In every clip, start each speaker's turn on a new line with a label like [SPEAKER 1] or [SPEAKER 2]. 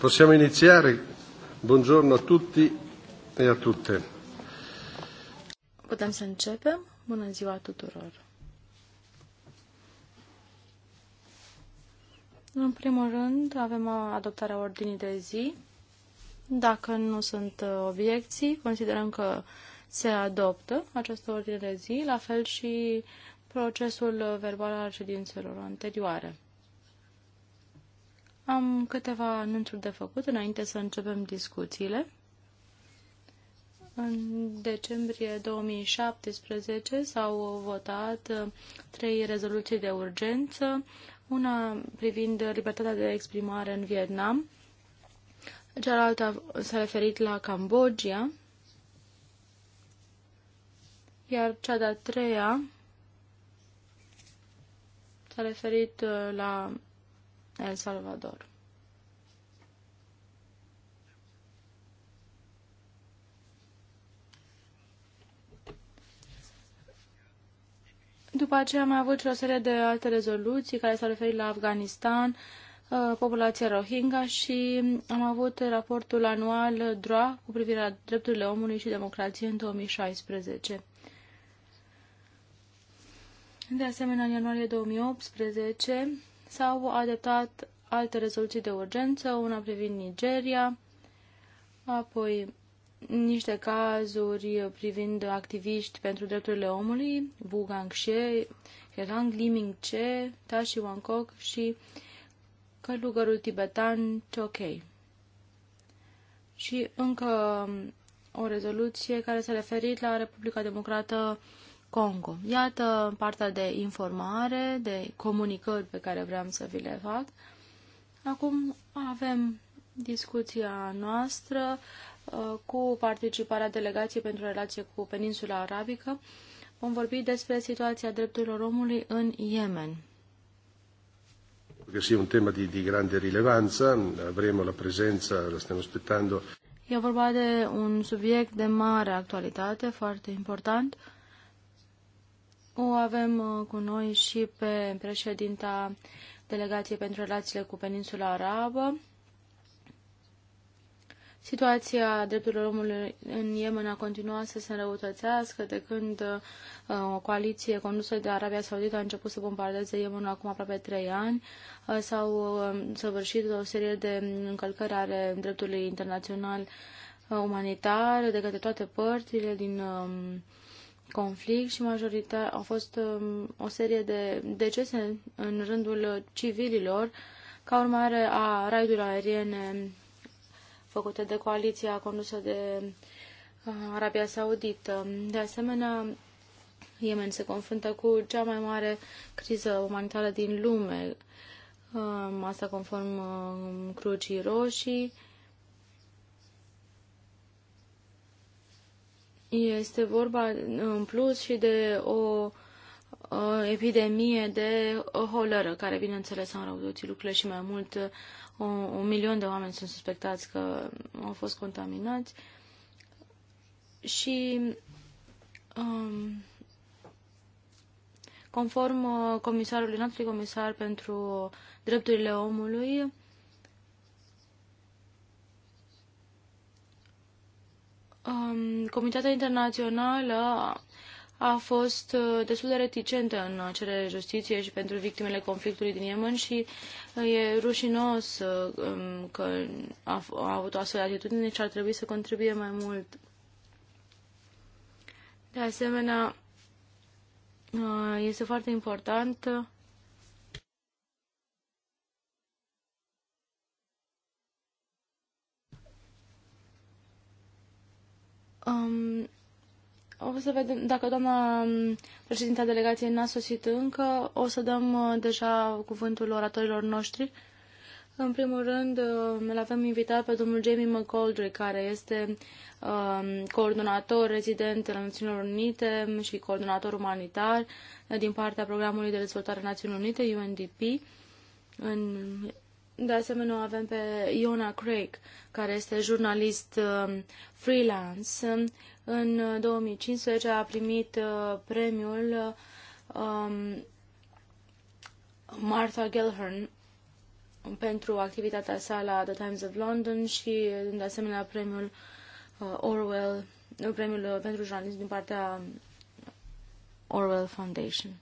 [SPEAKER 1] Possiamo iniziare? Buongiorno a tutti e a tutte.
[SPEAKER 2] Putem să începem? Bună ziua tuturor! În primul rând, avem adoptarea ordinii de zi. Dacă nu sunt obiecții, considerăm că se adoptă această ordine de zi, la fel și procesul verbal al ședințelor anterioare. Am câteva anunțuri de făcut înainte să începem discuțiile. În decembrie 2017 s-au votat uh, trei rezoluții de urgență, una privind libertatea de exprimare în Vietnam, cealaltă s-a referit la Cambodgia, iar cea de-a treia s-a referit uh, la el Salvador. După aceea am mai avut și o serie de alte rezoluții care s-au referit la Afganistan, uh, populația Rohingya și am avut raportul anual DROA cu privire la drepturile omului și democrație în 2016. De asemenea, în ianuarie 2018 S-au adoptat alte rezoluții de urgență, una privind Nigeria, apoi niște cazuri privind activiști pentru drepturile omului, Wu Gangxie, Herang Liming Che, Tashi Wangkok și călugărul tibetan Chokei. Și încă o rezoluție care s-a referit la Republica Democrată Congo. Iată partea de informare, de comunicări pe care vreau să vi le fac. Acum avem discuția noastră uh, cu participarea delegației pentru relație cu Peninsula Arabică. Vom vorbi despre situația drepturilor omului în Yemen. Că un tema de de grande rilevanza,
[SPEAKER 3] avem la prezență, la stăm aspettando.
[SPEAKER 2] E vorba de un subiect de mare actualitate, foarte important. O avem uh, cu noi și pe președinta Delegației pentru Relațiile cu Peninsula Arabă. Situația drepturilor omului în Yemen a continuat să se înrăutățească de când uh, o coaliție condusă de Arabia Saudită a început să bombardeze Yemenul acum aproape trei ani. Uh, s-au săvârșit o serie de încălcări ale dreptului internațional umanitar de către toate părțile din um, conflict și majoritatea au fost um, o serie de decese în rândul civililor ca urmare a raidurilor aeriene um, făcute de coaliția condusă de uh, Arabia Saudită. De asemenea, Yemen se confruntă cu cea mai mare criză umanitară din lume, um, asta conform Crucii Roșii, Este vorba în plus și de o epidemie de holără, care bineînțeles a înrăutățit lucrurile și mai mult o, un milion de oameni sunt suspectați că au fost contaminați și um, conform uh, comisarului, înaltului comisar pentru drepturile omului, um, Comunitatea Internațională a fost uh, destul de reticentă în cerere justiție și pentru victimele conflictului din Yemen și uh, e rușinos uh, um, că a, a avut o astfel de atitudine și ar trebui să contribuie mai mult. De asemenea, este foarte important Um, o să vedem dacă doamna um, președinta delegației n-a sosit încă. O să dăm uh, deja cuvântul oratorilor noștri. În primul rând, uh, îl avem invitat pe domnul Jamie McGoldrick, care este um, coordonator rezident al Națiunilor Unite și coordonator umanitar din partea Programului de Dezvoltare Națiunilor Unite, UNDP, în de asemenea, avem pe Iona Craig, care este jurnalist um, freelance. În 2015 uh, a primit uh, premiul um, Martha Gellhorn pentru activitatea sa la The Times of London și, de asemenea, premiul uh, Orwell, premiul pentru jurnalism din partea um, Orwell Foundation.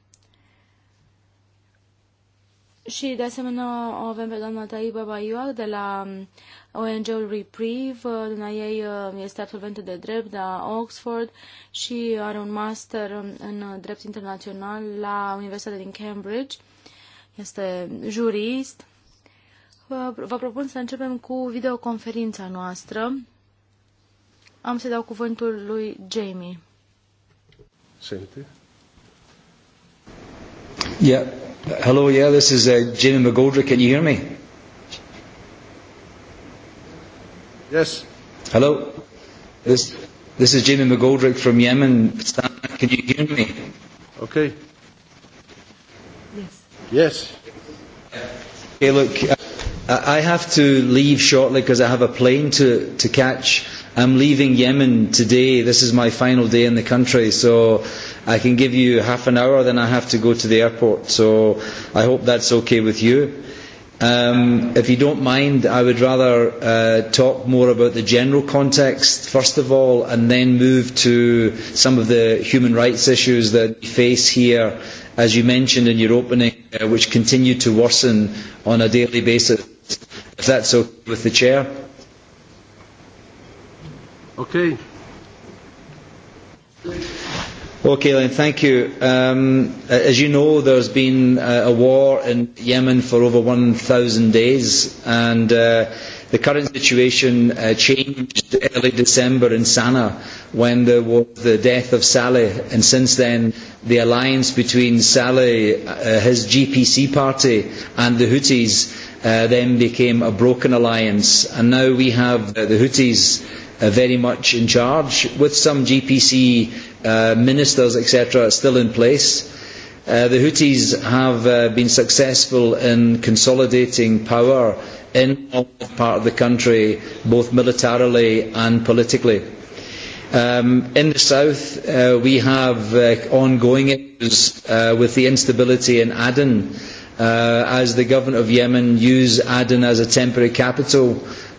[SPEAKER 2] Și, de asemenea, o avem pe doamna Taiba Baioac de la um, ONG-ul Reprieve. Duna uh, ei uh, este absolventă de drept la Oxford și are un master um, în uh, drept internațional la Universitatea din Cambridge. Este jurist. Vă propun să începem cu videoconferința noastră. Am să dau cuvântul lui Jamie.
[SPEAKER 1] Sente? Yeah. Hello, yeah, this is uh, Jimmy McGoldrick. Can you hear me? Yes. Hello. This this is Jimmy McGoldrick from Yemen. Can you hear me? Okay. Yes. Yes. Okay, look, uh, I have to leave shortly because I have a plane to, to catch. I'm leaving Yemen today. This is my final day in the country, so I can give you half an hour, then I have to go to the airport. So I hope that's okay with you. Um, if you don't mind, I would rather uh, talk more about the general context, first of all, and then move to some of the human rights issues that we face here, as you mentioned in your opening, uh, which continue to worsen on a daily basis, if that's okay with the Chair. Okay. Okay, Len, thank you. Um, as you know, there's been a war in Yemen for over 1,000 days, and uh, the current situation uh, changed early December in Sana'a when there was the death of Saleh, and since then, the alliance between Saleh, uh, his GPC party, and the Houthis uh, then became a broken alliance, and now we have uh, the Houthis uh, very much in charge, with some GPC uh, ministers, etc., still in place. Uh, the Houthis have uh, been successful in consolidating power in part of the country, both militarily and politically. Um, in the south, uh, we have uh, ongoing issues uh, with the instability in Aden, uh, as the government of Yemen use Aden as a temporary capital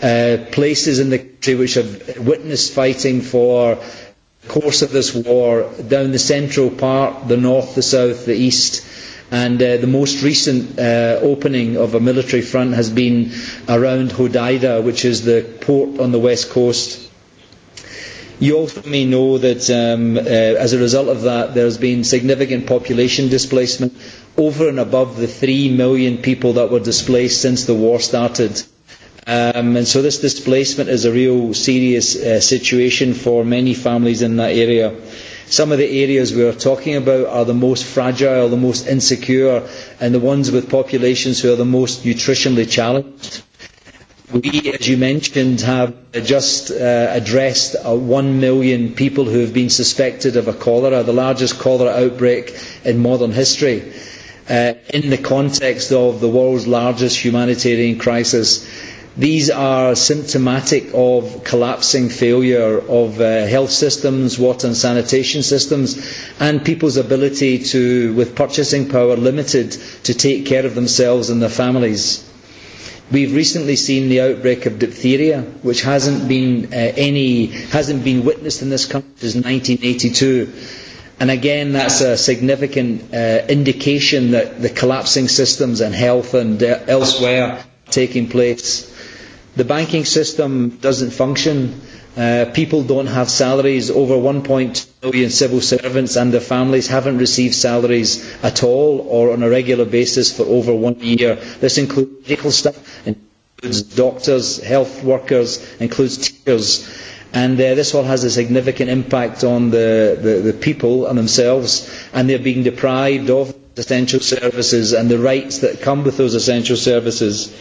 [SPEAKER 1] Uh, places in the country which have witnessed fighting for the course of this war down the central part, the north, the south, the east. And uh, the most recent uh, opening of a military front has been around Hodeida, which is the port on the west coast. You also may know that um, uh, as a result of that, there's been significant population displacement over and above the 3 million people that were displaced since the war started. Um, and so this displacement is a real serious uh, situation for many families in that area. Some of the areas we are talking about are the most fragile, the most insecure, and the ones with populations who are the most nutritionally challenged. We, as you mentioned, have just uh, addressed uh, one million people who have been suspected of a cholera, the largest cholera outbreak in modern history, uh, in the context of the world's largest humanitarian crisis. These are symptomatic of collapsing failure of uh, health systems, water and sanitation systems, and people's ability to, with purchasing power limited, to take care of themselves and their families. We've recently seen the outbreak of diphtheria, which hasn't been uh, any hasn't been witnessed in this country since 1982. And again, that's a significant uh, indication that the collapsing systems and health and uh, elsewhere taking place. The banking system doesn't function. Uh, people don't have salaries. Over 1.2 million civil servants and their families haven't received salaries at all or on a regular basis for over one year. This includes medical staff, includes doctors, health workers, includes teachers. And uh, this all has a significant impact on the, the, the people and themselves, and they're being deprived of essential services and the rights that come with those essential services.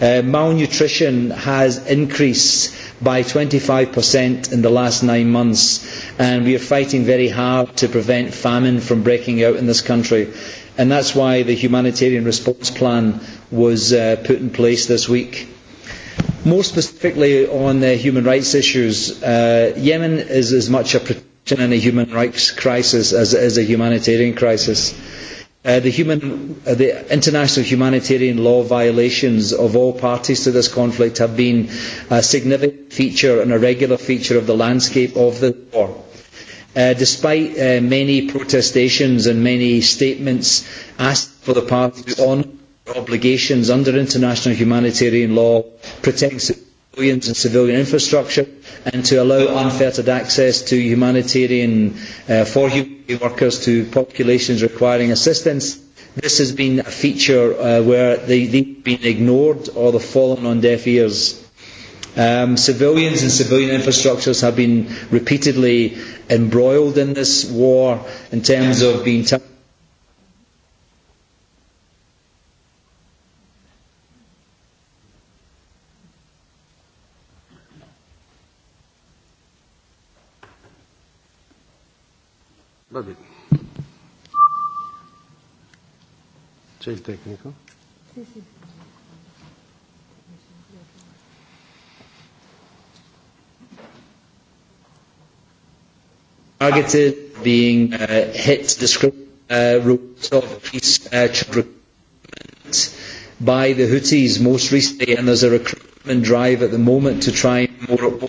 [SPEAKER 1] Uh, malnutrition has increased by 25% in the last nine months, and we are fighting very hard to prevent famine from breaking out in this country. And that's why the humanitarian response plan was uh, put in place this week. More specifically on uh, human rights issues, uh, Yemen is as much a protection and a human rights crisis as it is a humanitarian crisis. Uh, the, human, uh, the international humanitarian law violations of all parties to this conflict have been a significant feature and a regular feature of the landscape of the war. Uh, despite uh, many protestations and many statements asked for the parties on obligations under international humanitarian law protecting civilians and civilian infrastructure and to allow unfettered access to humanitarian, uh, for humanitarian workers to populations requiring assistance. This has been a feature uh, where they, they've been ignored or they've fallen on deaf ears. Um, civilians and civilian infrastructures have been repeatedly embroiled in this war in terms of being targeted
[SPEAKER 3] C'è il tecnico?
[SPEAKER 1] Sì, sì. Targeted being uh, hit description uh, rules of peace uh, recruitment by the Houthis most recently, and there's a recruitment drive at the moment to try and more, more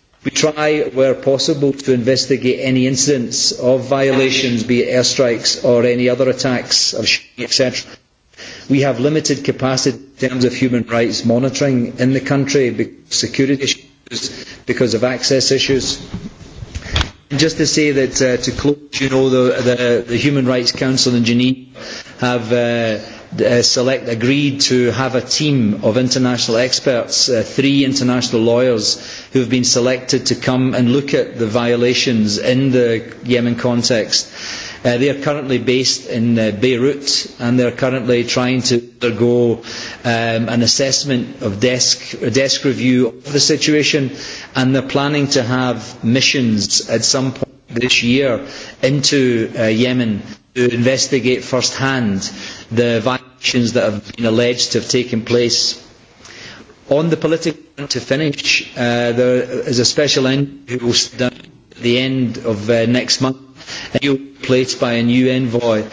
[SPEAKER 1] We try, where possible, to investigate any incidents of violations, be it airstrikes or any other attacks of etc. We have limited capacity in terms of human rights monitoring in the country, because of security issues, because of access issues. And just to say that uh, to close, you know, the, the, the Human Rights Council in Geneva have uh, Uh, select agreed to have a team of international experts, uh, three international lawyers who have been selected to come and look at the violations in the Yemen context. Uh, they are currently based in uh, Beirut and they are currently trying to undergo um, an assessment of desk, a desk review of the situation and they're planning to have missions at some point this year into uh, Yemen to investigate firsthand the violations that have been alleged to have taken place. On the political front, to finish, uh, there is a special envoy who will sit down at the end of uh, next month. And he'll be replaced by a new envoy.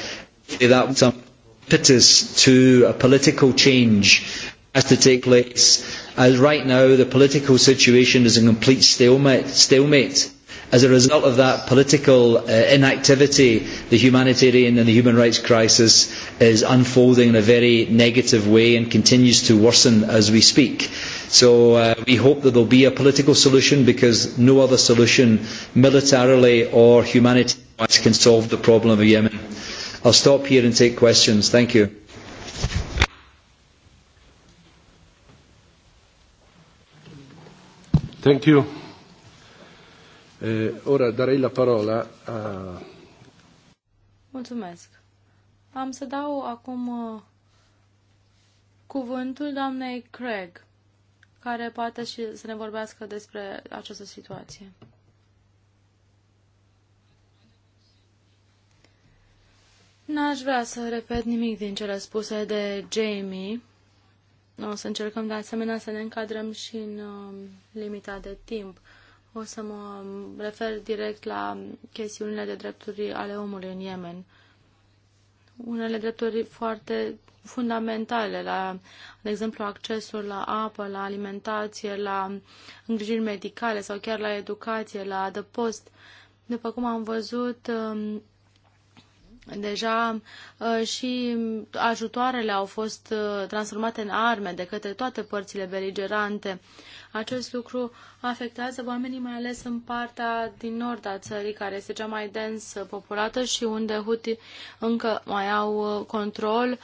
[SPEAKER 1] That was some impetus to a political change has to take place. As right now, the political situation is a complete stalemate. stalemate As a result of that political uh, inactivity, the humanitarian and the human rights crisis is unfolding in a very negative way and continues to worsen as we speak. So uh, we hope that there will be a political solution because no other solution militarily or humanitarian can solve the problem of Yemen. I'll stop here and take questions. Thank you. Thank you. Eh, ora darei la parola a...
[SPEAKER 2] Mulțumesc. Am să dau acum uh, cuvântul doamnei Craig, care poate și să ne vorbească despre această situație. N-aș vrea să repet nimic din cele spuse de Jamie. O să încercăm de asemenea să ne încadrăm și în uh, limita de timp. O să mă refer direct la chestiunile de drepturi ale omului în Yemen. Unele drepturi foarte fundamentale, la, de exemplu, accesul la apă, la alimentație, la îngrijiri medicale sau chiar la educație, la adăpost. După cum am văzut, um, deja uh, și ajutoarele au fost uh, transformate în arme de către toate părțile beligerante acest lucru afectează oamenii mai ales în partea din nord a țării, care este cea mai dens populată și unde hutii încă mai au uh, control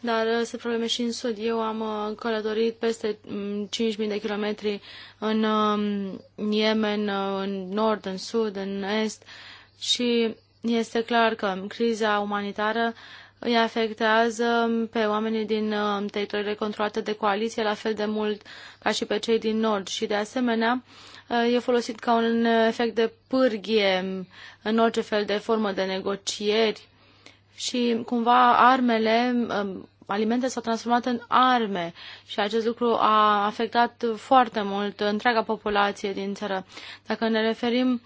[SPEAKER 2] dar uh, se probleme și în sud. Eu am uh, călătorit peste 5.000 mm, de kilometri în um, Yemen, în nord, în sud, în est și este clar că criza umanitară îi afectează pe oamenii din um, teritoriile controlate de coaliție la fel de mult ca și pe cei din nord și de asemenea uh, e folosit ca un efect de pârghie în orice fel de formă de negocieri și cumva armele, um, alimente s-au transformat în arme și acest lucru a afectat foarte mult întreaga populație din țară. Dacă ne referim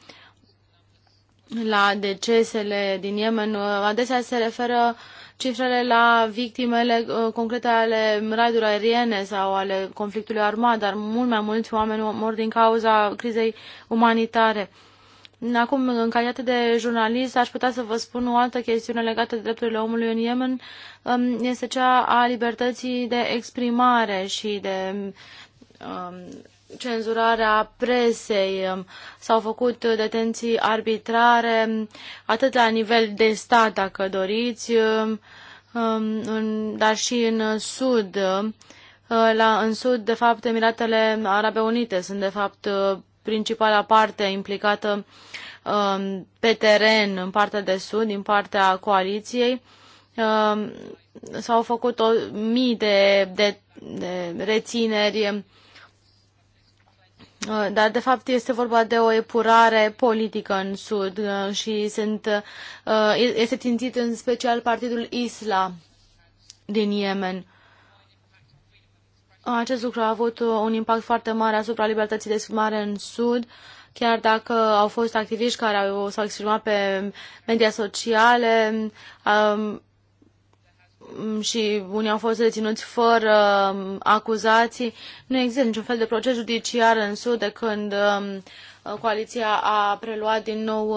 [SPEAKER 2] la decesele din Yemen, uh, adesea se referă cifrele la victimele uh, concrete ale raidurilor aeriene sau ale conflictului armat, dar mult mai mulți oameni mor din cauza crizei umanitare. Acum, în calitate de jurnalist, aș putea să vă spun o altă chestiune legată de drepturile omului în Yemen, um, este cea a libertății de exprimare și de um, cenzurarea presei, s-au făcut detenții arbitrare, atât la nivel de stat, dacă doriți, um, dar și în Sud. Uh, la, în Sud, de fapt, Emiratele Arabe Unite sunt, de fapt, uh, principala parte implicată um, pe teren, în partea de Sud, din partea coaliției um, s-au făcut o, mii de, de, de rețineri Uh, dar de fapt este vorba de o epurare politică în Sud uh, și sunt, uh, este țintit în special partidul Isla din Yemen. Acest lucru a avut un impact foarte mare asupra libertății de exprimare în Sud, chiar dacă au fost activiști care s-au exprimat pe media sociale, um, Mm, și unii au fost reținuți fără mm, acuzații. Nu există niciun fel de proces judiciar în Sud de când mm, coaliția a preluat din nou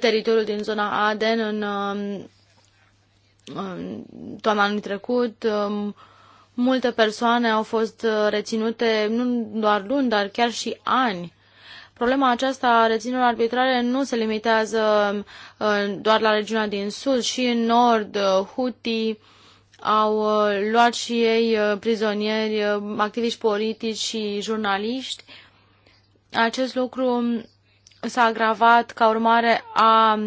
[SPEAKER 2] teritoriul din zona Aden în toamna anului trecut. Multe persoane au fost reținute nu doar luni, dar chiar și ani. Problema aceasta a reținerilor arbitrare nu se limitează uh, doar la regiunea din sud și în nord, Houthi uh, au uh, luat și ei prizonieri, activiști politici și jurnaliști. Acest lucru s-a agravat ca urmare a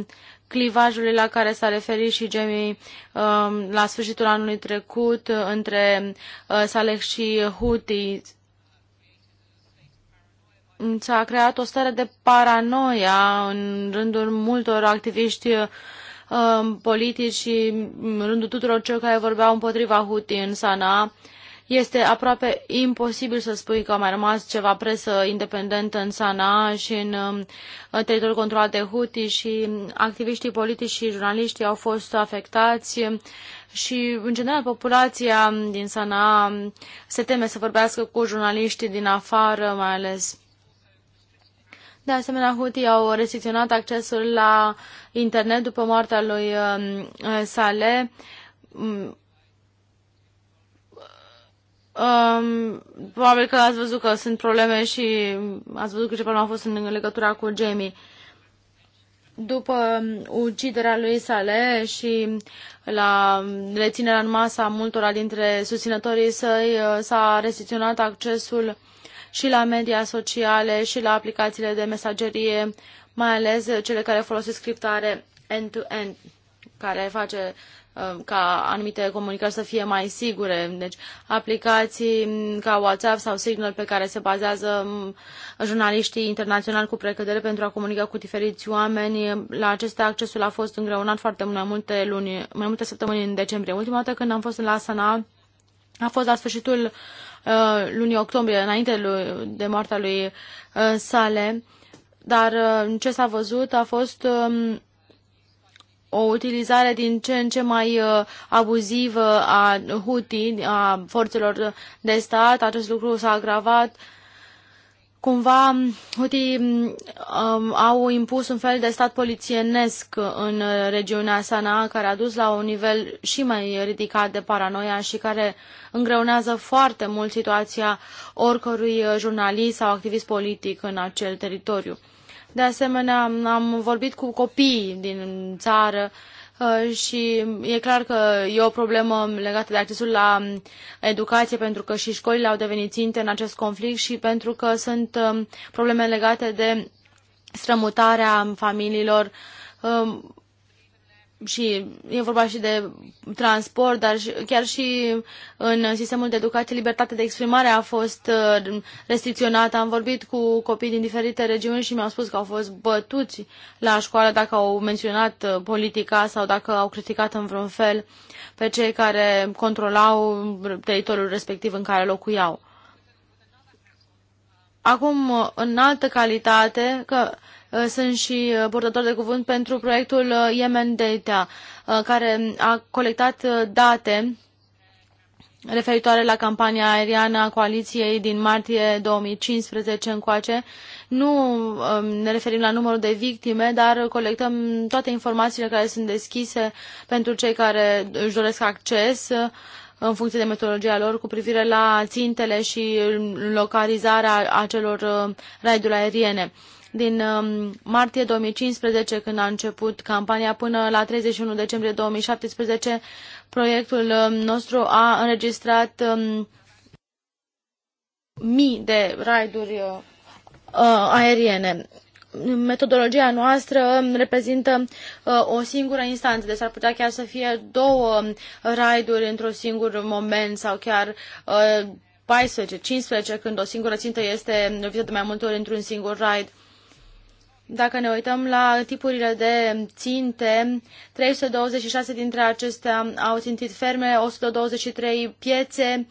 [SPEAKER 2] clivajului la care s-a referit și Jamie um, la sfârșitul anului trecut între Saleh și Houthi s-a creat o stare de paranoia în rândul multor activiști uh, um, politici și în rândul tuturor celor care vorbeau împotriva Houthi în Sanaa. Este aproape imposibil să spui că a mai rămas ceva presă independentă în Sanaa și în um, teritoriul controlat de Huti și activiștii politici și jurnaliștii au fost afectați și, în general, populația din Sanaa se teme să vorbească cu jurnaliștii din afară, mai ales de asemenea, Houthi au restricționat accesul la internet după moartea lui um, Saleh. Mm. Um, probabil că ați văzut că sunt probleme și ați văzut că ce probleme au fost în legătura cu Jamie. După um, uciderea lui Saleh și la reținerea în masă a multora dintre susținătorii săi, uh, s-a restricționat accesul și la media sociale și la aplicațiile de mesagerie, mai ales cele care folosesc criptare end-to-end, -end, care face uh, ca anumite comunicări să fie mai sigure. Deci aplicații ca WhatsApp sau Signal pe care se bazează jurnaliștii internaționali cu precădere pentru a comunica cu diferiți oameni. La acestea accesul a fost îngreunat foarte mai multe luni, mai multe săptămâni în decembrie. Ultima dată când am fost la Sana a fost la sfârșitul Uh, lunii octombrie, înainte de moartea lui uh, sale, dar uh, ce s-a văzut a fost um, o utilizare din ce în ce mai abuzivă a Houthi, a forțelor de stat. Acest lucru s-a agravat cumva Houthi um, au impus un fel de stat polițienesc în regiunea Sanaa, care a dus la un nivel și mai ridicat de paranoia și care îngreunează foarte mult situația oricărui jurnalist sau activist politic în acel teritoriu. De asemenea, am vorbit cu copiii din țară Uh, și e clar că e o problemă legată de accesul la um, educație, pentru că și școlile au devenit ținte în acest conflict și pentru că sunt um, probleme legate de strămutarea familiilor um, și e vorba și de transport, dar și, chiar și în sistemul de educație, libertatea de exprimare a fost uh, restricționată. Am vorbit cu copii din diferite regiuni și mi-au spus că au fost bătuți la școală dacă au menționat uh, politica sau dacă au criticat în vreun fel pe cei care controlau teritoriul respectiv în care locuiau. Acum, în altă calitate, că Uh, sunt și uh, purtător de cuvânt pentru proiectul uh, Yemen Data, care a colectat date referitoare la campania aeriană a coaliției din martie 2015 încoace. Nu um, ne referim la numărul de victime, dar colectăm toate informațiile care sunt deschise pentru cei care își doresc acces în funcție de metodologia lor cu privire la țintele și localizarea acelor raiduri aeriene din um, martie 2015, când a început campania, până la 31 decembrie 2017, proiectul um, nostru a înregistrat um, mii de raiduri uh, uh, aeriene metodologia noastră reprezintă uh, o singură instanță, deci ar putea chiar să fie două raiduri într-un singur moment sau chiar 14-15 când o singură țintă este vizită de mai multe ori într-un singur raid. Dacă ne uităm la tipurile de ținte, 326 dintre acestea au țintit ferme, 123 piețe,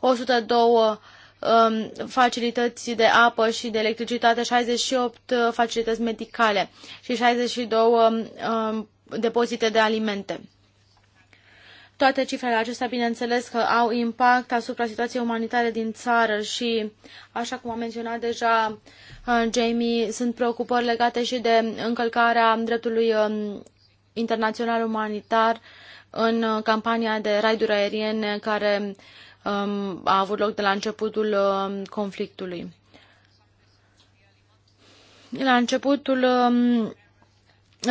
[SPEAKER 2] 102 um, facilități de apă și de electricitate, 68 uh, facilități medicale și 62 um, um, depozite de alimente. Toate cifrele acestea, bineînțeles, că au impact asupra situației umanitare din țară și, așa cum a menționat deja uh, Jamie, sunt preocupări legate și de încălcarea dreptului um, internațional umanitar în uh, campania de raiduri aeriene care um, a avut loc de la începutul um, conflictului. La începutul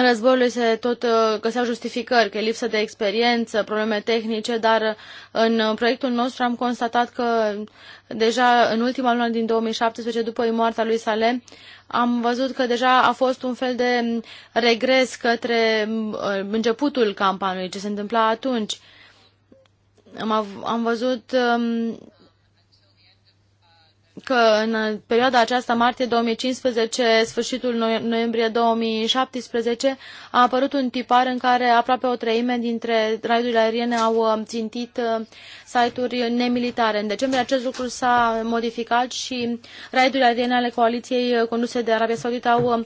[SPEAKER 2] războiului se tot uh, găseau justificări, că e lipsă de experiență, probleme tehnice, dar uh, în proiectul nostru am constatat că deja în ultima lună din 2017, după moartea lui Salem, am văzut că deja a fost un fel de mm, regres către mm, uh, începutul campaniei, ce se întâmpla atunci. Am, am văzut mm, că în perioada aceasta, martie 2015, sfârșitul noiembrie 2017, a apărut un tipar în care aproape o treime dintre raidurile aeriene au um, țintit uh, site-uri nemilitare. În decembrie acest lucru s-a modificat și raidurile aeriene ale coaliției uh, conduse de Arabia Saudită au um,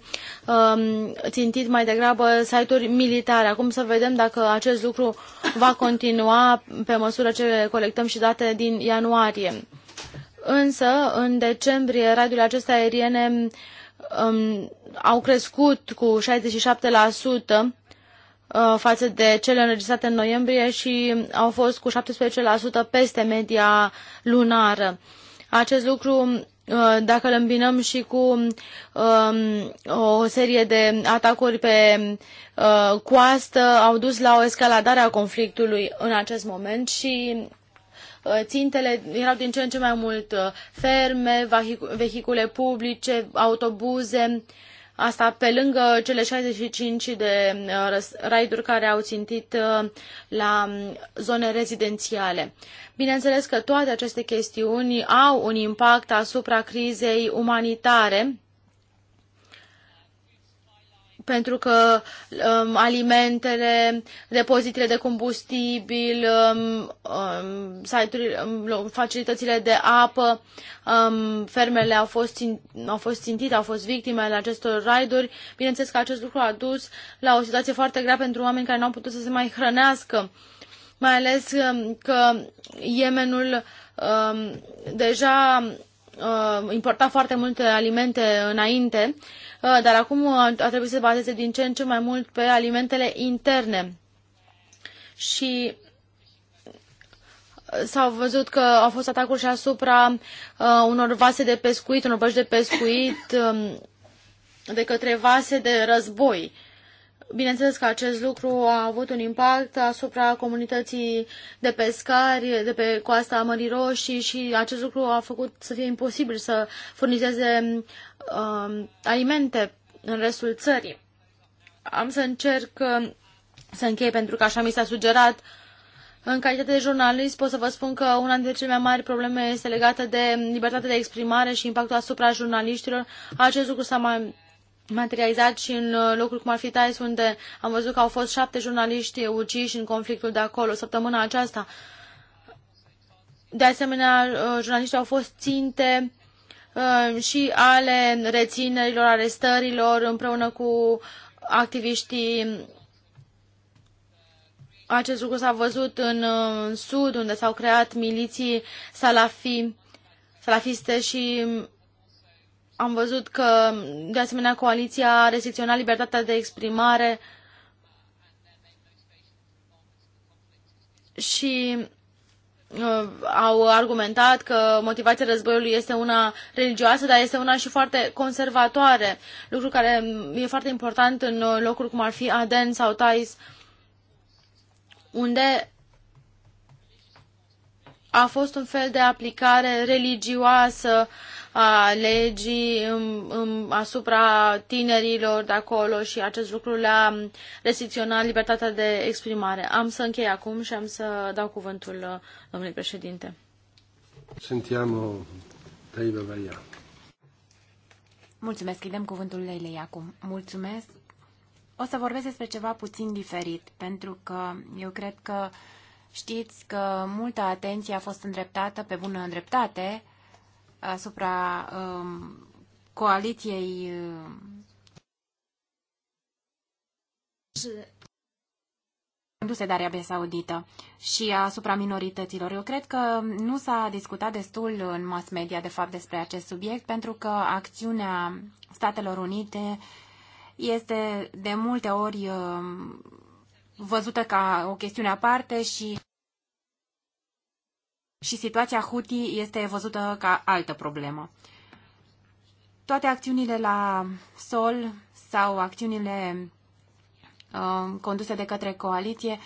[SPEAKER 2] um, țintit mai degrabă site-uri militare. Acum să vedem dacă acest lucru va continua pe măsură ce colectăm și date din ianuarie. Însă, în decembrie, radiile acestea aeriene um, au crescut cu 67% uh, față de cele înregistrate în noiembrie și au fost cu 17% peste media lunară. Acest lucru uh, dacă îl îmbinăm și cu um, o serie de atacuri pe uh, coastă, au dus la o escaladare a conflictului în acest moment și Uh, țintele erau din ce în ce mai mult uh, ferme, vehicule publice, autobuze, asta pe lângă cele 65 de uh, raiduri care au țintit la mm, zone rezidențiale. Bineînțeles că toate aceste chestiuni au un impact asupra crizei umanitare, pentru că um, alimentele, depozitele de combustibil, um, um, site-urile, um, facilitățile de apă, um, fermele au fost, au fost țintite, au fost victime ale acestor raiduri. Bineînțeles că acest lucru a dus la o situație foarte grea pentru oameni care nu au putut să se mai hrănească, mai ales um, că Yemenul um, deja uh, importa foarte multe alimente înainte, uh, dar acum a trebuit să se bazeze din ce în ce mai mult pe alimentele interne. Și s-au văzut că au fost atacuri și asupra uh, unor vase de pescuit, unor băși de pescuit uh, de către vase de război. Uh, Bineînțeles că acest lucru a avut un impact asupra comunității de pescari de pe coasta Mării Roșii și acest lucru a făcut să fie imposibil să furnizeze uh, alimente în restul țării. Am să încerc um, să închei pentru că așa mi s-a sugerat. În calitate de jurnalist pot să vă spun că una dintre cele mai mari probleme este legată de libertatea de exprimare și impactul asupra jurnaliștilor. Acest lucru s-a mai materializat și în uh, locuri cum ar fi Thais, unde am văzut că au fost șapte jurnaliști uciși în conflictul de acolo săptămâna aceasta. De asemenea, uh, jurnaliștii au fost ținte uh, și ale reținerilor, arestărilor, împreună cu activiștii. Acest lucru s-a văzut în sud, unde s-au creat miliții salafi, salafiste și am văzut că, de asemenea, coaliția a restricționat libertatea de exprimare și uh, au argumentat că motivația războiului este una religioasă, dar este una și foarte conservatoare, lucru care e foarte important în locuri cum ar fi Aden sau Thais, unde a fost un fel de aplicare religioasă a legii în, în, asupra tinerilor de acolo și acest lucru le-a restricționat libertatea de exprimare. Am să închei acum și am să dau cuvântul uh, domnului președinte.
[SPEAKER 3] Sentiamo Teiva Vaia.
[SPEAKER 4] Mulțumesc, îi dăm cuvântul Leilei acum. Mulțumesc. O să vorbesc despre ceva puțin diferit, pentru că eu cred că știți că multă atenție a fost îndreptată pe bună îndreptate asupra um, coaliției conduse um, de Arabia Saudită și asupra minorităților. Eu cred că nu s-a discutat destul în mass media, de fapt, despre acest subiect, pentru că acțiunea Statelor Unite este de multe ori um, văzută ca o chestiune aparte și și situația Houthi este văzută ca altă problemă. Toate acțiunile la sol sau acțiunile uh, conduse de către coaliție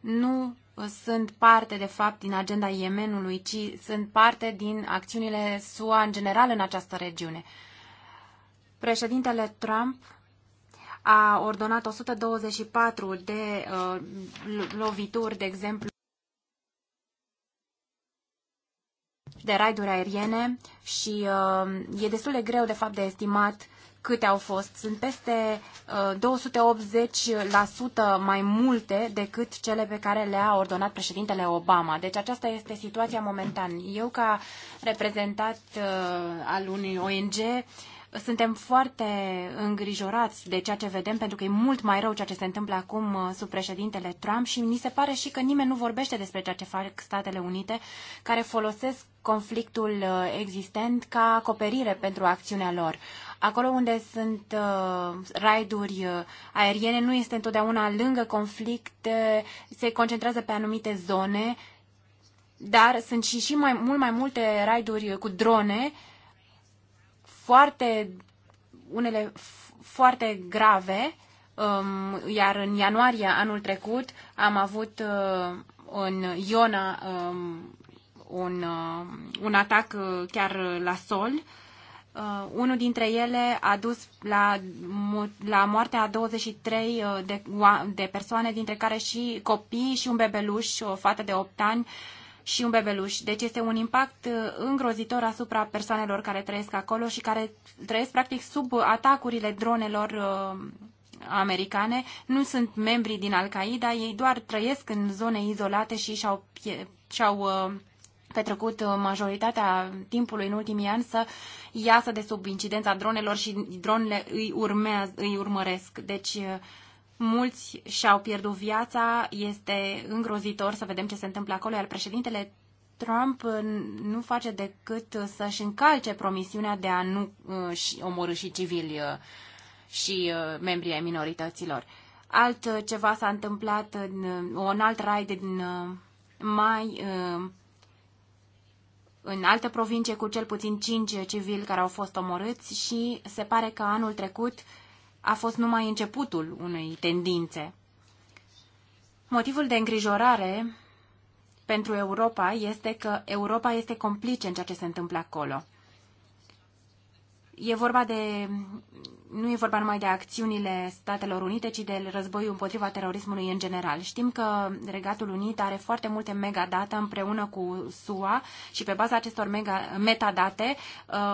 [SPEAKER 4] nu sunt parte, de fapt, din agenda Yemenului, ci sunt parte din acțiunile SUA în general în această regiune. Președintele Trump a ordonat 124 de uh, lovituri, de exemplu, de raiduri aeriene și uh, e destul de greu, de fapt, de estimat câte au fost. Sunt peste uh, 280% mai multe decât cele pe care le-a ordonat președintele Obama. Deci aceasta este situația momentan. Eu, ca reprezentat uh, al unui ONG, suntem foarte îngrijorați de ceea ce vedem, pentru că e mult mai rău ceea ce se întâmplă acum uh, sub președintele Trump și ni se pare și că nimeni nu vorbește despre ceea ce fac Statele Unite, care folosesc conflictul uh, existent ca acoperire pentru acțiunea lor. Acolo unde sunt uh, raiduri uh, aeriene nu este întotdeauna lângă conflict, se concentrează pe anumite zone, dar sunt și, și mai, mult mai multe raiduri cu drone uh, foarte, unele foarte grave, um, iar în ianuarie anul trecut am avut uh, în Iona um, un, uh, un atac uh, chiar la sol. Unul dintre ele a dus la, la moartea a 23 de, de persoane, dintre care și copii și un bebeluș, o fată de 8 ani, uh, și un bebeluș. Deci este un impact uh, îngrozitor asupra persoanelor care trăiesc acolo și care trăiesc practic sub atacurile dronelor uh, americane. Nu sunt membri din Al-Qaeda, ei doar trăiesc în zone izolate și și-au, și-au uh, petrecut majoritatea timpului în ultimii ani să iasă de sub incidența dronelor și dronele îi, urmează, îi urmăresc. Deci mulți și-au pierdut viața, este îngrozitor să vedem ce se întâmplă acolo, iar președintele Trump uh, nu face decât să-și încalce promisiunea de a nu uh, omorâ și civili uh, și membrii ai minorităților. Alt ceva s-a întâmplat în un alt raid din mai în altă provincie cu cel puțin cinci civili care au fost omorâți și se pare că anul trecut uh, a fost numai începutul unei tendințe. Motivul de îngrijorare pentru Europa este că Europa este complice în ceea ce se întâmplă acolo. E vorba de nu e vorba numai de acțiunile Statelor Unite, ci de războiul împotriva terorismului în general. Știm că Regatul Unit are foarte multe megadate împreună cu SUA și pe baza acestor mega, metadate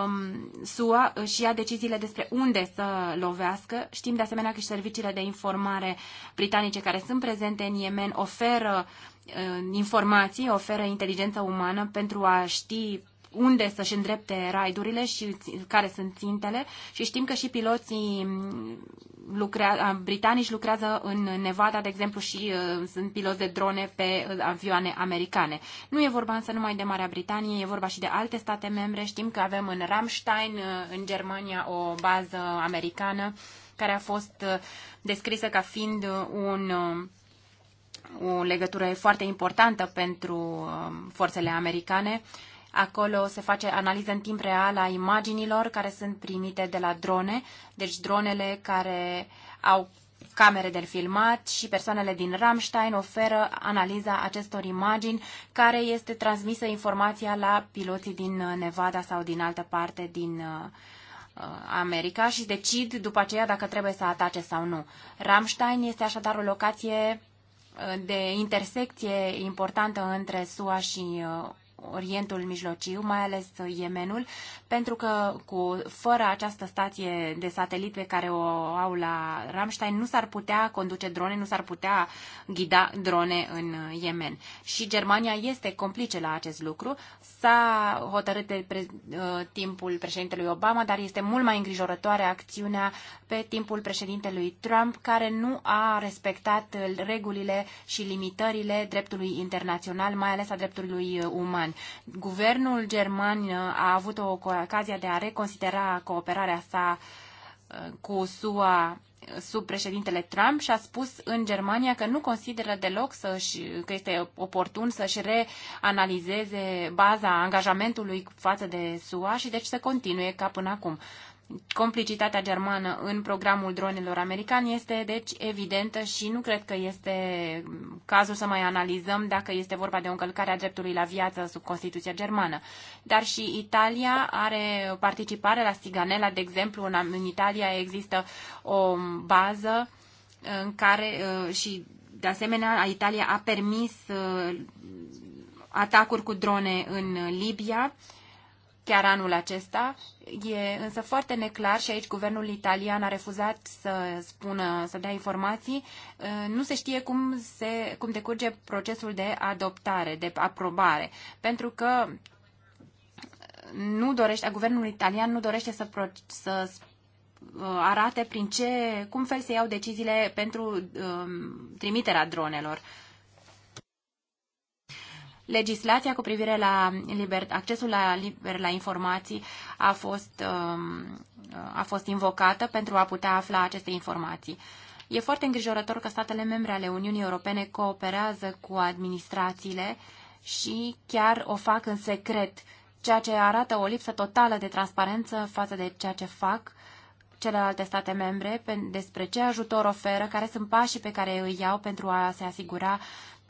[SPEAKER 4] um, SUA își ia deciziile despre unde să lovească. Știm de asemenea că și serviciile de informare britanice care sunt prezente în Yemen oferă uh, informații, oferă inteligență umană pentru a ști unde să-și îndrepte raidurile și care sunt țintele și știm că și piloții mm, lucrează, britanici lucrează în Nevada, de exemplu, și uh, sunt piloți de drone pe uh, avioane americane. Nu e vorba însă numai de Marea Britanie, e vorba și de alte state membre. Știm că avem în Ramstein, uh, în Germania, o bază americană care a fost uh, descrisă ca fiind un o legătură foarte importantă pentru forțele americane. Acolo se face analiză în timp real a imaginilor care sunt primite de la drone, deci dronele care au camere de filmat și persoanele din Ramstein oferă analiza acestor imagini care este transmisă informația la piloții din uh, Nevada sau din altă parte din uh, uh, America și decid după aceea dacă trebuie să atace sau nu. Ramstein este așadar o locație de intersecție importantă între SUA și Orientul Mijlociu, mai ales Yemenul, pentru că cu, fără această stație de satelit pe care o au la Ramstein, nu s-ar putea conduce drone, nu s-ar putea ghida drone în Yemen. Și Germania este complice la acest lucru. S-a hotărât de pre, uh, timpul președintelui Obama, dar este mult mai îngrijorătoare acțiunea pe timpul președintelui Trump, care nu a respectat regulile și limitările dreptului internațional, mai ales a dreptului uman german. Guvernul german uh, a avut o ocazia de a reconsidera cooperarea sa uh, cu SUA uh, sub președintele Trump și a spus în Germania că nu consideră deloc să -și, că este oportun să-și reanalizeze baza angajamentului față de SUA și deci să continue ca până acum complicitatea germană în programul dronelor americani este, deci, evidentă și nu cred că este cazul să mai analizăm dacă este vorba de o încălcare a dreptului la viață sub Constituția germană. Dar și Italia are participare la Siganela, de exemplu, în, în Italia există o bază în care uh, și, de asemenea, Italia a permis uh, atacuri cu drone în Libia chiar anul acesta. E însă foarte neclar și aici guvernul italian a refuzat să spună, să dea informații. Uh, nu se știe cum, se, cum decurge procesul de adoptare, de aprobare, pentru că nu dorește, guvernul italian nu dorește să, pro, să uh, arate prin ce, cum fel se iau deciziile pentru um, trimiterea dronelor. Uh, legislația cu privire la liber, accesul la, liber, la informații a fost, um, a fost invocată pentru a putea afla aceste informații. E foarte îngrijorător că statele membre ale Uniunii Europene cooperează cu administrațiile și chiar o fac în secret, ceea ce arată o lipsă totală de transparență față de ceea ce fac celelalte state membre, despre ce ajutor oferă, care sunt pașii pe care îi iau pentru a se asigura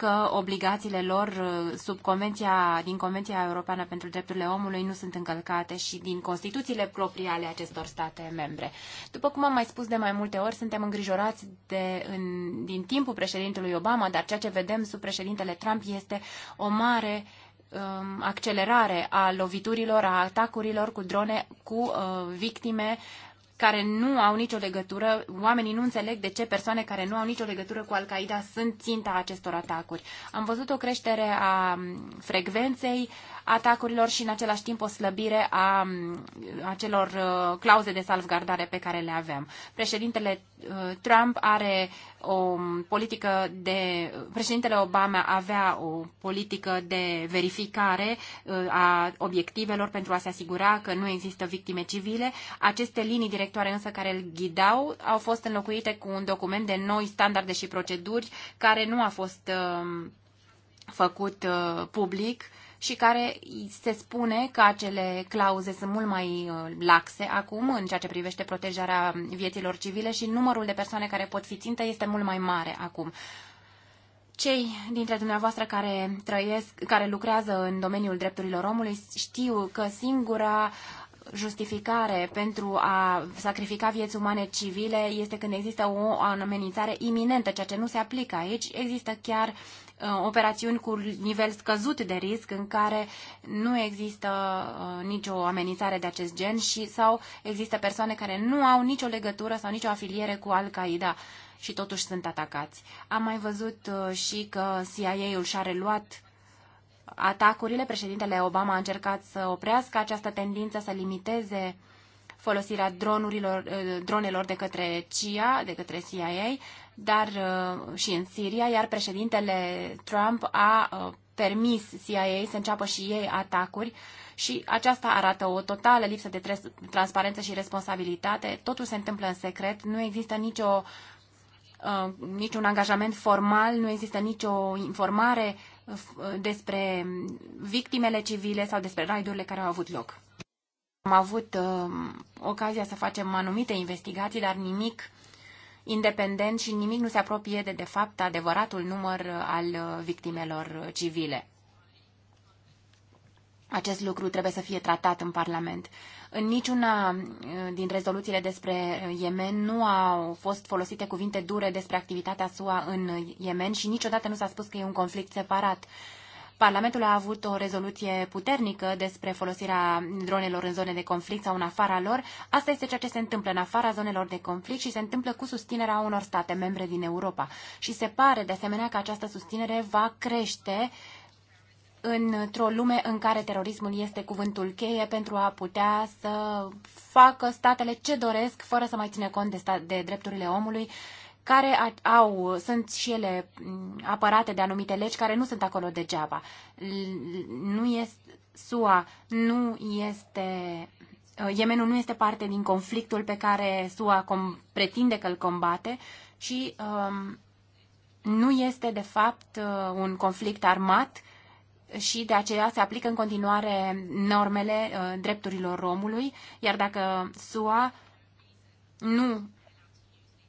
[SPEAKER 4] că obligațiile lor uh, sub convenția, din Convenția Europeană pentru Drepturile Omului nu sunt încălcate și din Constituțiile proprii ale acestor state membre. După cum am mai spus de mai multe ori, suntem îngrijorați de, în, din timpul președintelui Obama, dar ceea ce vedem sub președintele Trump este o mare um, accelerare a loviturilor, a atacurilor cu drone, cu uh, victime uh, care nu au nicio legătură, oamenii nu înțeleg de ce persoane care nu au nicio legătură cu Al-Qaeda sunt ținta acestor atacuri. Am văzut o creștere a frecvenței, atacurilor și în același timp o slăbire a acelor uh, clauze de salvgardare pe care le aveam. Președintele uh, Trump are o politică de... Președintele Obama avea o politică de verificare uh, a obiectivelor pentru a se asigura că nu există victime civile. Aceste linii directoare însă care îl ghidau au fost înlocuite cu un document de noi standarde și proceduri care nu a fost făcut public și care se spune că acele clauze sunt mult mai uh, laxe acum în ceea ce privește protejarea vieților civile și numărul de persoane care pot fi țintă este mult mai mare acum. Cei dintre dumneavoastră care trăiesc, care lucrează în domeniul drepturilor omului știu că singura justificare pentru a sacrifica vieți umane civile este când există o amenințare iminentă, ceea ce nu se aplică aici. Există chiar uh, operațiuni cu nivel scăzut de risc în care nu există uh, nicio amenințare de acest gen și sau există persoane care nu au nicio legătură sau nicio afiliere cu Al-Qaeda și totuși sunt atacați. Am mai văzut uh, și că CIA-ul și-a reluat atacurile. Președintele Obama a încercat să oprească această tendință, să limiteze folosirea dronurilor, eh, dronelor de către CIA, de către CIA, dar eh, și în Siria, iar președintele Trump a eh, permis CIA să înceapă și ei atacuri și aceasta arată o totală lipsă de transparență și responsabilitate. Totul se întâmplă în secret, nu există nicio niciun angajament formal, nu există nicio informare despre victimele civile sau despre raidurile care au avut loc. Am avut uh, ocazia să facem anumite investigații, dar nimic independent și nimic nu se apropie de, de fapt, adevăratul număr al uh, victimelor civile acest lucru trebuie să fie tratat în Parlament. În niciuna uh, din rezoluțiile despre Yemen nu au fost folosite cuvinte dure despre activitatea SUA în Yemen și niciodată nu s-a spus că e un conflict separat. Parlamentul a avut o rezoluție puternică despre folosirea dronelor în zone de conflict sau în afara lor. Asta este ceea ce se întâmplă în afara zonelor de conflict și se întâmplă cu susținerea unor state membre din Europa. Și se pare, de asemenea, că această susținere va crește uh, într-o lume în care terorismul este cuvântul cheie pentru a putea să facă statele ce doresc, fără să mai ține cont de, stat, de drepturile omului, care au, sunt și ele mm, apărate de anumite legi care nu sunt acolo degeaba. Nu este, SUA nu este, uh, Yemenul nu este parte din conflictul pe care SUA com, pretinde că îl combate și um, nu este de fapt uh, un conflict armat și de aceea se aplică în continuare normele uh, drepturilor omului, iar dacă SUA nu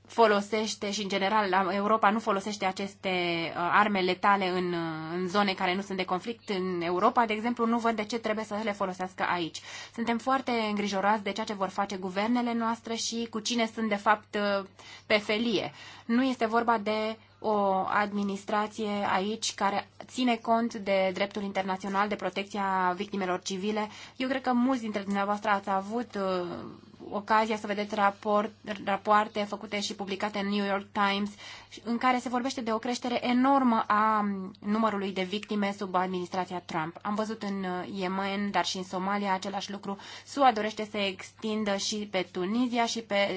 [SPEAKER 4] folosește și, în general, Europa nu folosește aceste uh, arme letale în, uh, în zone care nu sunt de conflict în Europa, de exemplu, nu văd de ce trebuie să le folosească aici. Suntem foarte îngrijorați de ceea ce vor face guvernele noastre și cu cine sunt, de fapt, pe felie. Nu este vorba de o administrație aici care ține cont de dreptul internațional de protecția victimelor civile. Eu cred că mulți dintre dumneavoastră ați avut uh, ocazia să vedeți raport, rapoarte făcute și publicate în New York Times, în care se vorbește de o creștere enormă a numărului de victime sub administrația Trump. Am văzut în uh, Yemen, dar și în Somalia același lucru. SUA dorește să extindă și pe Tunisia și pe,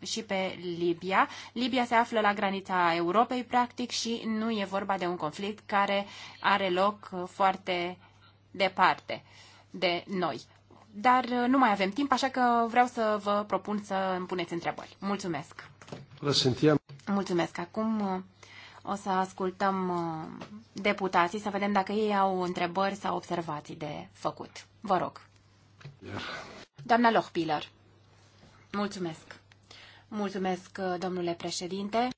[SPEAKER 4] uh, și pe Libia. Libia se află la granița Europei, practic, și nu e vorba de un conflict care are loc uh, foarte departe de noi. Dar uh, nu mai avem timp, așa că vreau să vă propun să îmi puneți întrebări. Mulțumesc! Mulțumesc! Acum uh, o să ascultăm uh, deputații să vedem dacă ei au întrebări sau observații de făcut. Vă rog! Doamna Lochpiller, mulțumesc! Mulțumesc, domnule președinte!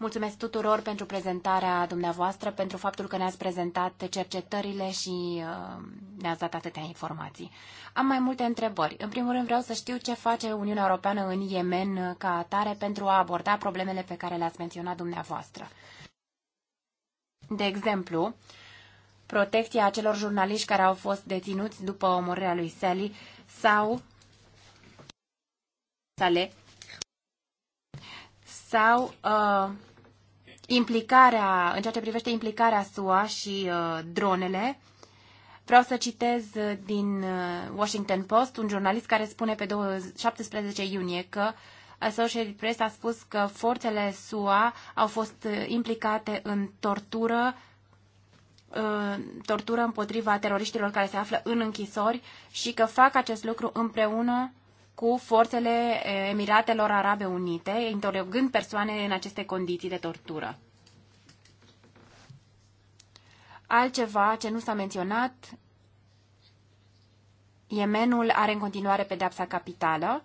[SPEAKER 4] Mulțumesc tuturor pentru prezentarea dumneavoastră, pentru faptul că ne-ați prezentat cercetările și uh, ne-ați dat atâtea informații. Am mai multe întrebări. În primul rând vreau să știu ce face Uniunea Europeană în Yemen uh, ca atare pentru a aborda problemele pe care le-ați menționat dumneavoastră. De exemplu, protecția acelor jurnaliști care au fost deținuți după omorârea lui Sally sau sale sau uh, implicarea, în ceea ce privește implicarea SUA și uh, dronele, vreau să citez uh, din uh, Washington Post un jurnalist care spune pe 17 iunie că uh, Associated Press a spus că forțele SUA au fost implicate în tortură, uh, tortură împotriva teroriștilor care se află în închisori și că fac acest lucru împreună cu forțele eh, Emiratelor Arabe Unite, interogând persoane în aceste condiții de tortură. Altceva ce nu s-a menționat, Yemenul are în continuare pedepsa capitală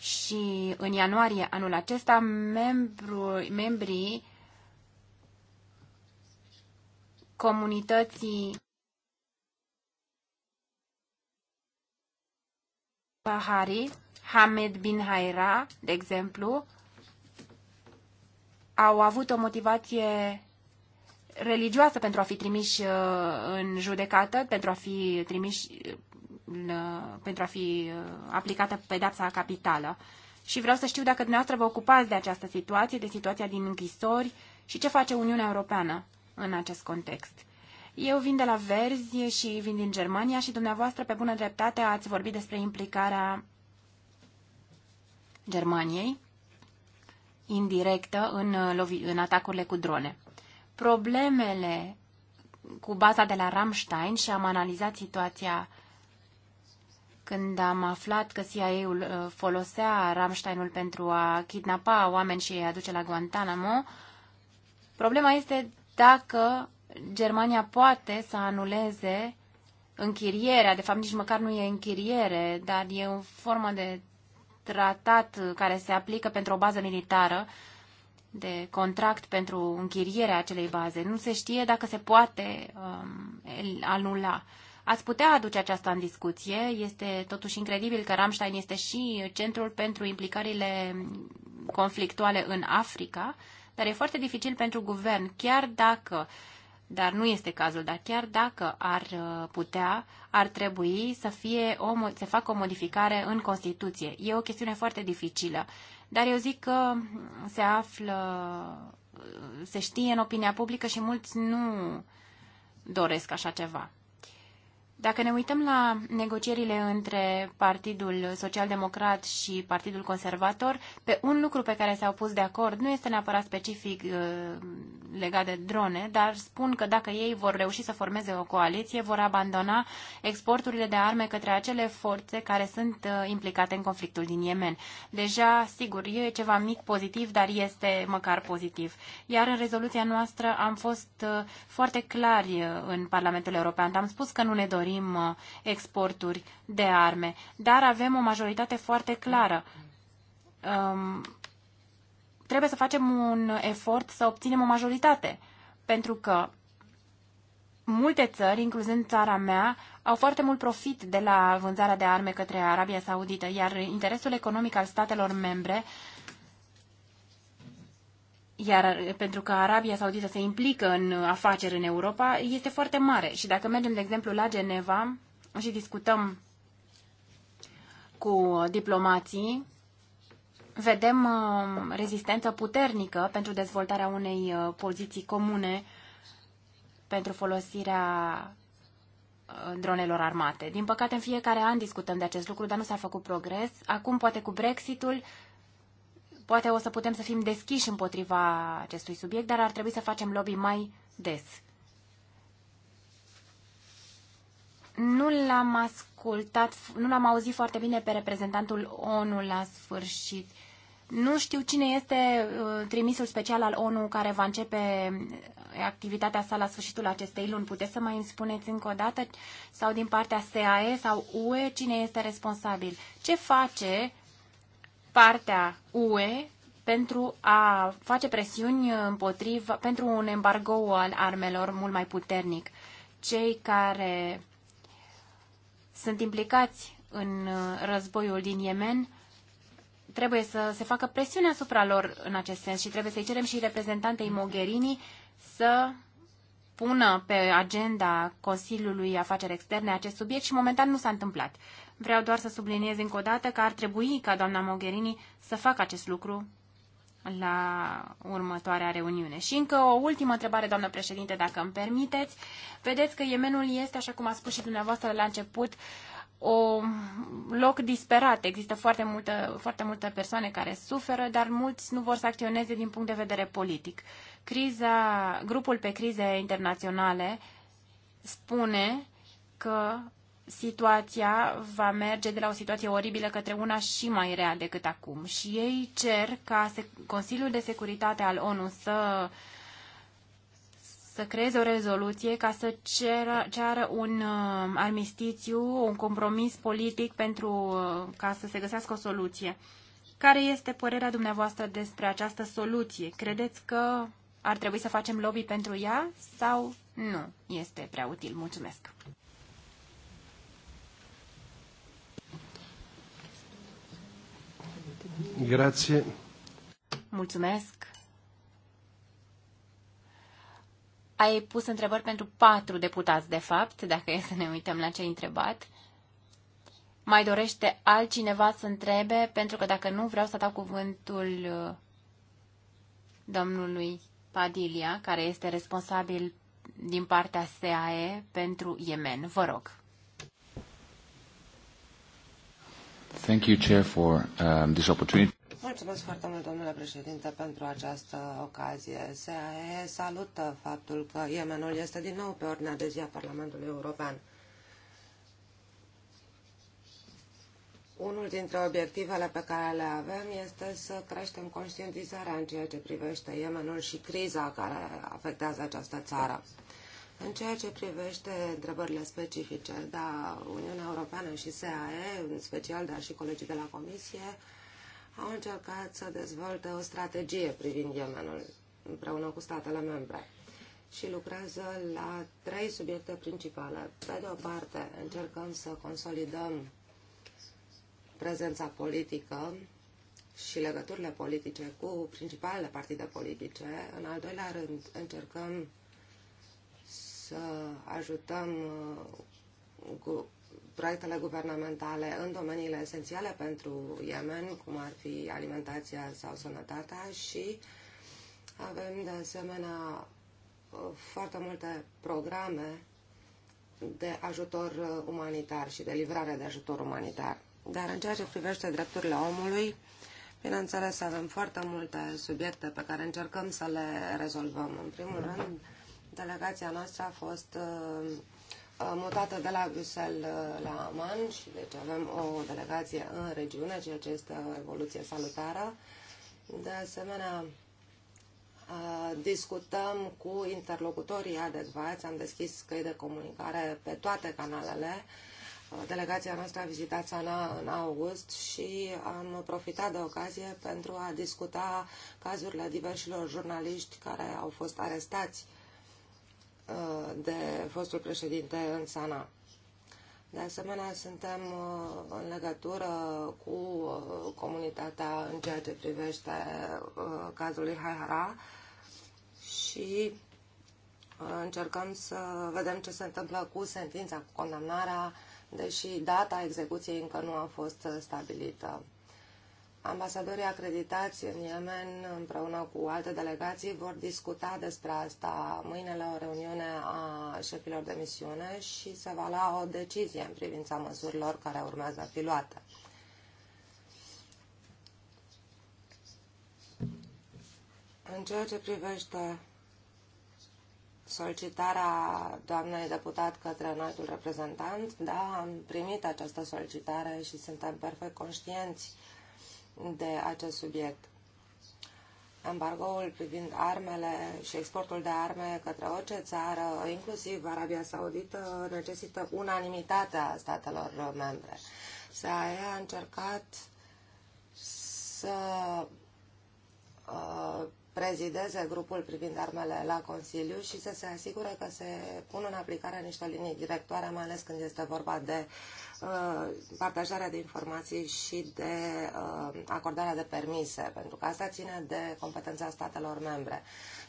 [SPEAKER 4] și în ianuarie anul acesta membru, membrii comunității Bahari, Hamed Bin Haira, de exemplu, au avut o motivație religioasă pentru a fi trimiși uh, în judecată, pentru a fi trimiși uh, pentru a fi uh, aplicată pedapsa capitală. Și vreau să știu dacă dumneavoastră vă ocupați de această situație, de situația din închisori și ce face Uniunea Europeană în acest context. Eu vin de la Verzi și vin din Germania și dumneavoastră, pe bună dreptate, ați vorbit despre implicarea Germaniei indirectă în, uh, în atacurile cu drone. Problemele cu baza de la Ramstein și am analizat situația când am aflat că CIA-ul uh, folosea Ramsteinul pentru a kidnapa oameni și a aduce la Guantanamo, problema este dacă Germania poate să anuleze închirierea, de fapt nici măcar nu e închiriere, dar e o formă de tratat care se aplică pentru o bază militară, de contract pentru închirierea acelei baze. Nu se știe dacă se poate um, anula. Ați putea aduce aceasta în discuție. Este totuși incredibil că Ramstein este și centrul pentru implicările conflictuale în Africa, dar e foarte dificil pentru guvern, chiar dacă uh, dar nu este cazul, dar chiar dacă ar uh, putea, ar trebui să, fie o, să facă o modificare în Constituție. E o chestiune foarte dificilă, dar eu zic că se află, se știe în opinia publică și mulți nu doresc așa ceva. Dacă ne uităm la negocierile între Partidul Social-Democrat și Partidul Conservator, pe un lucru pe care s-au pus de acord nu este neapărat specific uh, legat de drone, dar spun că dacă ei vor reuși să formeze o coaliție, vor abandona exporturile de arme către acele forțe care sunt uh, implicate în conflictul din Yemen. Deja, sigur, e ceva mic pozitiv, dar este măcar pozitiv. Iar în rezoluția noastră am fost uh, foarte clari în Parlamentul European. Am spus că nu ne dorim urmărim uh, exporturi de arme, dar avem o majoritate foarte clară. Um, trebuie să facem un efort să obținem o majoritate, pentru că multe țări, incluzând țara mea, au foarte mult profit de la vânzarea de arme către Arabia Saudită, iar interesul economic al statelor membre iar pentru că Arabia Saudită se implică în afaceri în Europa, este foarte mare. Și dacă mergem, de exemplu, la Geneva și discutăm cu diplomații, vedem uh, rezistență puternică pentru dezvoltarea unei uh, poziții comune pentru folosirea uh, dronelor armate. Din păcate, în fiecare an discutăm de acest lucru, dar nu s-a făcut progres. Acum, poate cu Brexitul, Poate o să putem să fim deschiși împotriva acestui subiect, dar ar trebui să facem lobby mai des. Nu l-am ascultat, nu l-am auzit foarte bine pe reprezentantul ONU la sfârșit. Nu știu cine este uh, trimisul special al ONU care va începe uh, activitatea sa la sfârșitul acestei luni. Puteți să mai îmi spuneți încă o dată? Sau din partea SAE sau UE, cine este responsabil? Ce face partea UE pentru a face presiuni împotriva, pentru un embargo al armelor mult mai puternic. Cei care sunt implicați în uh, războiul din Yemen trebuie să se facă presiune asupra lor în acest sens și trebuie să-i cerem și reprezentantei Mogherini să pună pe agenda Consiliului Afaceri Externe acest subiect și momentan nu s-a întâmplat. Vreau doar să subliniez încă o dată că ar trebui ca doamna Mogherini să facă acest lucru la următoarea reuniune. Și încă o ultimă întrebare, doamnă președinte, dacă îmi permiteți. Vedeți că Yemenul este, așa cum a spus și dumneavoastră la început, o loc disperat. Există foarte, multă, foarte multe persoane care suferă, dar mulți nu vor să acționeze din punct de vedere politic. Criza, grupul pe crize internaționale spune că situația va merge de la o situație oribilă către una și mai rea decât acum. Și ei cer ca Consiliul de Securitate al ONU să să creeze o rezoluție ca să ceră, ceară un uh, armistițiu, un compromis politic pentru uh, ca să se găsească o soluție. Care este părerea dumneavoastră despre această soluție? Credeți că ar trebui să facem lobby pentru ea sau nu este prea util? Mulțumesc! Mulțumesc. Ai pus întrebări pentru patru deputați, de fapt, dacă e să ne uităm la ce ai întrebat. Mai dorește altcineva să întrebe? Pentru că dacă nu, vreau să dau cuvântul uh, domnului Padilia, care este responsabil din partea SAE pentru Yemen. Vă rog.
[SPEAKER 2] Thank you, Chair, for um, this opportunity.
[SPEAKER 3] Mulțumesc foarte mult, domnule președinte, pentru această ocazie. SAE salută faptul că Yemenul este din nou pe ordinea de zi a Parlamentului European. Unul dintre obiectivele pe care le avem este să creștem conștientizarea în ceea ce privește Yemenul și criza care afectează această țară. În ceea ce privește întrebările specifice, da, Uniunea Europeană și SAE, în special, dar și colegii de la Comisie, au încercat să dezvolte o strategie privind Yemenul împreună cu statele membre și lucrează la trei subiecte principale. Pe de o parte, încercăm să consolidăm prezența politică și legăturile politice cu principalele partide politice. În al doilea rând, încercăm să ajutăm cu uh, proiectele guvernamentale în domeniile esențiale pentru Yemen, cum ar fi alimentația sau sănătatea și avem de asemenea uh, foarte multe programe de ajutor uh, umanitar și de livrare de ajutor umanitar. Dar în ceea ce privește drepturile omului, bineînțeles avem foarte multe subiecte pe care încercăm să le rezolvăm. În primul rând, Delegația noastră a fost uh, uh, mutată de la Bruxelles uh, la Aman și deci avem o delegație în regiune, ceea ce este o evoluție salutară. De asemenea, discutăm cu interlocutorii adecvați, am deschis căi de comunicare pe toate canalele. Delegația noastră a vizitat Sana în august și am profitat de ocazie pentru a discuta cazurile diversilor jurnaliști care au fost arestați Uh, de fostul președinte în Sana. De asemenea, suntem uh, în legătură cu uh, comunitatea în ceea ce privește cazul lui Haihara și încercăm să vedem ce se întâmplă cu sentința, cu condamnarea, deși data execuției încă nu a fost stabilită ambasadorii acreditați în Yemen împreună cu alte delegații vor discuta despre asta mâine la o reuniune a șefilor de misiune și se va lua o decizie în privința măsurilor care urmează a fi luate. În ceea ce privește solicitarea doamnei deputat către înaltul reprezentant, da, am primit această solicitare și suntem perfect conștienți de acest subiect. Embargoul privind armele și exportul de arme către orice țară, inclusiv Arabia Saudită, necesită unanimitatea statelor membre. SAE a încercat să uh, prezideze grupul privind armele la Consiliu și să se asigure că se pun în aplicare niște linii directoare, mai ales când este vorba de uh, partajarea de informații și de uh, acordarea de permise, pentru că asta ține de competența statelor membre.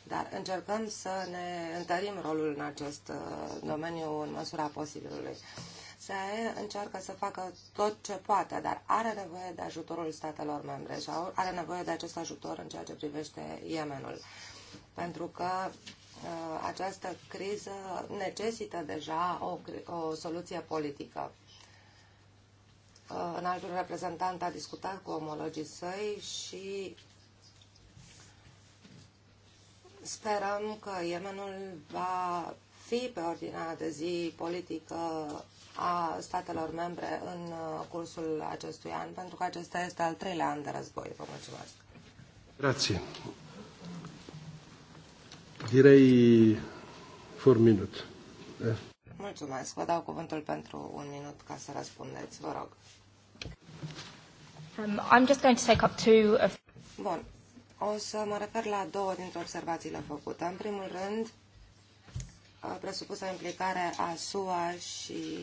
[SPEAKER 3] Dar încercăm să ne întărim rolul în acest uh, domeniu în măsura posibilului. Uh, SAE încearcă să facă tot ce poate, dar are nevoie de ajutorul statelor membre și are nevoie de acest ajutor în ceea ce privește Yemenul. Pentru că uh, această criză necesită deja o, o soluție politică. În uh, altul reprezentant a discutat cu omologii săi și sperăm că Yemenul va fi pe ordinea de zi politică a statelor membre în uh, cursul acestui an, pentru că acesta este al treilea an de război. Vă mulțumesc.
[SPEAKER 1] Grație. Direi 4 minute.
[SPEAKER 3] Mulțumesc. Vă dau cuvântul pentru un minut ca să răspundeți. Vă rog.
[SPEAKER 4] Um, I'm just going to take up two of... Bun.
[SPEAKER 3] O să mă refer la două dintre observațiile făcute. În primul rând, presupusă implicare a SUA și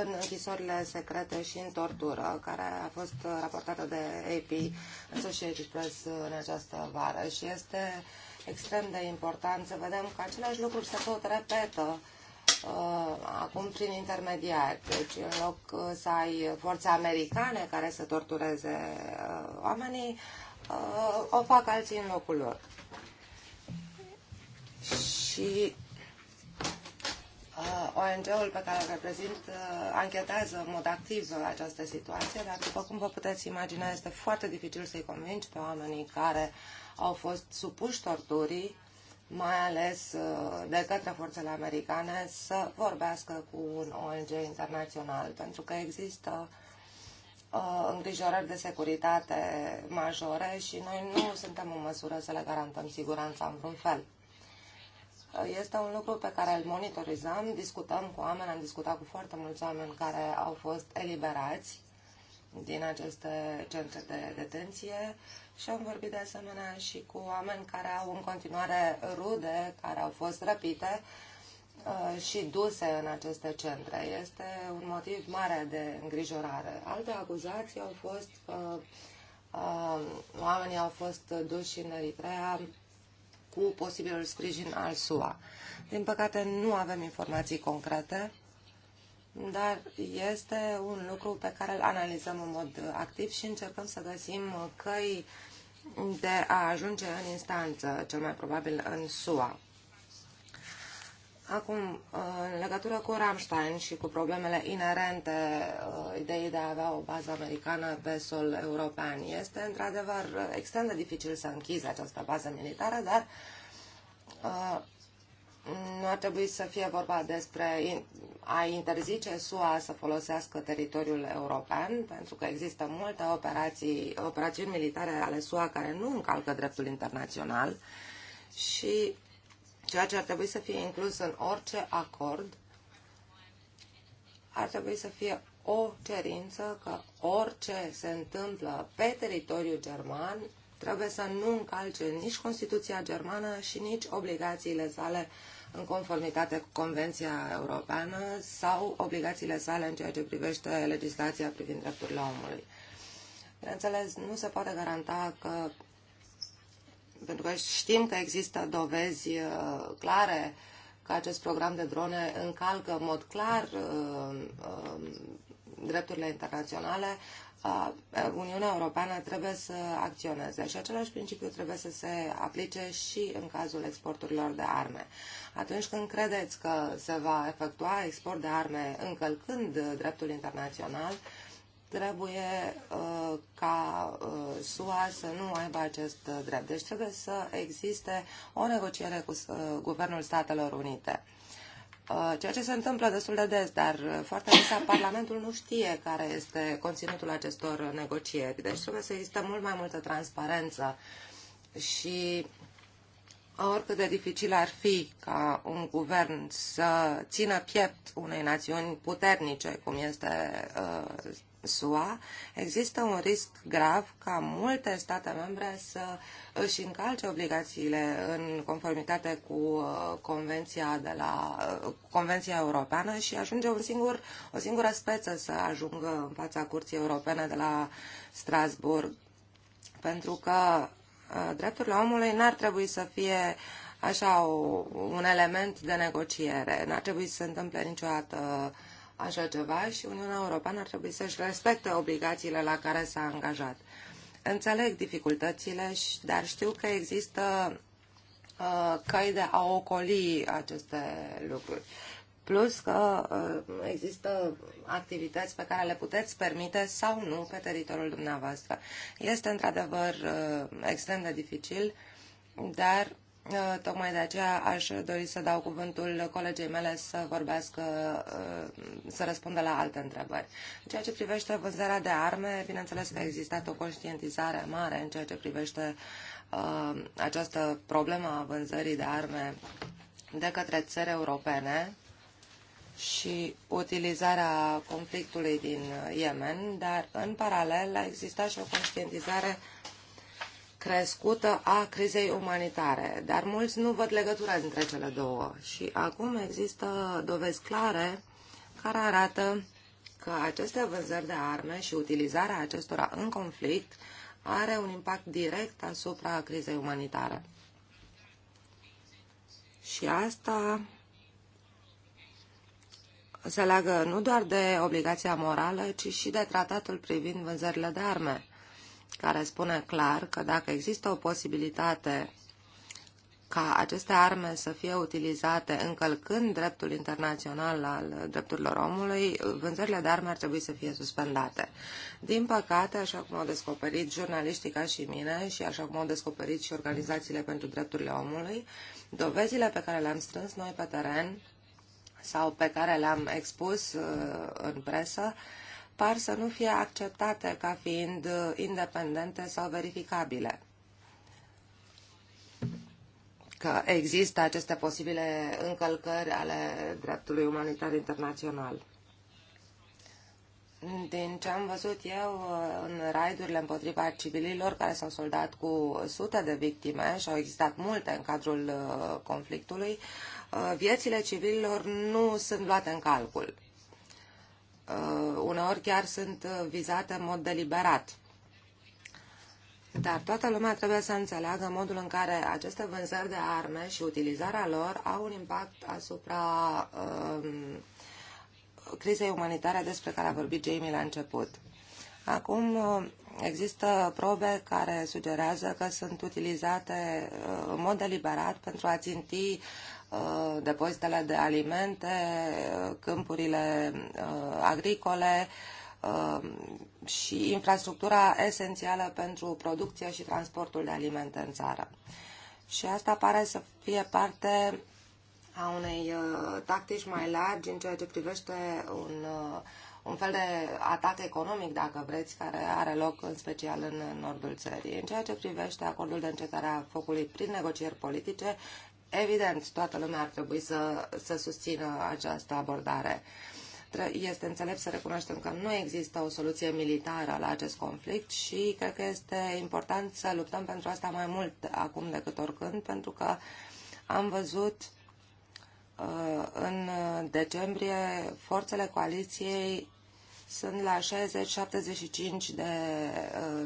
[SPEAKER 3] în închisorile secrete și în tortură, care a fost raportată de AP Associated Press în această vară și este extrem de important să vedem că aceleași lucruri se tot repetă uh, acum prin intermediari. Deci, în loc să ai forțe americane care să tortureze uh, oamenii, uh, o fac alții în locul lor. Și ONG-ul pe care îl reprezint uh, anchetează în mod activ această situație, dar după cum vă puteți imagina, este foarte dificil să-i convingi pe oamenii care au fost supuși torturii, mai ales uh, de către forțele americane, să vorbească cu un ONG internațional, pentru că există uh, îngrijorări de securitate majore și noi nu suntem în măsură să le garantăm siguranța în vreun fel este un lucru pe care îl monitorizăm, discutăm cu oameni, am discutat cu foarte mulți oameni care au fost eliberați din aceste centre de detenție și am vorbit de asemenea și cu oameni care au în continuare rude, care au fost răpite uh, și duse în aceste centre. Este un motiv mare de îngrijorare. Alte acuzații au fost că uh, oamenii au fost duși în Eritrea cu posibilul sprijin al SUA. Din păcate, nu avem informații concrete, dar este un lucru pe care îl analizăm în mod activ și încercăm să găsim căi de a ajunge în instanță, cel mai probabil în SUA. Acum, în legătură cu Ramstein și cu problemele inerente uh, ideii de a avea o bază americană pe sol european, este într-adevăr extrem de dificil să închizi această bază militară, dar uh, nu ar trebui să fie vorba despre a interzice SUA să folosească teritoriul european, pentru că există multe operații, operațiuni militare ale SUA care nu încalcă dreptul internațional și ceea ce ar trebui să fie inclus în orice acord, ar trebui să fie o cerință că orice se întâmplă pe teritoriul german trebuie să nu încalce nici Constituția germană și nici obligațiile sale în conformitate cu Convenția Europeană sau obligațiile sale în ceea ce privește legislația privind drepturile omului. Bineînțeles, nu se poate garanta că pentru că știm că există dovezi uh, clare că acest program de drone încalcă în mod clar uh, um, drepturile internaționale, uh, Uniunea Europeană trebuie să acționeze și același principiu trebuie să se aplice și în cazul exporturilor de arme. Atunci când credeți că se va efectua export de arme încălcând dreptul internațional, trebuie uh, ca uh, SUA să nu aibă acest uh, drept. Deci trebuie să existe o negociere cu uh, Guvernul Statelor Unite. Uh, ceea ce se întâmplă destul de des, dar uh, foarte des, Parlamentul nu știe care este conținutul acestor negocieri. Deci trebuie să existe mult mai multă transparență și oricât de dificil ar fi ca un guvern să țină piept unei națiuni puternice, cum este uh, SUA, există un risc grav ca multe state membre să își încalce obligațiile în conformitate cu uh, Convenția, de la, uh, Convenția Europeană și ajunge un singur, o singură speță să ajungă în fața Curții Europene de la Strasburg. Pentru că uh, drepturile omului n-ar trebui să fie așa o, un element de negociere, n-ar trebui să se întâmple niciodată uh, așa ceva și Uniunea Europeană ar trebui să-și respecte obligațiile la care s-a angajat. Înțeleg dificultățile, dar știu că există uh, căi de a ocoli aceste lucruri. Plus că uh, există activități pe care le puteți permite sau nu pe teritoriul dumneavoastră. Este într-adevăr uh, extrem de dificil, dar Uh, tocmai de aceea aș dori să dau cuvântul colegei mele să vorbească, uh, să răspundă la alte întrebări. În ceea ce privește vânzarea de arme, bineînțeles că a existat o conștientizare mare în ceea ce privește uh, această problemă a vânzării de arme de către țări europene și utilizarea conflictului din Yemen, dar în paralel a existat și o conștientizare uh, crescută a crizei umanitare, dar mulți nu văd legătura dintre cele două. Și acum există dovezi clare care arată că aceste vânzări de arme și utilizarea acestora în conflict are un impact direct asupra crizei umanitare. Și asta se leagă nu doar de obligația morală, ci și de tratatul privind vânzările de arme care spune clar că dacă există o posibilitate ca aceste arme să fie utilizate încălcând dreptul internațional al drepturilor omului, vânzările de arme ar trebui să fie suspendate. Din păcate, așa cum au descoperit jurnaliștii ca și mine și așa cum au descoperit și organizațiile pentru drepturile omului, dovezile pe care le-am strâns noi pe teren sau pe care le-am expus uh, în presă par să nu fie acceptate ca fiind uh, independente sau verificabile. Că există aceste posibile încălcări ale dreptului umanitar internațional. Din ce am văzut eu uh, în raidurile împotriva civililor care s-au soldat cu sute de victime și au existat multe în cadrul uh, conflictului, viețile civililor nu sunt luate în calcul. Uh, uneori chiar sunt uh, vizate în mod deliberat. Dar toată lumea trebuie să înțeleagă modul în care aceste vânzări de arme și utilizarea lor au un impact asupra um, crizei umanitare despre care a vorbit Jamie la început. Acum uh, există probe care sugerează că sunt utilizate în mod deliberat pentru a ținti Uh, depozitele de alimente, uh, câmpurile uh, agricole și infrastructura esențială pentru producția și transportul de alimente în țară. Și asta pare să fie parte a unei tactici mai largi în ceea ce privește un, un fel de atac economic, dacă vreți, care are loc în special în nordul țării. În ceea ce privește acordul de încetare a focului prin negocieri politice, Evident, toată lumea ar trebui să, să susțină această abordare. Este înțelept să recunoaștem că nu există o soluție militară la acest conflict și cred că este important să luptăm pentru asta mai mult acum decât oricând, pentru că am văzut uh, în decembrie forțele coaliției sunt la 60-75 de uh,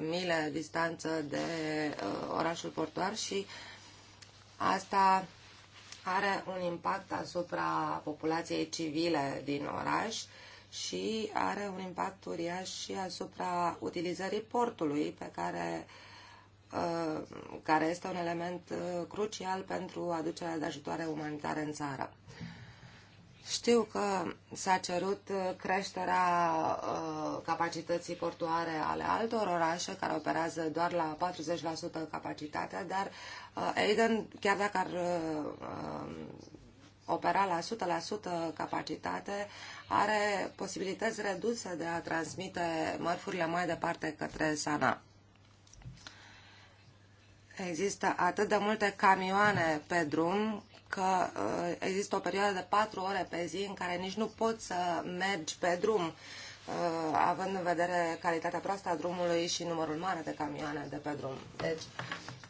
[SPEAKER 3] mile distanță de uh, orașul portuar și uh, Asta are un impact asupra populației civile din oraș și are un impact uriaș și asupra utilizării portului pe care uh, care este un element uh, crucial pentru aducerea de ajutoare umanitare în țară. Știu că s-a cerut uh, creșterea uh, capacității portuare ale altor orașe care operează doar la 40% capacitatea, dar uh, Aiden, chiar dacă ar um, opera la 100% capacitate, are posibilități reduse de a transmite mărfurile mai departe către Sana. Există atât de multe camioane pe drum că uh, există o perioadă de patru ore pe zi în care nici nu poți să mergi pe drum, uh, având în vedere calitatea proastă a drumului și numărul mare de camioane de pe drum. Deci,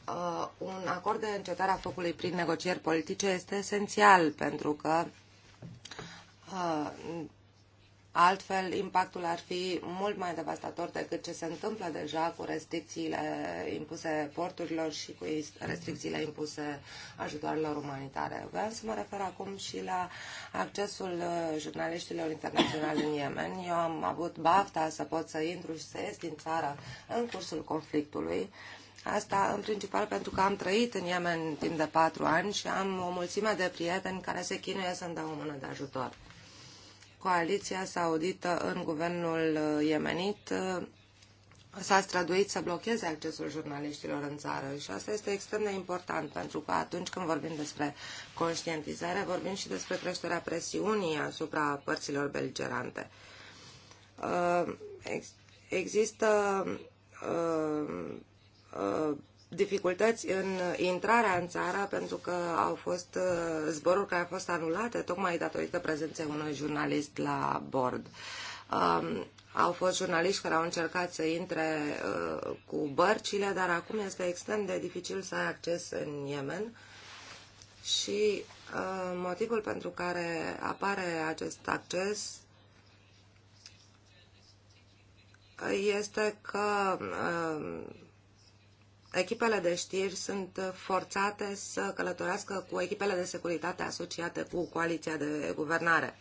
[SPEAKER 3] uh, un acord de încetare a focului prin negocieri politice este esențial pentru că Altfel, impactul ar fi mult mai devastator decât ce se întâmplă deja cu restricțiile impuse porturilor și cu restricțiile impuse ajutoarelor umanitare. Vreau să mă refer acum și la accesul uh, jurnaliștilor internaționali în Yemen. Eu am avut bafta să pot să intru și să ies din țară în cursul conflictului. Asta în principal pentru că am trăit în Yemen timp de patru ani și am o mulțime de prieteni care se chinuie să-mi dau o mână de ajutor coaliția saudită în guvernul iemenit uh, uh, s-a străduit să blocheze accesul jurnaliștilor în țară și asta este extrem de important pentru că atunci când vorbim despre conștientizare, vorbim și despre creșterea presiunii asupra părților beligerante. Uh, există dificultăți în intrarea în țară pentru că au fost uh, zboruri care au fost anulate tocmai datorită prezenței unui jurnalist la bord. Um, au fost jurnaliști care au încercat să intre uh, cu bărcile, dar acum este extrem de dificil să ai acces în Yemen. Și uh, motivul pentru care apare acest acces este că uh, echipele de știri sunt forțate să călătorească cu echipele de securitate asociate cu coaliția de guvernare.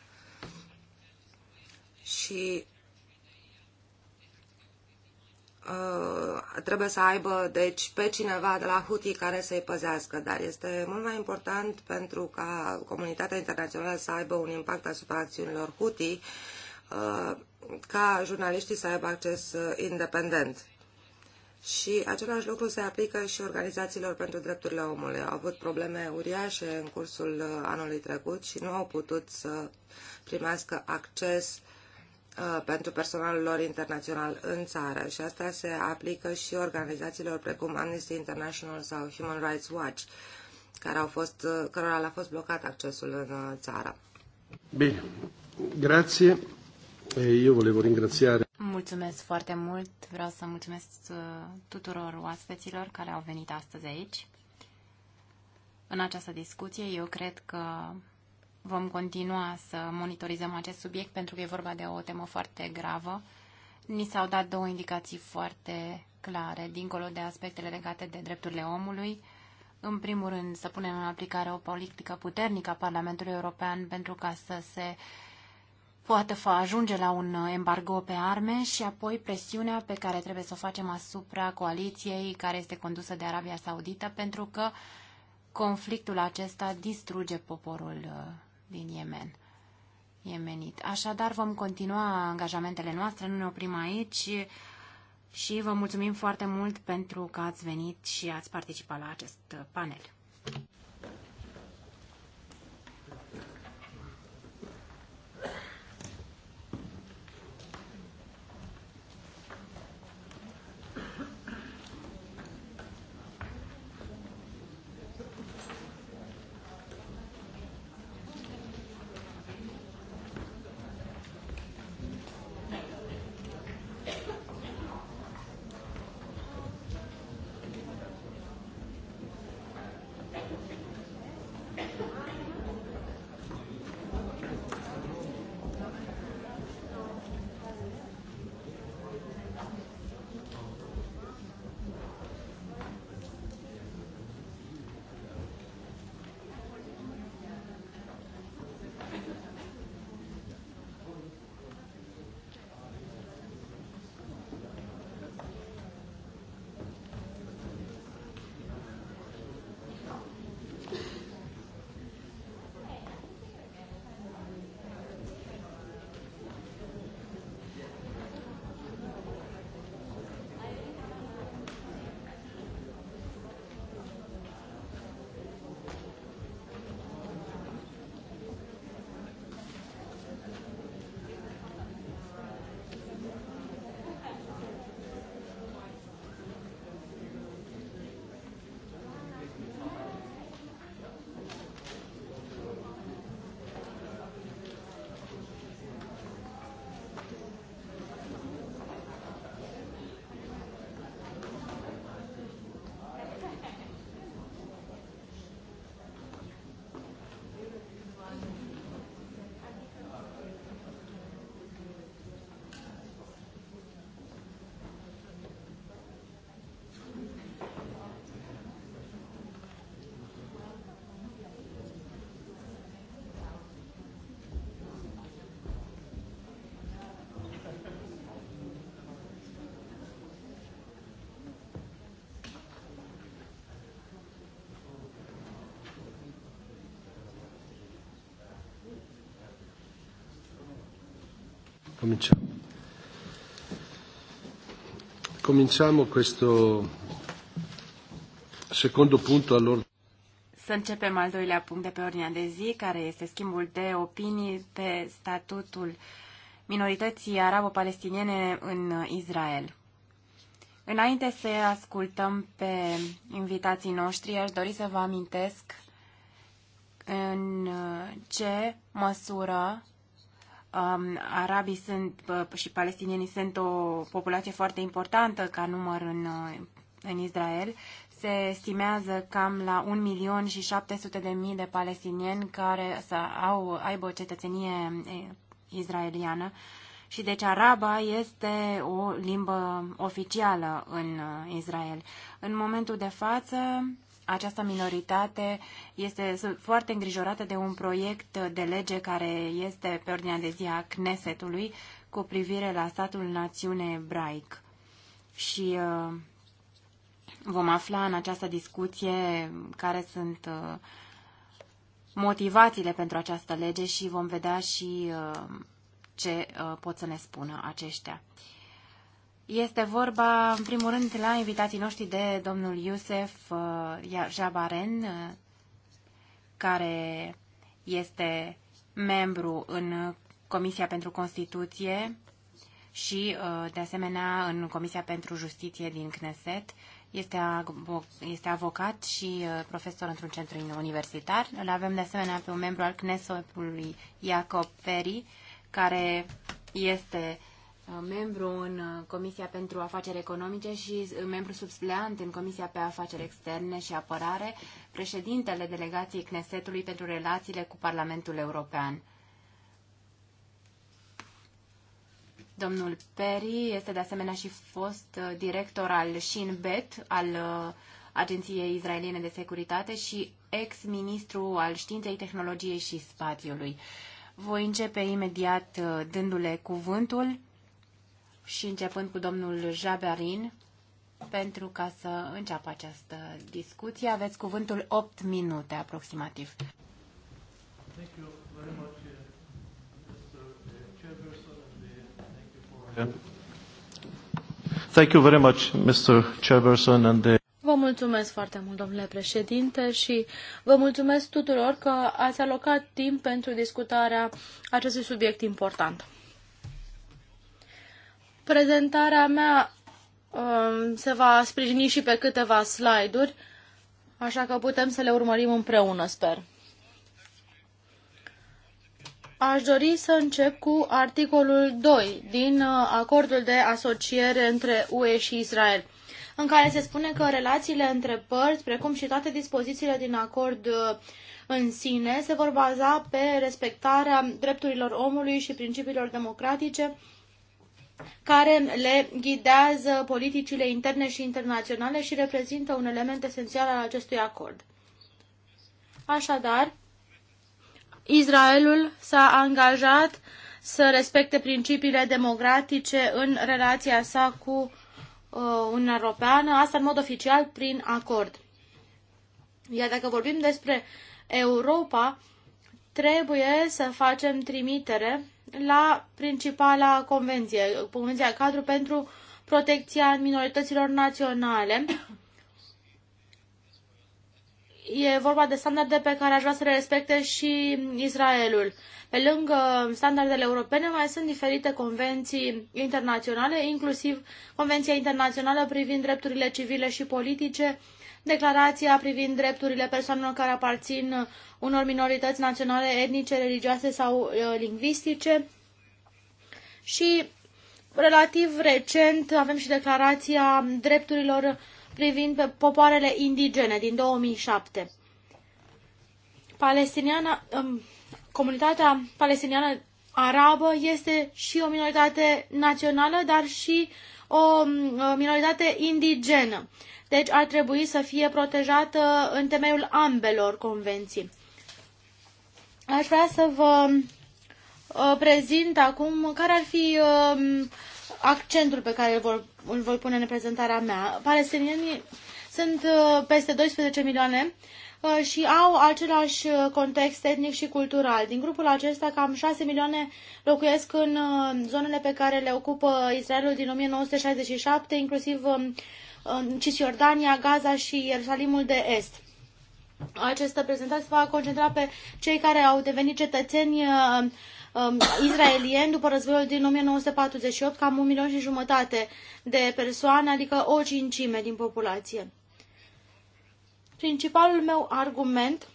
[SPEAKER 3] Și uh, trebuie să aibă, deci, pe cineva de la Houthi care să-i păzească, dar este mult mai important pentru ca comunitatea internațională să aibă un impact asupra acțiunilor Houthi, uh, ca jurnaliștii să aibă acces uh, independent. Și același lucru se aplică și organizațiilor pentru drepturile omului. Au avut probleme uriașe în cursul uh, anului trecut și nu au putut să primească acces uh, pentru personalul lor internațional în țară și asta se aplică și organizațiilor precum Amnesty International sau Human Rights Watch, care au fost, uh, cărora le-a fost blocat accesul în țară. Bine, grație eu ringraziare. Mulțumesc foarte
[SPEAKER 4] mult. Vreau să mulțumesc uh, tuturor oaspeților care au venit astăzi aici. În această discuție, eu cred că vom continua să monitorizăm acest subiect pentru că e vorba de o temă foarte gravă. Ni s-au dat două indicații foarte clare, dincolo de aspectele legate de drepturile omului. În primul rând, să punem în aplicare o politică puternică a Parlamentului European pentru ca să se fa ajunge la un uh, embargo pe arme și apoi presiunea pe care trebuie să o facem asupra coaliției care este condusă de Arabia Saudită pentru că conflictul acesta distruge poporul uh, din Yemen. Yemenit. Așadar, vom continua angajamentele noastre, nu ne oprim aici și vă mulțumim foarte mult pentru că ați venit și ați participat la acest uh, panel.
[SPEAKER 1] Cominciamo. Cominciamo questo secondo punto all'ordine.
[SPEAKER 4] Să începem al doilea punct de pe ordinea de zi, care este schimbul de
[SPEAKER 1] opinii
[SPEAKER 4] pe statutul minorității arabo-palestiniene în Israel. Înainte să ascultăm pe invitații noștri, aș dori să vă amintesc în ce măsură um, arabii sunt uh, și palestinienii sunt o populație foarte importantă ca număr în, uh, în Israel. Se estimează cam la 1 milion și 700 de mii de palestinieni care să au, aibă o cetățenie izraeliană. Și deci araba este o limbă oficială în uh, Israel. În momentul de față, această minoritate este foarte îngrijorată de un proiect de lege care este pe ordinea de zi a Knesetului cu privire la statul națiune ebraic. Și uh, vom afla în această discuție care sunt uh, motivațiile pentru această lege și vom vedea și uh, ce pot să ne spună aceștia. Este vorba, în primul rând, la invitații noștri de domnul Iusef uh, Jabaren, uh, care este membru în Comisia pentru Constituție și, uh, de asemenea, în Comisia pentru Justiție din Knesset. Este avocat și profesor într-un centru universitar. Îl avem, de asemenea, pe un membru al Knessetului, Iacob Peri, care este Uh, membru în uh, Comisia pentru Afaceri Economice și uh, membru subspleant în Comisia pe Afaceri Externe și Apărare, președintele delegației Cnesetului pentru relațiile cu Parlamentul European. Domnul Perry este de asemenea și fost director al Shin Bet, al Agenției Israeliene de Securitate și ex-ministru al Științei, Tehnologiei și Spațiului. Voi începe imediat dându-le cuvântul și începând cu domnul Jaberin pentru ca să înceapă această discuție. Aveți cuvântul 8 minute aproximativ. Thank
[SPEAKER 1] you very much,
[SPEAKER 3] uh, Mr. Uh, uh,
[SPEAKER 4] thank you very much, Mr. Chairperson and the
[SPEAKER 2] Vă mulțumesc foarte mult, domnule președinte, și vă mulțumesc tuturor că ați alocat timp pentru discutarea acestui subiect important. Prezentarea mea um, se va sprijini și pe câteva slide-uri, așa că putem să le urmărim împreună, sper. Aș dori să încep cu articolul 2 din uh, acordul de asociere între UE și Israel, în care se spune că relațiile între părți, precum și toate dispozițiile din acord uh, în sine, se vor baza pe respectarea drepturilor omului și principiilor democratice, care le ghidează politicile interne și internaționale și reprezintă un element esențial al acestui acord. Așadar, Israelul s-a angajat să respecte principiile democratice în relația sa cu uh, Uniunea Europeană, asta în mod oficial prin acord. Iar dacă vorbim despre Europa, trebuie să facem trimitere la principala convenție, Convenția Cadru pentru protecția minorităților naționale. E vorba de standarde pe care aș vrea să le respecte și Israelul. Pe lângă standardele europene mai sunt diferite convenții internaționale, inclusiv Convenția Internațională privind drepturile civile și politice, declarația privind drepturile persoanelor care aparțin uh, unor minorități naționale, etnice, religioase sau uh, lingvistice și relativ recent avem și declarația drepturilor privind pe popoarele indigene din 2007. Palestiniana, um, comunitatea palestiniană arabă este și o minoritate națională, dar și Mm, o minoritate indigenă. Deci ar trebui să fie protejată în temeiul ambelor convenții. Aș vrea să vă prezint acum care ar fi mm, accentul pe care îl, îl voi pune în prezentarea mea. Palestinienii sunt peste 12 milioane și au același uh, context etnic și cultural. Din grupul acesta, cam 6 milioane locuiesc în uh, zonele pe care le ocupă Israelul din 1967, inclusiv um, Cisjordania, Gaza și Ierusalimul de Est. Această prezentare se va concentra pe cei care au devenit cetățeni uh, um, israelieni după războiul din 1948, cam un milion și jumătate de persoane, adică o cincime din populație. Principalul meu argument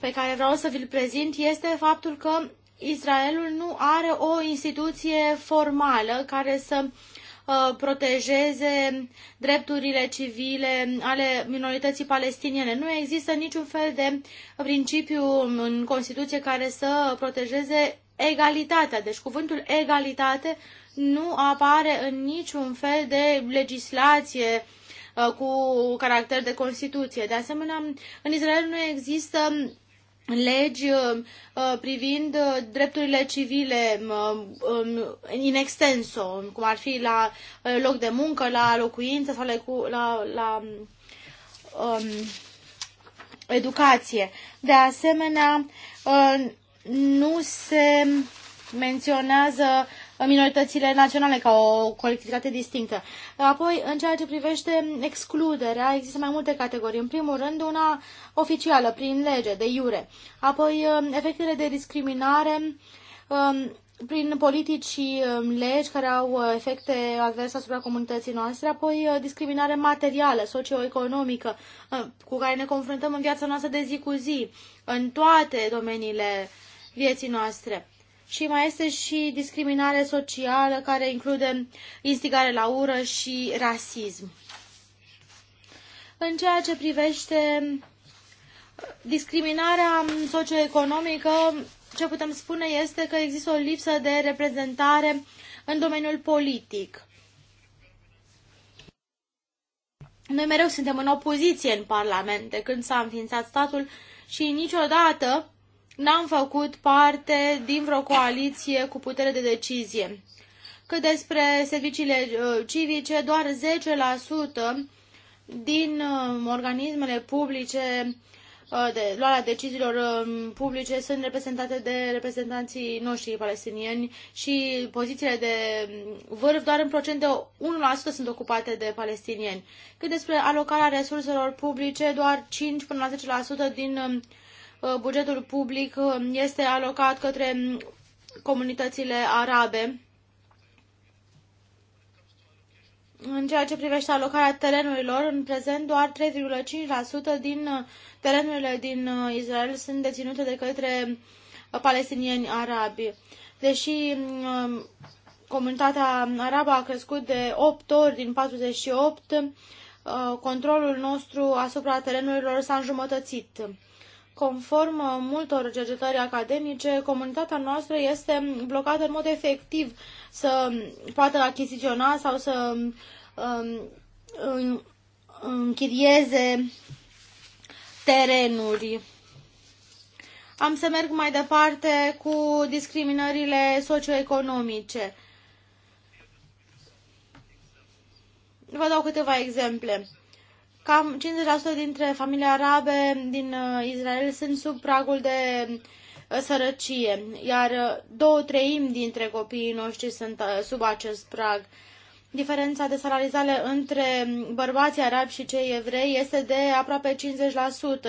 [SPEAKER 2] pe care vreau să vi-l prezint este faptul că Israelul nu are o instituție formală care să uh, protejeze drepturile civile ale minorității palestiniene. Nu există niciun fel de principiu în Constituție care să protejeze egalitatea. Deci cuvântul egalitate nu apare în niciun fel de legislație Uh, cu caracter de Constituție. De asemenea, în Israel nu există legi uh, uh, privind drepturile civile um, um, in extenso, cum ar fi la loc de muncă, la locuință sau la, la, la um, educație. De asemenea, nu se menționează minoritățile naționale ca o colectivitate distinctă. Apoi, în ceea ce privește excluderea, există mai multe categorii. În primul rând, una oficială, prin lege, de iure. Apoi, um, efectele de discriminare um, prin politici și um, legi care au uh, efecte adverse asupra comunității noastre, apoi uh, discriminare materială, socioeconomică, uh, cu care ne confruntăm în viața noastră de zi cu zi, în toate domeniile vieții noastre și mai este și discriminare socială care include instigare la ură și rasism. În ceea ce privește discriminarea socioeconomică, ce putem spune este că există o lipsă de reprezentare în domeniul politic. Noi mereu suntem în opoziție în Parlament de când s-a înființat statul și niciodată n-am făcut parte din vreo coaliție cu putere de decizie. Cât despre serviciile uh, civice, doar 10% din uh, organismele publice uh, de luarea deciziilor um, publice sunt reprezentate de reprezentanții noștri palestinieni și pozițiile de um, vârf doar în procent de 1% sunt ocupate de palestinieni. Cât despre alocarea resurselor publice, doar 5 până la 10% din um, Uh, bugetul public uh, este alocat către comunitățile arabe. În ceea ce privește alocarea terenurilor, în prezent doar 3,5% din uh, terenurile din Israel sunt deținute de către palestinieni arabi. Deși um, comunitatea arabă a crescut de 8 ori din 48, controlul nostru asupra terenurilor s-a înjumătățit conform uh, multor cercetări academice, comunitatea noastră este blocată în mod efectiv să poată achiziționa sau să um, închirieze terenuri. Am să merg mai departe cu discriminările socioeconomice. Vă dau câteva exemple. Cam 50% dintre familii arabe din uh, Israel sunt sub pragul de uh, sărăcie, iar uh, două treimi dintre copiii noștri sunt sub acest prag. Diferența de salarizare între bărbații arabi și cei evrei este de aproape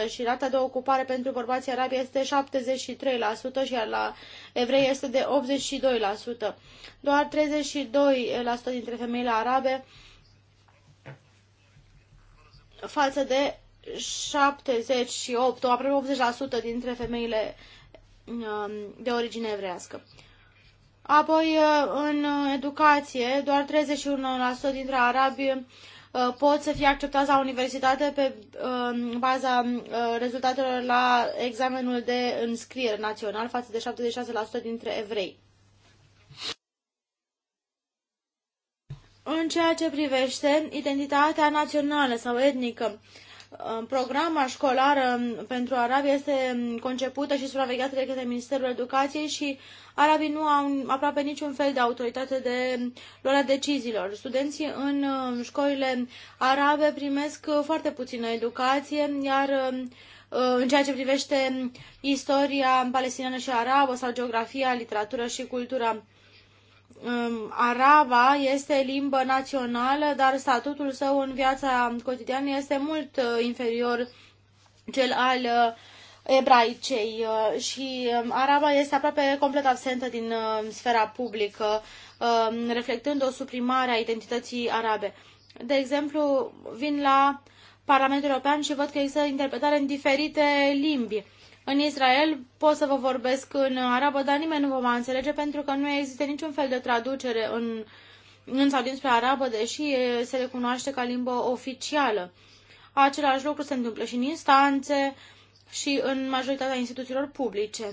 [SPEAKER 2] 50% și rata de ocupare pentru bărbații arabi este 73%, și la evrei este de 82%. Doar 32% dintre femeile arabe față de 78, aproape 80% dintre femeile um, de origine evrească. Apoi, uh, în educație, doar 31% dintre arabi uh, pot să fie acceptați la universitate pe um, baza uh, rezultatelor la examenul de înscriere național față de 76% dintre evrei. În ceea ce privește identitatea națională sau etnică, um, programa școlară um, pentru arabi este um, concepută și supravegheată de către Ministerul Educației și arabii nu au aproape niciun fel de autoritate de luarea deciziilor. Studenții în școlile arabe primesc uh, foarte puțină educație, iar uh, în ceea ce privește istoria palestiniană și arabă sau geografia, literatură și cultura araba este limbă națională, dar statutul său în viața cotidiană este mult uh, inferior cel al uh, ebraicei uh, și um, araba este aproape complet absentă din sfera publică, um, reflectând o suprimare a identității arabe. De exemplu, vin la Parlamentul European și văd că există interpretare în diferite limbi în Israel pot să vă vorbesc în arabă, dar nimeni nu vă va înțelege pentru că nu există niciun fel de traducere în, în sau dinspre arabă, deși se recunoaște ca limbă oficială. Același lucru se întâmplă și în instanțe și în majoritatea instituțiilor publice.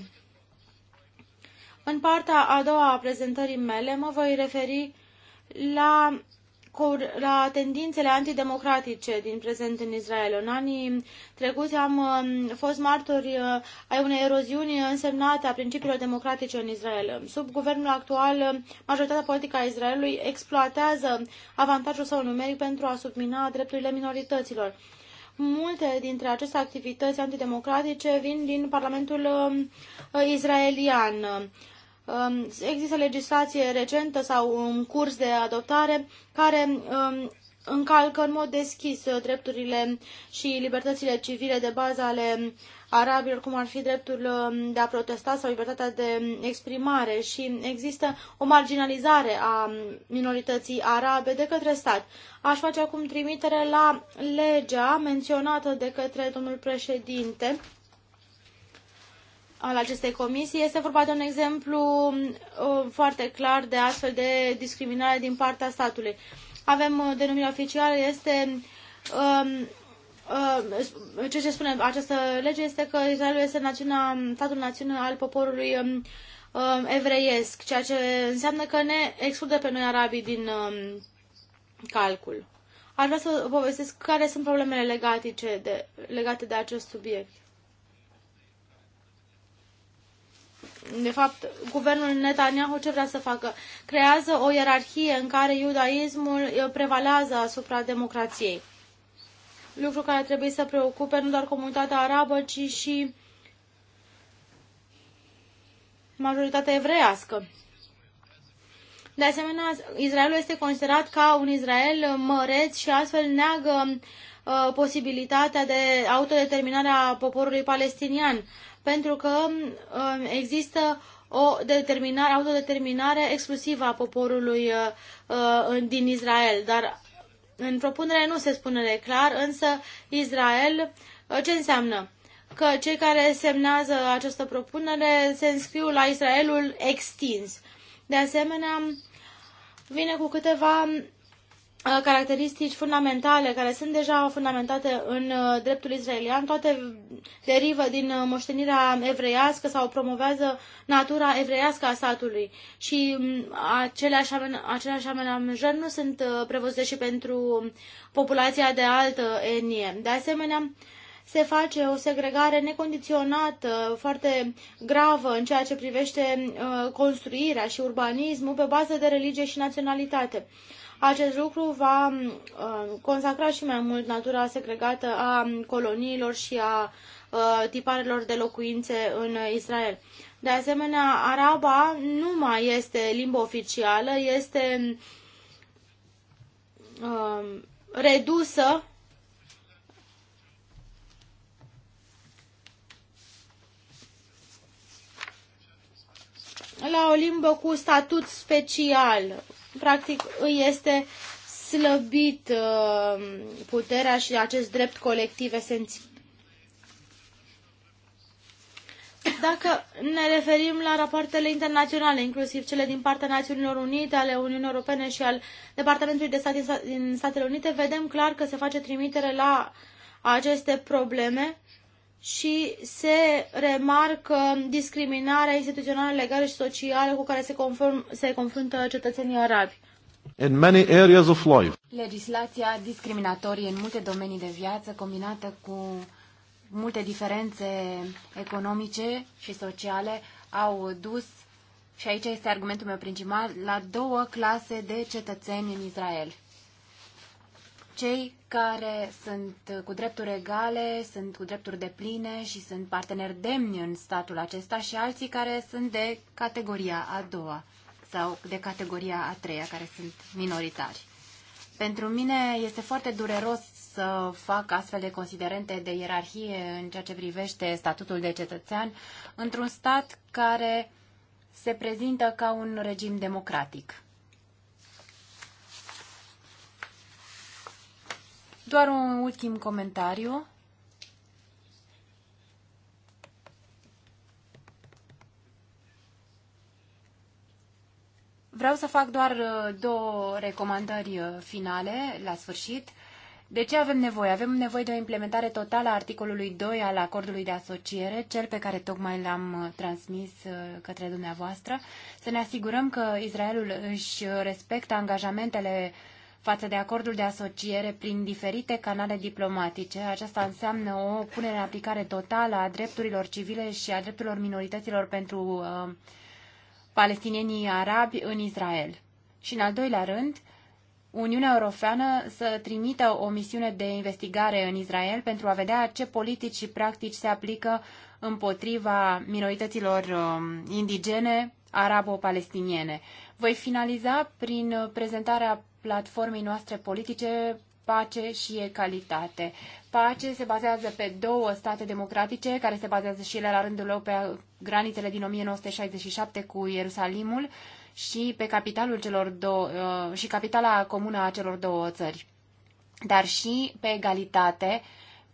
[SPEAKER 2] În partea a doua a prezentării mele mă voi referi la la tendințele antidemocratice din prezent în Israel. În anii trecuți am um, fost martori uh, ai unei eroziuni însemnate a principiilor democratice în Israel. Sub guvernul actual, majoritatea politică a Israelului exploatează avantajul său numeric pentru a submina drepturile minorităților. Multe dintre aceste activități antidemocratice vin din Parlamentul um, uh, israelian Um, există legislație recentă sau în curs de adoptare care um, încalcă în mod deschis uh, drepturile și libertățile civile de bază ale arabilor, cum ar fi dreptul um, de a protesta sau libertatea de exprimare și există o marginalizare a minorității arabe de către stat. Aș face acum trimitere la legea menționată de către domnul președinte al acestei comisii. Este vorba de un exemplu uh, foarte clar de astfel de discriminare din partea statului. Avem uh, denumirea oficială, este um, uh, ce ce spune această lege este că Israelul este națiunea, statul națiune al poporului um, um, evreiesc, ceea ce înseamnă că ne exclude pe noi arabii din calcul. Aș vrea să povestesc care sunt problemele legatice de, legate de acest subiect. de fapt, guvernul Netanyahu ce vrea să facă? Creează o ierarhie în care iudaismul prevalează asupra democrației. Lucru care trebuie să preocupe nu doar comunitatea arabă, ci și majoritatea evreiască. De asemenea, Israelul este considerat ca un Israel măreț și astfel neagă uh, posibilitatea de autodeterminare a poporului palestinian pentru că um, există o determinare, autodeterminare exclusivă a poporului uh, uh, din Israel, dar în propunere nu se spune clar, însă Israel uh, ce înseamnă? Că cei care semnează această propunere se înscriu la Israelul extins. De asemenea, vine cu câteva Uh, caracteristici fundamentale care sunt deja fundamentate în uh, dreptul israelian, toate derivă din uh, moștenirea evreiască sau promovează natura evreiască a statului. Și mm, aceleași, amenajări nu sunt prevăzute și pentru populația de altă etnie. De asemenea, se face o segregare necondiționată, foarte gravă în ceea ce privește construirea și urbanismul pe bază de religie și naționalitate. Acest lucru va uh, consacra și mai mult natura segregată a coloniilor și a uh, tiparelor de locuințe în Israel. De asemenea, araba nu mai este limba oficială, este uh, redusă la o limbă cu statut special, practic îi este slăbit uh, puterea și acest drept colectiv esențial. Dacă ne referim la rapoartele internaționale, inclusiv cele din partea Națiunilor Unite, ale Uniunii Europene și al Departamentului de Stat din Statele Unite, vedem clar că se face trimitere la aceste probleme și se remarcă discriminarea instituțională, legală și socială cu
[SPEAKER 4] care se, conform, se confruntă cetățenii arabi. In many areas of life. Legislația discriminatorie în multe domenii de viață, combinată cu multe diferențe economice și sociale, au dus, și aici este argumentul meu principal, la două clase de cetățeni în Israel cei care sunt cu drepturi egale, sunt cu drepturi de pline și sunt parteneri demni în statul acesta și alții care sunt de categoria a doua sau de categoria a treia, care sunt minoritari. Pentru mine este foarte dureros să fac astfel de considerente de ierarhie în ceea ce privește statutul de cetățean într-un stat care se prezintă ca un regim democratic. Doar un ultim comentariu. Vreau să fac doar uh, două recomandări uh, finale la sfârșit. De ce avem nevoie? Avem nevoie de o implementare totală a articolului 2 al acordului de asociere, cel pe care tocmai l-am uh, transmis către dumneavoastră, să ne asigurăm că Israelul își respectă angajamentele uh, față de acordul de asociere prin diferite canale diplomatice. Aceasta înseamnă o punere în aplicare totală a drepturilor civile și a drepturilor minorităților pentru uh, palestinienii arabi în Israel. Și în al doilea rând, Uniunea Europeană să trimită o misiune de investigare în Israel pentru a vedea ce politici și practici se aplică împotriva minorităților um, indigene arabo-palestiniene. Voi finaliza prin prezentarea platformei noastre politice pace și egalitate. Pace se bazează pe două state democratice, care se bazează și ele la rândul lor pe granițele din 1967 cu Ierusalimul și pe capitalul celor două, uh, și capitala comună a celor două țări, dar și pe egalitate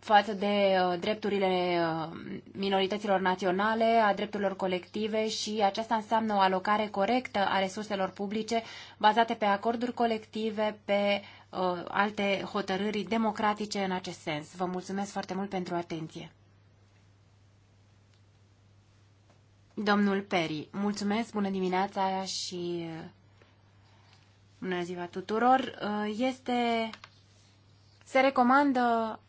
[SPEAKER 4] față de uh, drepturile uh, minorităților naționale, a drepturilor colective și aceasta înseamnă o alocare corectă a resurselor publice bazate pe acorduri colective, pe uh, alte hotărâri democratice în acest sens. Vă mulțumesc foarte mult pentru atenție. Domnul Peri, mulțumesc, bună dimineața și bună ziua tuturor. Este se recomandă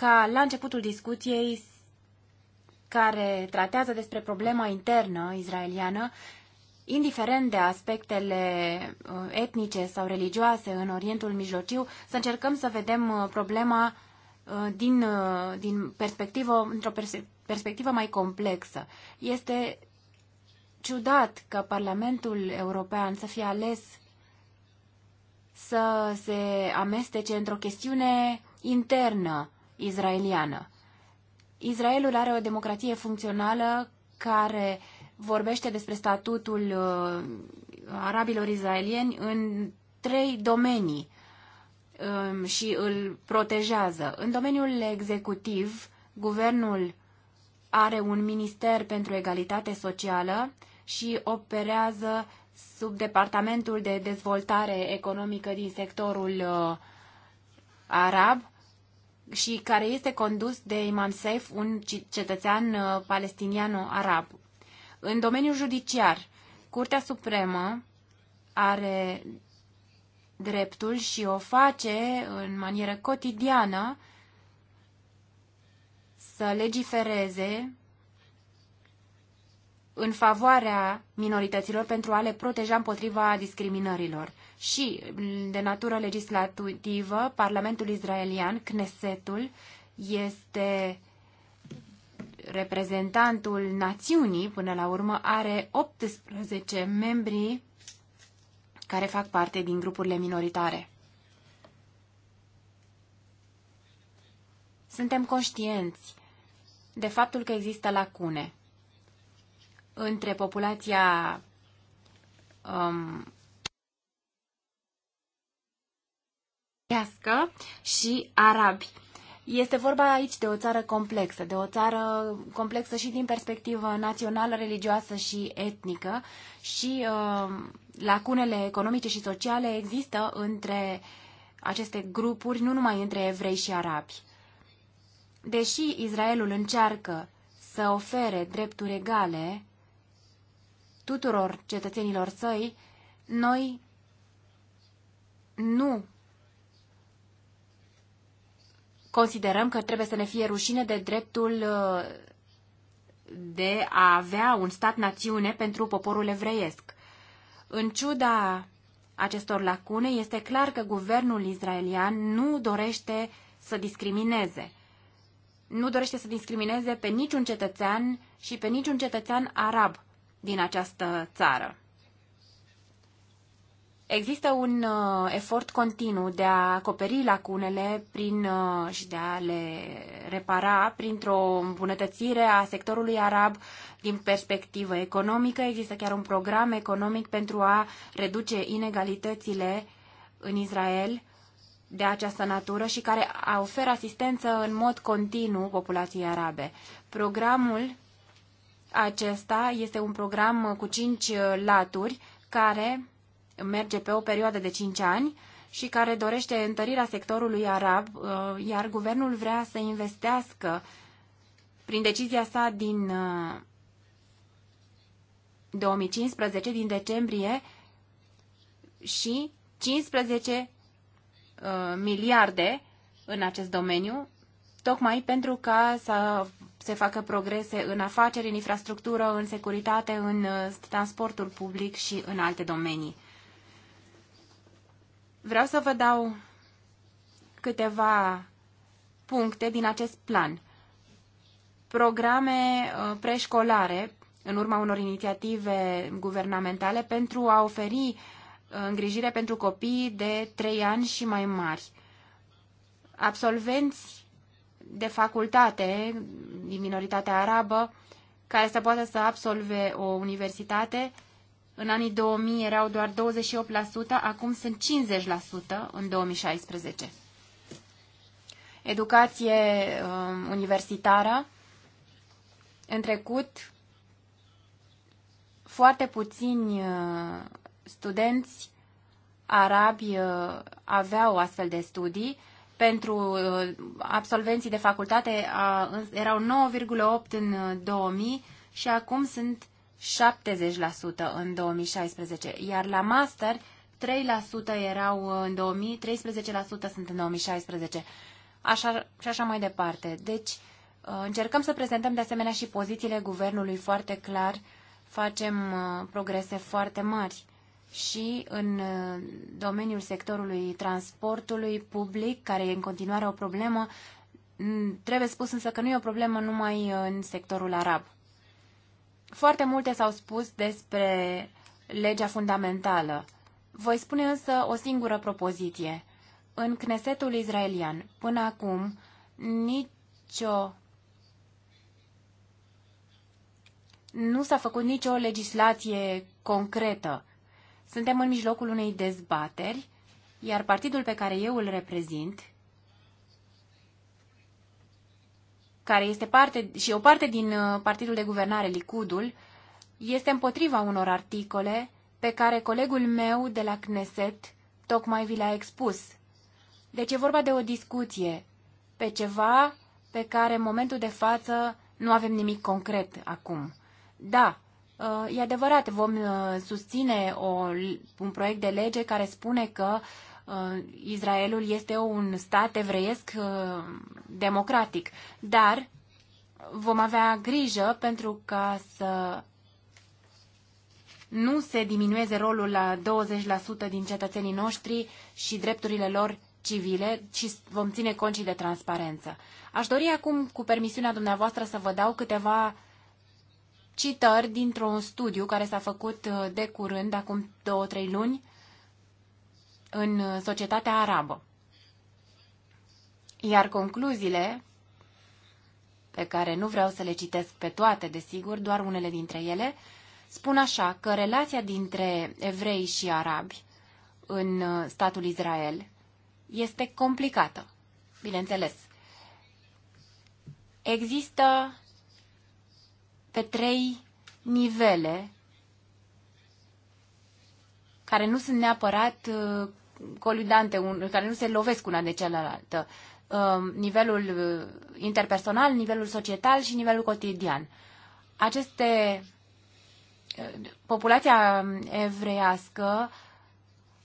[SPEAKER 4] ca la începutul discuției care tratează despre problema internă izraeliană, indiferent de aspectele uh, etnice sau religioase în Orientul Mijlociu, să încercăm să vedem uh, problema uh, din, din perspectivă, într-o perspectivă mai complexă. Este ciudat că Parlamentul European să fie ales să se amestece într-o chestiune internă izraeliană. Israelul are o democrație funcțională care vorbește despre statutul uh, arabilor izraelieni în trei domenii um, și îl protejează. În domeniul executiv, guvernul are un minister pentru egalitate socială și operează sub departamentul de dezvoltare economică din sectorul uh, arab și care este condus de Imam Seif, un cetățean uh, palestiniano-arab. În domeniul judiciar, Curtea Supremă are dreptul și o face în manieră cotidiană să legifereze în favoarea minorităților pentru a le proteja împotriva discriminărilor. Și, de natură legislativă, Parlamentul Israelian, Knessetul, este reprezentantul națiunii, până la urmă, are 18 membri care fac parte din grupurile minoritare. Suntem conștienți de faptul că există lacune între populația um, și arabi. Este vorba aici de o țară complexă, de o țară complexă și din perspectivă națională, religioasă și etnică și uh, lacunele economice și sociale există între aceste grupuri, nu numai între evrei și arabi. Deși Israelul încearcă să ofere drepturi egale tuturor cetățenilor săi, noi nu considerăm că trebuie să ne fie rușine de dreptul uh, de a avea un stat-națiune pentru poporul evreiesc. În ciuda acestor lacune, este clar că guvernul israelian nu dorește să discrimineze. Nu dorește să discrimineze pe niciun cetățean și pe niciun cetățean arab din această țară. Există un uh, efort continuu de a acoperi lacunele prin, uh, și de a le repara printr-o îmbunătățire a sectorului arab din perspectivă economică. Există chiar un program economic pentru a reduce inegalitățile în Israel de această natură și care oferă asistență în mod continuu populației arabe. Programul acesta este un program cu 5 uh, laturi care merge pe o perioadă de 5 ani și care dorește întărirea sectorului arab, uh, iar guvernul vrea să investească prin decizia sa din 2015, uh, din decembrie, și 15 miliarde în acest domeniu, tocmai pentru ca să se facă progrese în afaceri, în infrastructură, în securitate, în uh, transportul public și în alte domenii. Vreau să vă dau câteva puncte din acest plan. Programe uh, preșcolare în urma unor inițiative guvernamentale pentru a oferi uh, îngrijire pentru copii de 3 ani și mai mari. Absolvenți de facultate din minoritatea arabă care să poată să absolve o universitate. În anii 2000 erau doar 28%, acum sunt 50% în 2016. Educație uh, universitară. În trecut, foarte puțini uh, studenți arabi uh, aveau astfel de studii, pentru uh, absolvenții de facultate a, erau 9,8 în 2000 uh, și acum sunt 70% în 2016, iar la master 3% erau uh, în 2000, 13% sunt în 2016 așa, și așa mai departe. Deci încercăm să prezentăm de asemenea și pozițiile guvernului foarte clar, facem progrese foarte mari și în uh, domeniul sectorului transportului public, care e în continuare o problemă. Mm, trebuie spus însă că nu e o problemă numai în sectorul arab. Foarte multe s-au spus despre legea fundamentală. Voi spune însă o singură propoziție. În Knesetul israelian, până acum, nicio nu s-a făcut nicio legislație concretă suntem în mijlocul unei dezbateri, iar partidul pe care eu îl reprezint, care este parte și o parte din uh, partidul de guvernare, Licudul, este împotriva unor articole pe care colegul meu de la Knesset tocmai vi le-a expus. Deci e vorba de o discuție pe ceva pe care în momentul de față nu avem nimic concret acum. Da, Uh, e adevărat, vom uh, susține o, un proiect de lege care spune că uh, Israelul este un stat evreiesc democratic, dar vom avea grijă pentru ca să nu se diminueze rolul la 20% din cetățenii noștri și drepturile lor civile, ci vom ține cont și de transparență. Aș dori acum, cu permisiunea dumneavoastră, să vă dau câteva citări dintr-un studiu care s-a făcut uh, de curând, acum două-trei luni, în uh, societatea arabă. Iar concluziile, pe care nu vreau să le citesc pe toate, desigur, doar unele dintre ele, spun așa că relația dintre evrei și arabi în uh, statul Israel este complicată, bineînțeles. Există pe trei nivele care nu sunt neapărat uh, colidante, care nu se lovesc una de cealaltă. Um, nivelul uh, interpersonal, nivelul societal și nivelul cotidian. Aceste uh, populația evreiască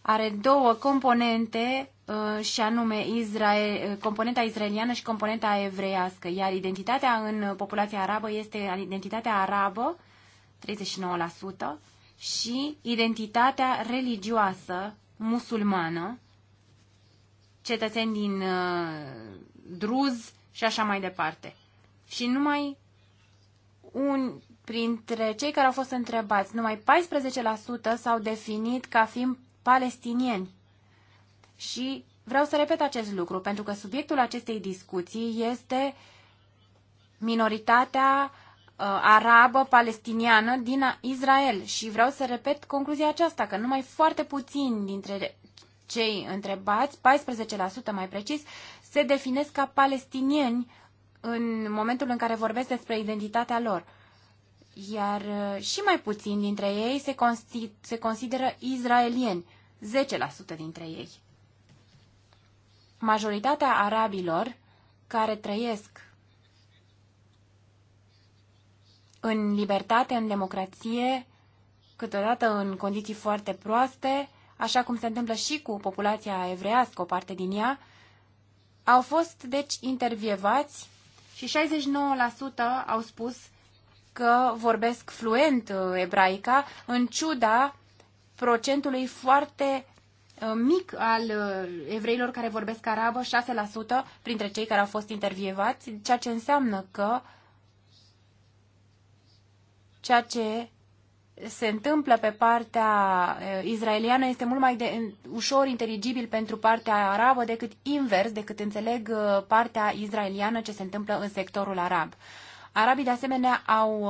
[SPEAKER 4] are două componente uh, și anume Israel, uh, componenta israeliană și componenta evreiască, iar identitatea în populația arabă este identitatea arabă, 39%, și identitatea religioasă musulmană, cetățeni din uh, Druz și așa mai departe. Și numai un, printre cei care au fost întrebați, numai 14% s-au definit ca fiind palestinieni. Și vreau să repet acest lucru, pentru că subiectul acestei discuții este minoritatea uh, arabă palestiniană din Israel. Și vreau să repet concluzia aceasta, că numai foarte puțini dintre cei întrebați, 14% mai precis, se definesc ca palestinieni în momentul în care vorbesc despre identitatea lor. Iar uh, și mai puțin dintre ei se, consi- se consideră izraelieni. 10% dintre ei. Majoritatea arabilor care trăiesc în libertate, în democrație, câteodată în condiții foarte proaste, așa cum se întâmplă și cu populația evrească, o parte din ea, au fost, deci, intervievați și 69% au spus că vorbesc fluent uh, ebraica, în ciuda procentului foarte uh, mic al uh, evreilor care vorbesc arabă, 6% printre cei care au fost intervievați, ceea ce înseamnă că ceea ce se întâmplă pe partea uh, izraeliană este mult mai de, ușor inteligibil pentru partea arabă decât invers, decât înțeleg partea izraeliană ce se întâmplă în sectorul arab. Arabii, de asemenea, au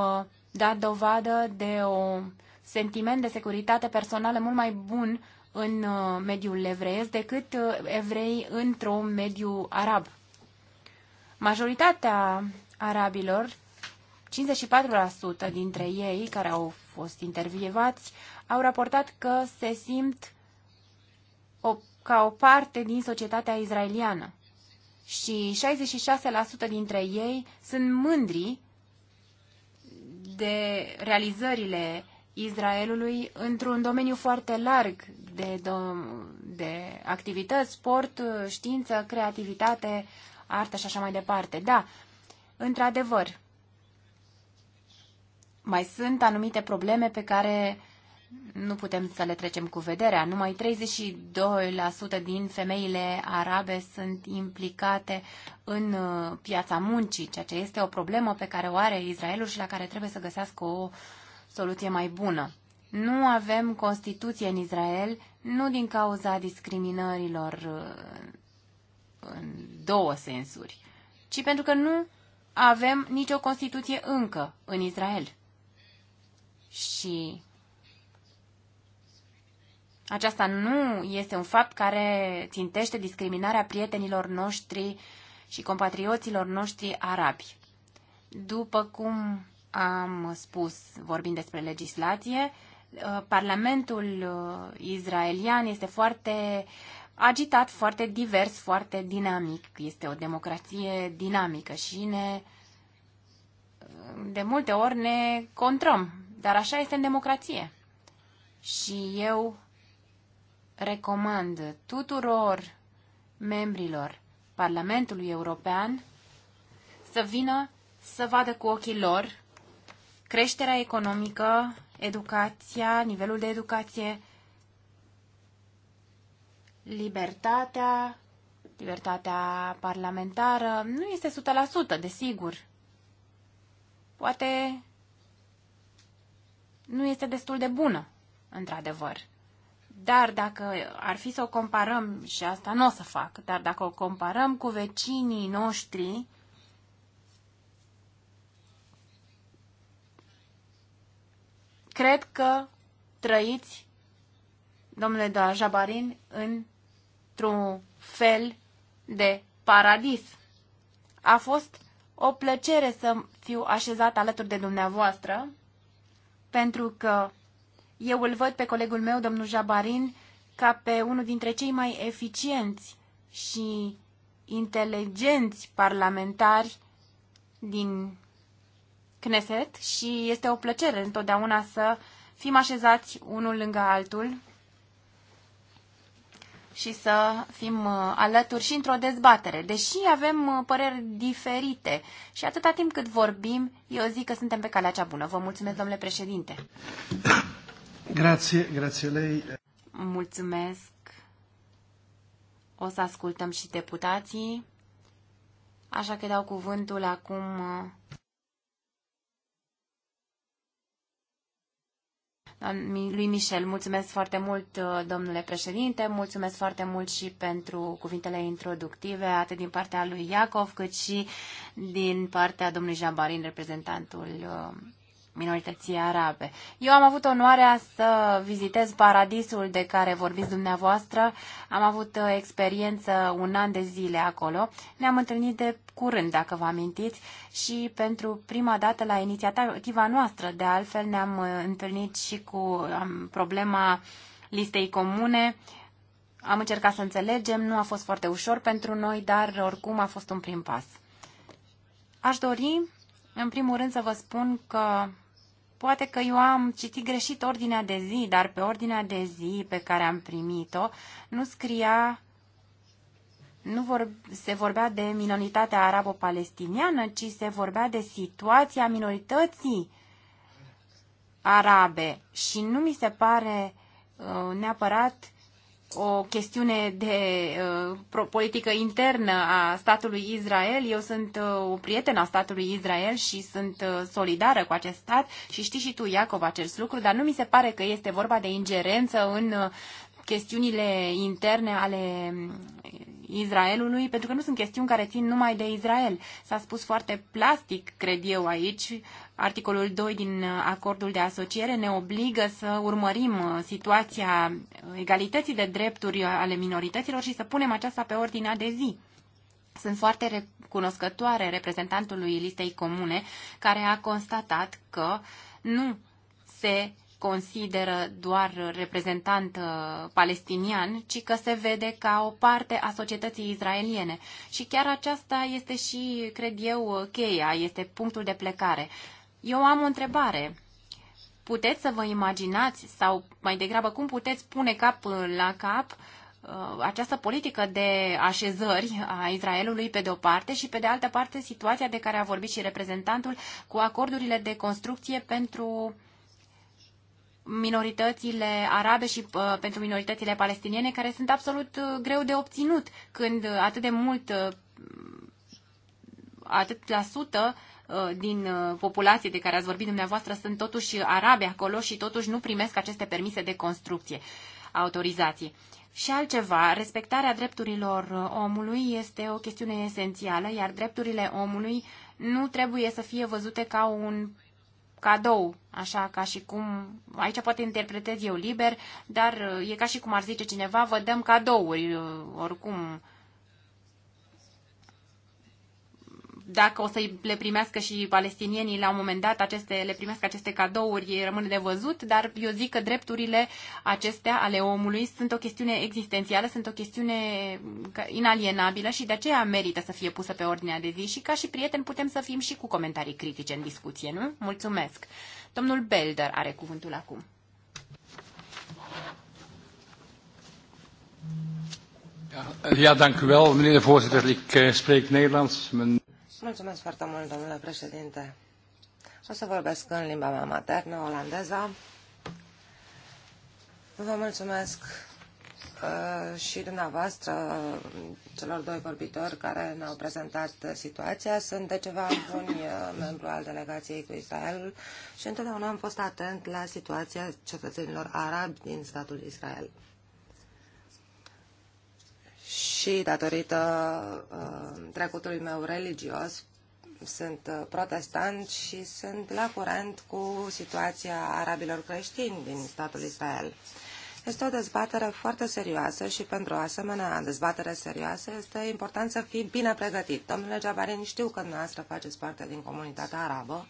[SPEAKER 4] dat dovadă de o sentiment de securitate personală mult mai bun în uh, mediul evreiesc decât uh, evrei într-un mediu arab. Majoritatea arabilor, 54% dintre ei care au fost intervievați, au raportat că se simt o, ca o parte din societatea izraeliană și 66% dintre ei sunt mândri de realizările Israelului într-un domeniu foarte larg de, de activități, sport, știință, creativitate, artă și așa mai departe. Da, într-adevăr, mai sunt anumite probleme pe care nu putem să le trecem cu vederea. Numai 32% din femeile arabe sunt implicate în uh, piața muncii, ceea ce este o problemă pe care o are Israelul și la care trebuie să găsească o uh, soluție mai bună. Nu avem Constituție în Israel, nu din cauza discriminărilor uh, în două sensuri, ci pentru că nu avem nicio Constituție încă în Israel. Și aceasta nu este un fapt care țintește discriminarea prietenilor noștri și compatrioților noștri arabi. După cum am spus, vorbind despre legislație, uh, Parlamentul uh, izraelian este foarte agitat, foarte divers, foarte dinamic. Este o democrație dinamică și ne de multe ori ne controm. dar așa este în democrație. Și eu recomand tuturor membrilor Parlamentului European să vină să vadă cu ochii lor creșterea economică, educația, nivelul de educație, libertatea, libertatea parlamentară, nu este 100%, desigur. Poate nu este destul de bună, într-adevăr. Dar dacă ar fi să o comparăm, și asta nu o să fac, dar dacă o comparăm cu vecinii noștri, Cred că trăiți, domnule de Jabarin, într-un fel de paradis. A fost o plăcere să fiu așezat alături de dumneavoastră, pentru că eu îl văd pe colegul meu, domnul Jabarin, ca pe unul dintre cei mai eficienți și inteligenți parlamentari din Knesset și este o plăcere întotdeauna să fim așezați unul lângă altul și să fim uh, alături și într-o dezbatere, deși avem uh, păreri diferite. Și atâta timp cât vorbim, eu zic că suntem pe calea cea bună. Vă mulțumesc, domnule președinte.
[SPEAKER 3] Grație, grație lei.
[SPEAKER 4] Mulțumesc. O să ascultăm și deputații. Așa că dau cuvântul acum uh, lui Michel. Mulțumesc foarte mult, uh, domnule președinte, mulțumesc foarte mult și pentru cuvintele introductive, atât din partea lui Iacov, cât și din partea domnului Jabarin, reprezentantul uh, minorității arabe. Eu am avut onoarea să vizitez paradisul de care vorbiți dumneavoastră. Am avut uh, experiență un an de zile acolo. Ne-am întâlnit de curând, dacă vă amintiți, și pentru prima dată la inițiativa noastră, de altfel, ne-am uh, întâlnit și cu um, problema listei comune. Am încercat să înțelegem, nu a fost foarte ușor pentru noi, dar oricum a fost un prim pas. Aș dori, în primul rând, să vă spun că Poate că eu am citit greșit ordinea de zi, dar pe ordinea de zi pe care am primit-o nu scria, nu vor, se vorbea de minoritatea arabo-palestiniană, ci se vorbea de situația minorității arabe și nu mi se pare uh, neapărat o chestiune de uh, politică internă a statului Israel. Eu sunt uh, o prietenă a statului Israel și sunt uh, solidară cu acest stat și știi și tu, Iacov, acest lucru, dar nu mi se pare că este vorba de ingerență în uh, chestiunile interne ale mm, Israelului, pentru că nu sunt chestiuni care țin numai de Israel. S-a spus foarte plastic, cred eu, aici, Articolul 2 din acordul de asociere ne obligă să urmărim uh, situația egalității de drepturi ale minorităților și să punem aceasta pe ordinea de zi. Sunt foarte recunoscătoare reprezentantului listei comune care a constatat că nu se consideră doar reprezentant uh, palestinian, ci că se vede ca o parte a societății izraeliene. Și chiar aceasta este și, cred eu, uh, cheia, este punctul de plecare. Eu am o întrebare. Puteți să vă imaginați, sau mai degrabă, cum puteți pune cap la cap uh, această politică de așezări a Israelului pe de o parte și pe de altă parte situația de care a vorbit și reprezentantul cu acordurile de construcție pentru minoritățile arabe și uh, pentru minoritățile palestiniene care sunt absolut uh, greu de obținut când atât de mult atât la sută Uh, din uh, populație de care ați vorbit dumneavoastră sunt totuși arabe acolo și totuși nu primesc aceste permise de construcție, autorizații. Și altceva, respectarea drepturilor uh, omului este o chestiune esențială, iar drepturile omului nu trebuie să fie văzute ca un cadou, așa ca și cum, aici poate interpretez eu liber, dar e ca și cum ar zice cineva, vă dăm cadouri, oricum Dacă o să le primească și palestinienii la un moment dat, aceste, le primesc aceste cadouri, rămâne de văzut, dar eu zic că drepturile acestea ale omului sunt o chestiune existențială, sunt o chestiune inalienabilă și de aceea merită să fie pusă pe ordinea de zi și ca și prieteni putem să fim și cu comentarii critice în discuție, nu? Mulțumesc! Domnul Belder are cuvântul acum.
[SPEAKER 1] Ja, dank u wel, meneer de voorzitter. Ik eh, spreek Nederlands. Mijn
[SPEAKER 3] Mulțumesc foarte mult, domnule președinte. O să vorbesc în limba mea maternă, olandeza. Vă mulțumesc uh, și dumneavoastră, celor doi vorbitori care ne-au prezentat situația. Sunt de ceva buni uh, membru al delegației cu Israel și întotdeauna am fost atent la situația cetățenilor arabi din statul Israel și datorită uh, trecutului meu religios, sunt uh, protestant și sunt la curent cu situația arabilor creștini din statul Israel. Este o dezbatere foarte serioasă și pentru o asemenea dezbatere serioasă este important să fii bine pregătit. Domnule Jabarin, știu că dumneavoastră faceți parte din comunitatea arabă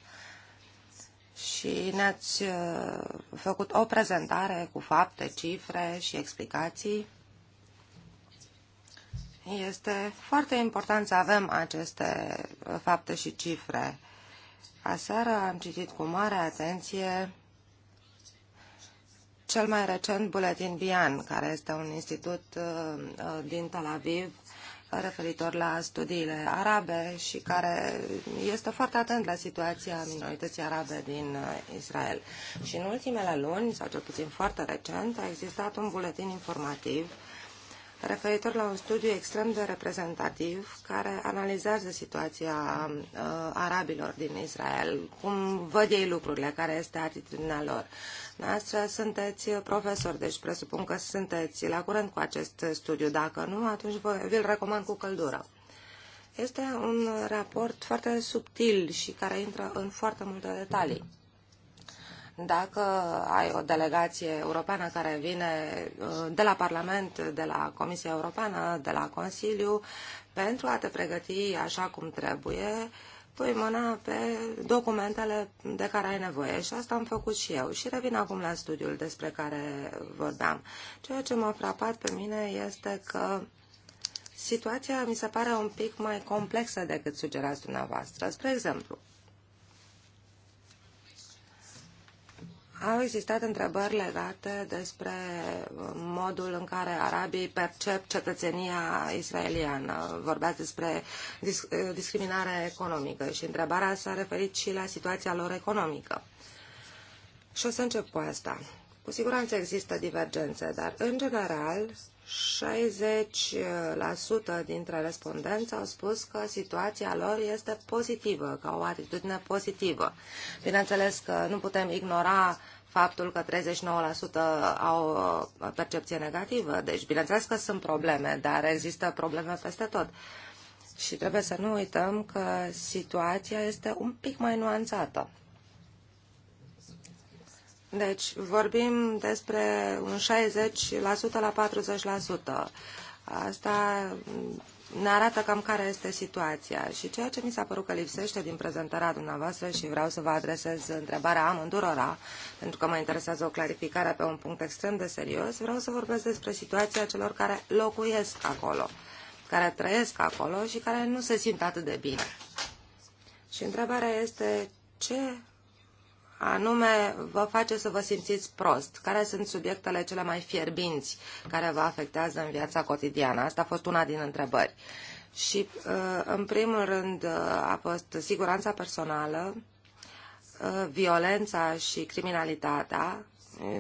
[SPEAKER 3] și ne-ați uh, făcut o prezentare cu fapte, cifre și explicații este foarte important să avem aceste fapte și cifre. Aseară am citit cu mare atenție cel mai recent buletin Bian, care este un institut uh, uh, din Tel Aviv referitor la studiile arabe și care este foarte atent la situația minorității arabe din uh, Israel. Și în ultimele luni, sau cel puțin foarte recent, a existat un buletin informativ referitor la un studiu extrem de reprezentativ care analizează situația uh, arabilor din Israel, cum văd ei lucrurile, care este atitudinea lor. Noastră sunteți profesori, deci presupun că sunteți la curent cu acest studiu. Dacă nu, atunci vă, vi-l recomand cu căldură. Este un raport foarte subtil și care intră în foarte multe detalii. Dacă ai o delegație europeană care vine uh, de la Parlament, de la Comisia Europeană, de la Consiliu, pentru a te pregăti așa cum trebuie, pui mâna pe documentele de care ai nevoie și asta am făcut și eu. Și revin acum la studiul despre care vorbeam. Ceea ce m-a frapat pe mine este că situația mi se pare un pic mai complexă decât sugerați dumneavoastră. Spre exemplu, Au existat întrebări legate despre uh, modul în care arabii percep cetățenia israeliană. Vorbeați despre uh, discriminare economică și întrebarea s-a referit și la situația lor economică. Și o să încep cu asta. Cu siguranță există divergențe, dar în general 60% dintre respondenți au spus că situația lor este pozitivă, că au o atitudine pozitivă. Bineînțeles că nu putem ignora faptul că 39% au o percepție negativă. Deci, bineînțeles că sunt probleme, dar există probleme peste tot. Și trebuie să nu uităm că situația este un pic mai nuanțată. Deci vorbim despre un 60% la 40%. Asta ne arată cam care este situația. Și ceea ce mi s-a părut că lipsește din prezentarea dumneavoastră și vreau să vă adresez întrebarea amândurora, pentru că mă interesează o clarificare pe un punct extrem de serios, vreau să vorbesc despre situația celor care locuiesc acolo, care trăiesc acolo și care nu se simt atât de bine. Și întrebarea este ce anume vă face să vă simțiți prost, care sunt subiectele cele mai fierbinți care vă afectează în viața cotidiană. Asta a fost una din întrebări. Și, uh, în primul rând, uh, a fost siguranța personală, uh, violența și criminalitatea,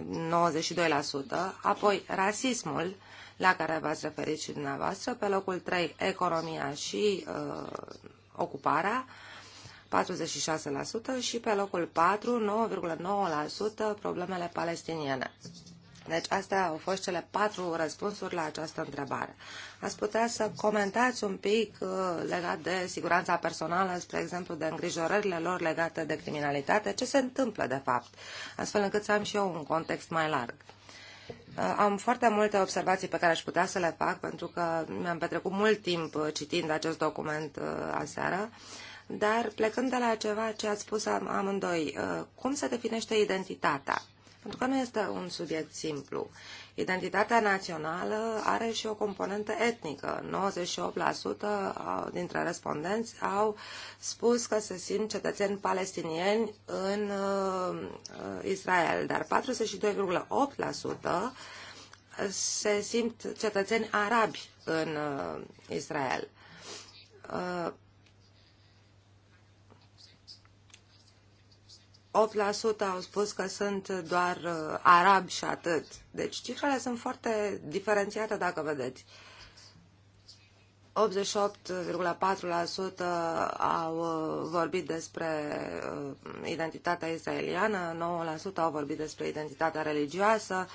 [SPEAKER 3] 92%, apoi rasismul, la care v-ați referit și dumneavoastră, pe locul 3, economia și uh, ocuparea, 46% și pe locul 4, 9,9% problemele palestiniene. Deci astea au fost cele patru răspunsuri la această întrebare. Ați putea să comentați un pic uh, legat de siguranța personală, spre exemplu, de îngrijorările lor legate de criminalitate, ce se întâmplă de fapt, astfel încât să am și eu un context mai larg. Uh, am foarte multe observații pe care aș putea să le fac, pentru că mi-am petrecut mult timp uh, citind acest document aseară. Dar plecând de la ceva ce ați spus am, amândoi, uh, cum se definește identitatea? Pentru că nu este un subiect simplu. Identitatea națională are și o componentă etnică. 98% dintre respondenți au spus că se simt cetățeni palestinieni în uh, Israel, dar 42,8% se simt cetățeni arabi în uh, Israel. au spus că sunt doar uh, arabi și atât. Deci cifrele sunt foarte diferențiate dacă vedeți. 88,4% au uh, vorbit despre uh, identitatea israeliană, 9% au vorbit despre identitatea religioasă,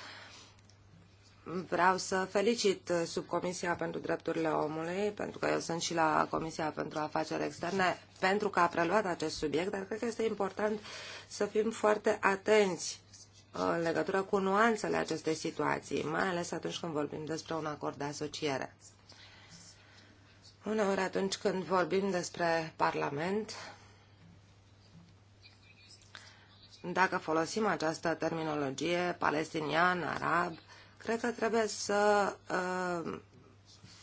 [SPEAKER 3] Vreau să felicit subcomisia pentru drepturile omului, pentru că eu sunt și la Comisia pentru Afaceri Externe, pentru că a preluat acest subiect, dar cred că este important să fim foarte atenți uh, în legătură cu nuanțele acestei situații, mai ales atunci când vorbim despre un acord de asociere. Uneori atunci când vorbim despre Parlament, dacă folosim această terminologie palestinian, arab, Cred că trebuie să uh,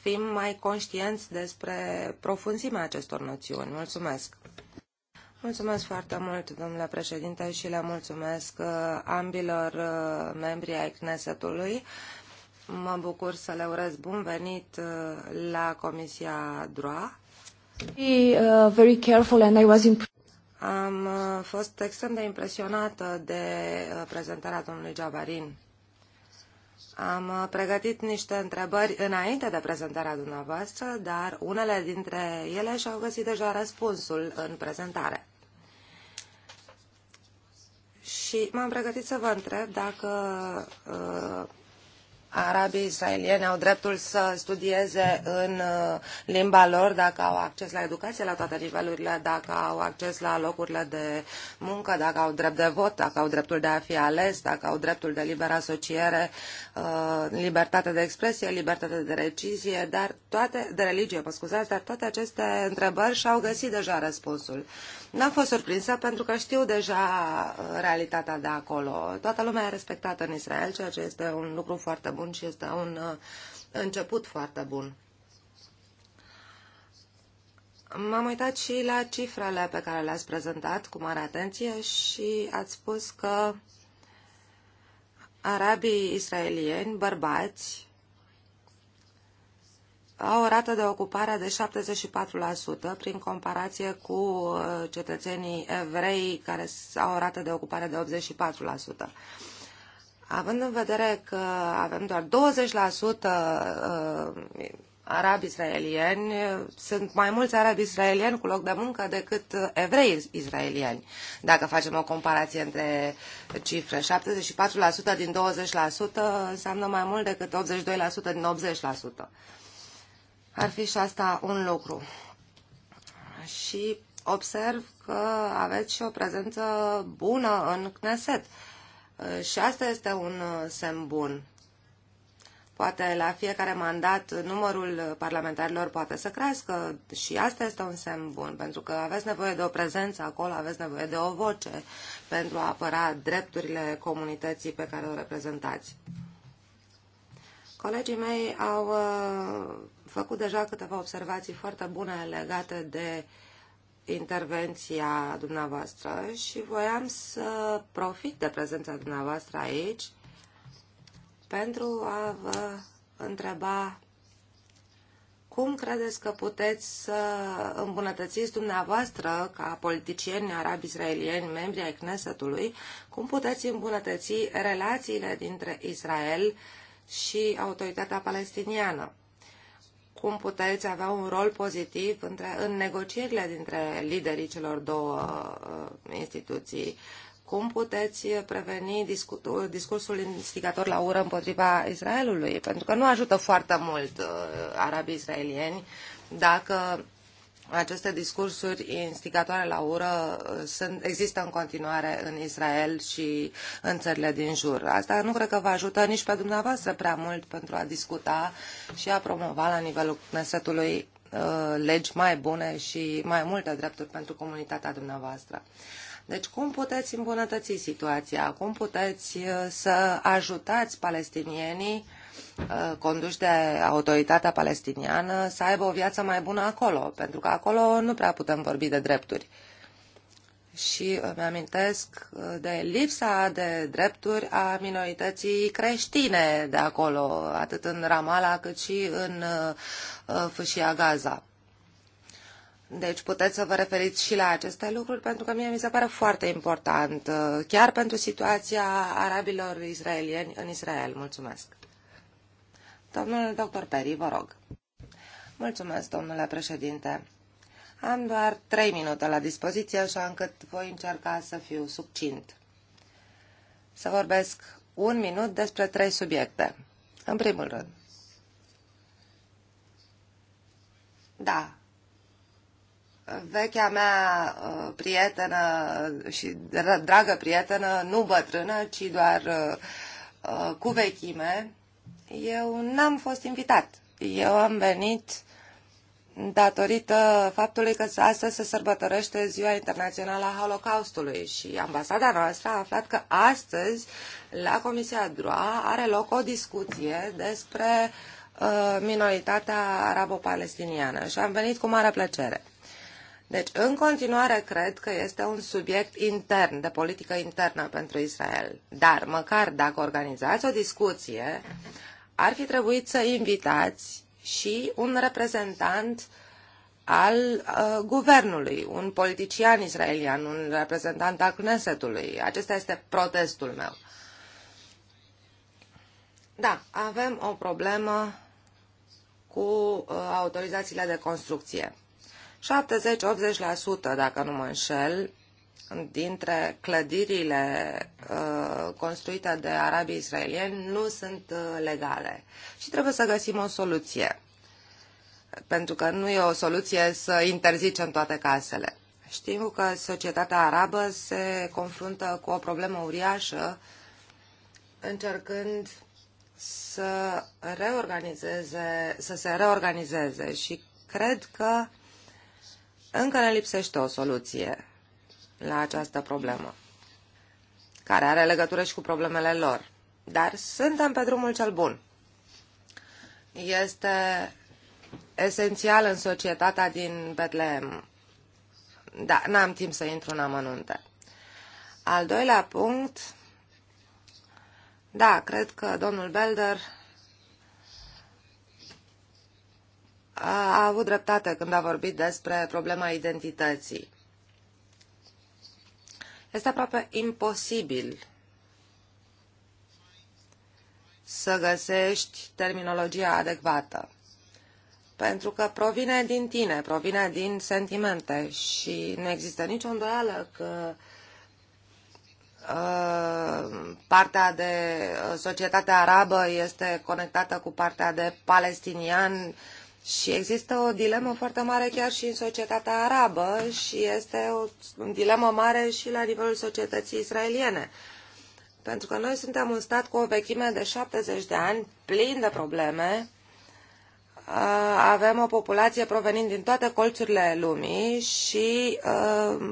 [SPEAKER 3] fim mai conștienți despre profunzimea acestor noțiuni. Mulțumesc! Mulțumesc foarte mult, domnule președinte, și le mulțumesc uh, ambilor uh, membri ai Knesetului. Mă bucur să le urez bun venit uh, la Comisia DROA.
[SPEAKER 4] uh, very careful and I was
[SPEAKER 3] Am fost extrem de impresionată de prezentarea domnului Jabarin am uh, pregătit niște întrebări înainte de prezentarea dumneavoastră, dar unele dintre ele și-au găsit deja răspunsul în prezentare. Și m-am pregătit să vă întreb dacă uh, arabii israelieni au dreptul să studieze în uh, limba lor dacă au acces la educație la toate nivelurile, dacă au acces la locurile de muncă, dacă au drept de vot, dacă au dreptul de a fi ales, dacă au dreptul de liberă asociere, uh, libertate de expresie, libertate de decizie, dar toate, de religie, mă scuzați, dar toate aceste întrebări și-au găsit deja răspunsul. N-am fost surprinsă pentru că știu deja uh, realitatea de acolo. Toată lumea e respectată în Israel, ceea ce este un lucru foarte bun și este un uh, început foarte bun. M-am uitat și la cifrele pe care le-ați prezentat cu mare atenție și ați spus că arabii israelieni, bărbați, au o rată de ocupare de 74% prin comparație cu uh, cetățenii evrei care au o rată de ocupare de 84%. Având în vedere că avem doar 20% uh, arabi israelieni, sunt mai mulți arabi israelieni cu loc de muncă decât evrei israelieni. Dacă facem o comparație între cifre, 74% din 20% înseamnă mai mult decât 82% din 80%. Ar fi și asta un lucru. Și observ că aveți și o prezență bună în Knesset. Și asta este un uh, semn bun. Poate la fiecare mandat numărul parlamentarilor poate să crească și asta este un semn bun, pentru că aveți nevoie de o prezență acolo, aveți nevoie de o voce pentru a apăra drepturile comunității pe care o reprezentați. Colegii mei au uh, făcut deja câteva observații foarte bune legate de intervenția dumneavoastră și voiam să profit de prezența dumneavoastră aici pentru a vă întreba cum credeți că puteți să îmbunătățiți dumneavoastră, ca politicieni arab-israelieni, membri ai Knesetului, cum puteți îmbunătăți relațiile dintre Israel și autoritatea palestiniană? cum puteți avea un rol pozitiv între, în negocierile dintre liderii celor două uh, instituții, cum puteți preveni discu discursul instigator la ură împotriva Israelului, pentru că nu ajută foarte mult uh, arabii israelieni dacă aceste discursuri instigatoare la ură uh, sunt, există în continuare în Israel și în țările din jur. Asta nu cred că vă ajută nici pe dumneavoastră prea mult pentru a discuta și a promova la nivelul Knesetului uh, legi mai bune și mai multe drepturi pentru comunitatea dumneavoastră. Deci cum puteți îmbunătăți situația? Cum puteți uh, să ajutați palestinienii Uh, conduși de autoritatea palestiniană să aibă o viață mai bună acolo, pentru că acolo nu prea putem vorbi de drepturi. Și îmi amintesc uh, de lipsa de drepturi a minorității creștine de acolo, atât în Ramala cât și în uh, Fâșia Gaza. Deci puteți să vă referiți și la aceste lucruri, pentru că mie mi se pare foarte important, chiar pentru situația arabilor israelieni în Israel. Mulțumesc! Domnul doctor Peri, vă rog. Mulțumesc, domnule președinte. Am doar trei minute la dispoziție, așa încât voi încerca să fiu succint. Să vorbesc un minut despre trei subiecte. În primul rând. Da. Vechea mea uh, prietenă și dragă prietenă, nu bătrână, ci doar uh, uh, cu vechime, eu n-am fost invitat. Eu am venit datorită faptului că astăzi se sărbătorește Ziua Internațională a Holocaustului și ambasada noastră a aflat că astăzi la Comisia DROA are loc o discuție despre uh, minoritatea arabo-palestiniană și am venit cu mare plăcere. Deci, în continuare, cred că este un subiect intern, de politică internă pentru Israel. Dar, măcar dacă organizați o discuție, uh, ar fi trebuit să invitați și un reprezentant al uh, guvernului, un politician israelian, un reprezentant al Knessetului. Acesta este protestul meu. Da, avem o problemă cu uh, autorizațiile de construcție. 70-80%, dacă nu mă înșel, dintre clădirile uh, construite de arabii israelieni nu sunt uh, legale și trebuie să găsim o soluție. Pentru că nu e o soluție să interzicem toate casele. Știm că societatea arabă se confruntă cu o problemă uriașă încercând să reorganizeze, să se reorganizeze și cred că încă ne lipsește o soluție la această problemă, care are legătură și cu problemele lor. Dar suntem pe drumul cel bun. Este esențial în societatea din Betlehem. Da, n-am timp să intru în amănunte. Al doilea punct, da, cred că domnul Belder a avut dreptate când a vorbit despre problema identității. Este aproape imposibil să găsești terminologia adecvată. Pentru că provine din tine, provine din sentimente și nu există nicio îndoială că uh, partea de uh, societate arabă este conectată cu partea de palestinian, și există o dilemă foarte mare chiar și în societatea arabă și este o dilemă mare și la nivelul societății israeliene. Pentru că noi suntem un stat cu o vechime de 70 de ani, plin de probleme, avem o populație provenind din toate colțurile lumii și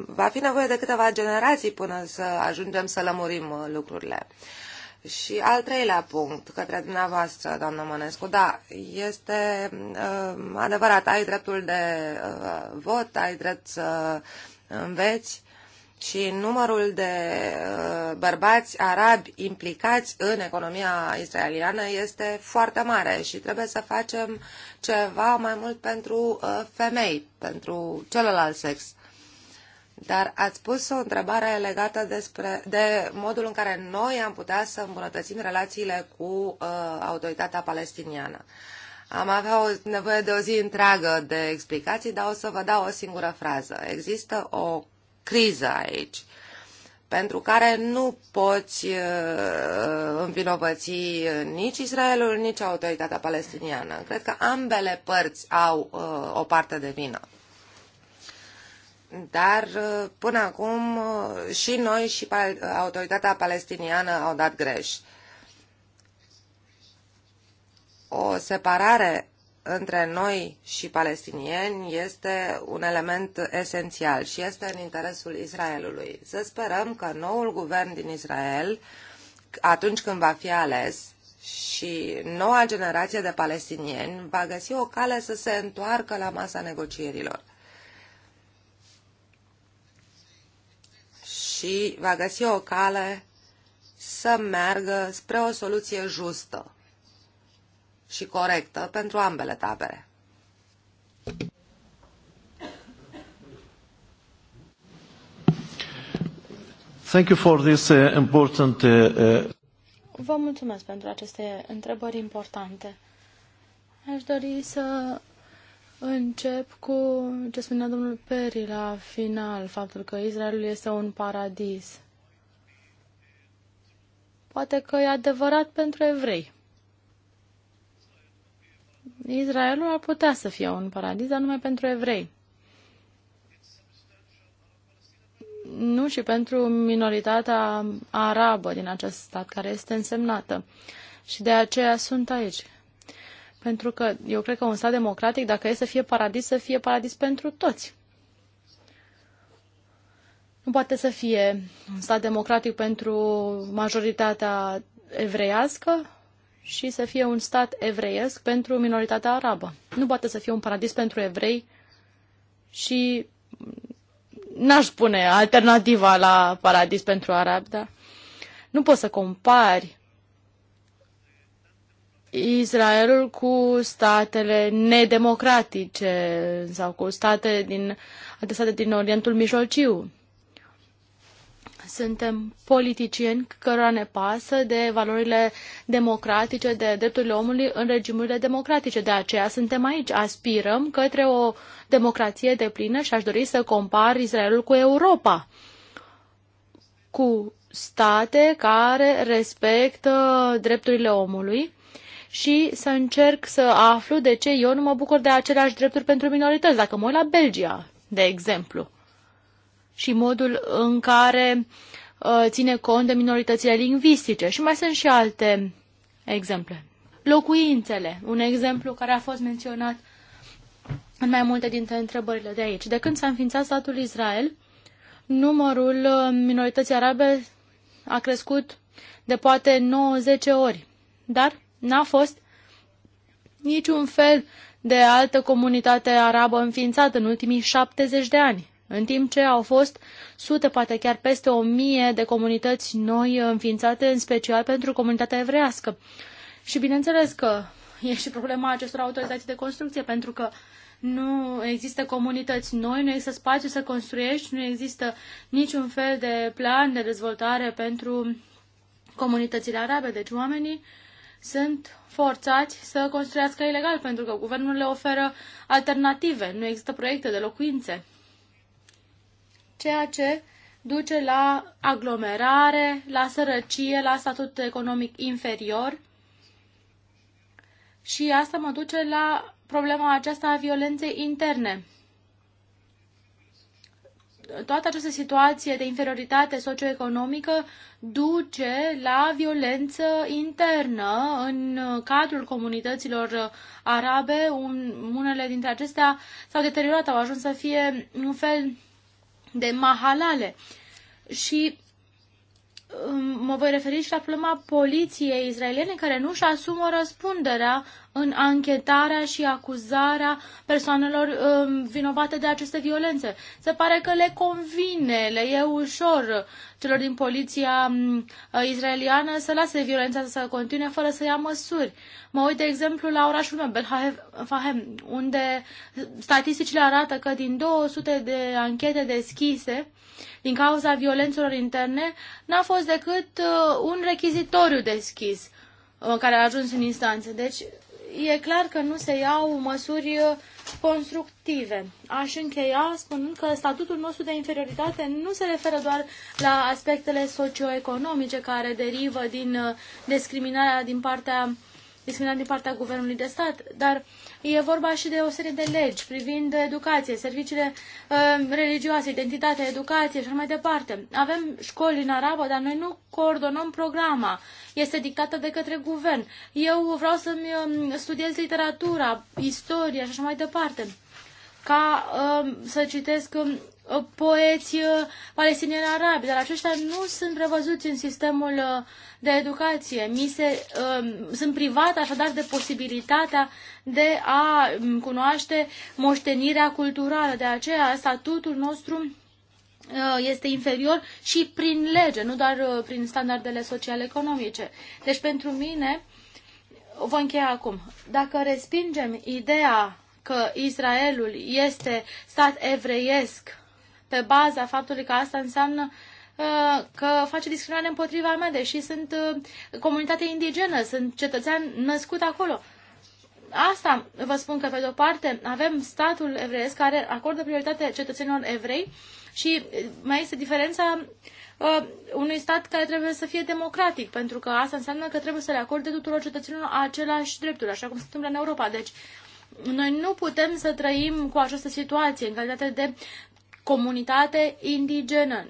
[SPEAKER 3] va fi nevoie de câteva generații până să ajungem să lămurim uh, lucrurile. Și al treilea punct către dumneavoastră, doamnă Mănescu, da, este uh, adevărat, ai dreptul de uh, vot, ai drept să înveți și numărul de uh, bărbați arabi implicați în economia israeliană este foarte mare și trebuie să facem ceva mai mult pentru uh, femei, pentru celălalt sex. Uh, dar ați pus o întrebare legată despre, de modul în care noi am putea să îmbunătățim relațiile cu uh, autoritatea palestiniană. Am avea o, nevoie de o zi întreagă de explicații, dar o să vă dau o singură frază. Există o criză aici pentru care nu poți uh, învinovăți nici Israelul, nici autoritatea palestiniană. Cred că ambele părți au uh, o parte de vină. Dar uh, până acum uh, și noi și autoritatea palestiniană au dat greș. O separare între noi și palestinieni este un element esențial și este în interesul Israelului. Să sperăm că noul guvern din Israel, atunci când va fi ales, și noua generație de palestinieni va găsi o cale să se întoarcă la masa negocierilor. și va găsi o cale să meargă spre o soluție justă și corectă pentru ambele tabere.
[SPEAKER 4] Thank you for this uh, important uh, uh,
[SPEAKER 2] Vă mulțumesc pentru aceste întrebări importante. Aș dori să Încep cu ce spunea domnul Perry la final, faptul că Israelul este un paradis. Poate că e adevărat pentru evrei. Israelul ar putea să fie un paradis, dar numai pentru evrei. Nu și pentru minoritatea arabă din acest stat, care este însemnată. Și de aceea sunt aici. Pentru că eu cred că un stat democratic, dacă e să fie paradis, să fie paradis pentru toți. Nu poate să fie un stat democratic pentru majoritatea evreiască și să fie un stat evreiesc pentru minoritatea arabă. Nu poate să fie un paradis pentru evrei și n-aș spune alternativa la paradis pentru arabi, dar nu poți să compari Israelul cu statele nedemocratice sau cu state din, state din Orientul Mijlociu. Suntem politicieni cărora ne pasă de valorile democratice, de drepturile omului în regimurile democratice. De aceea suntem aici. Aspirăm către o democrație de plină și aș dori să compar Israelul cu Europa, cu state care respectă drepturile omului și să încerc să aflu de ce eu nu mă bucur de aceleași drepturi pentru minorități, dacă mă uit la Belgia, de exemplu, și modul în care uh, ține cont de minoritățile lingvistice. Și mai sunt și alte exemple. Locuințele, un exemplu care a fost menționat în mai multe dintre întrebările de aici. De când s-a înființat statul Israel, numărul uh, minorității arabe a crescut de poate 9-10 ori. Dar N-a fost niciun fel de altă comunitate arabă înființată în ultimii 70 de ani, în timp ce au fost sute, poate chiar peste o mie de comunități noi înființate, în special pentru comunitatea evrească. Și bineînțeles că e și problema acestor autorizații de construcție, pentru că nu există comunități noi, nu există spațiu să construiești, nu există niciun fel de plan de dezvoltare pentru comunitățile arabe. Deci oamenii uh, sunt forțați să construiască ilegal, pentru că guvernul le oferă alternative, nu există proiecte de locuințe. Ceea ce duce la aglomerare, la sărăcie, la statut economic inferior. Și asta mă duce la problema aceasta a violenței interne toată această situație de inferioritate socioeconomică duce la violență internă în cadrul comunităților arabe. Un, unele dintre acestea s-au deteriorat, au ajuns să fie un fel de mahalale. Și um, mă voi referi și la problema poliției israeliene care nu-și asumă răspunderea în anchetarea și acuzarea persoanelor um, vinovate de aceste violențe. Se pare că le convine, le e ușor celor din poliția um, israeliană să lase violența să continue fără să ia măsuri. Mă uit, de exemplu, la orașul meu, Belfahem, unde statisticile arată că din 200 de anchete deschise, din cauza violențelor interne, n-a fost decât uh, un rechizitoriu deschis uh, care a ajuns în instanță. Deci, e clar că nu se iau măsuri constructive. Aș încheia spunând că statutul nostru de inferioritate nu se referă doar la aspectele socioeconomice care derivă din uh, discriminarea din partea discriminat din partea guvernului de stat, dar e vorba și de o serie de legi privind educație, serviciile uh, religioase, identitatea, educație și așa mai departe. Avem școli în arabă, dar noi nu coordonăm programa. Este dictată de către guvern. Eu vreau să-mi um, studiez literatura, istoria și așa mai departe ca uh, să citesc um, Uh, poeți uh, palestinieni arabi, dar aceștia nu sunt prevăzuți în sistemul uh, de educație. Mi se, um, sunt privat așadar de posibilitatea de a um, cunoaște moștenirea culturală. De aceea statutul nostru este inferior și prin lege, nu doar prin standardele sociale economice. Deci pentru mine, voi încheia acum, dacă respingem ideea că Israelul este stat evreiesc pe baza faptului că asta înseamnă uh, că face discriminare împotriva mea, deși sunt uh, comunitate indigenă, sunt cetățean născut acolo. Asta vă spun că, pe de-o parte, avem statul evreiesc care acordă prioritate cetățenilor evrei și uh, mai este diferența uh, unui stat care trebuie să fie democratic, pentru că asta înseamnă că trebuie să le acorde tuturor cetățenilor același drepturi, așa cum se întâmplă în Europa. Deci, noi nu putem să trăim cu această situație în calitate de comunitate indigenă.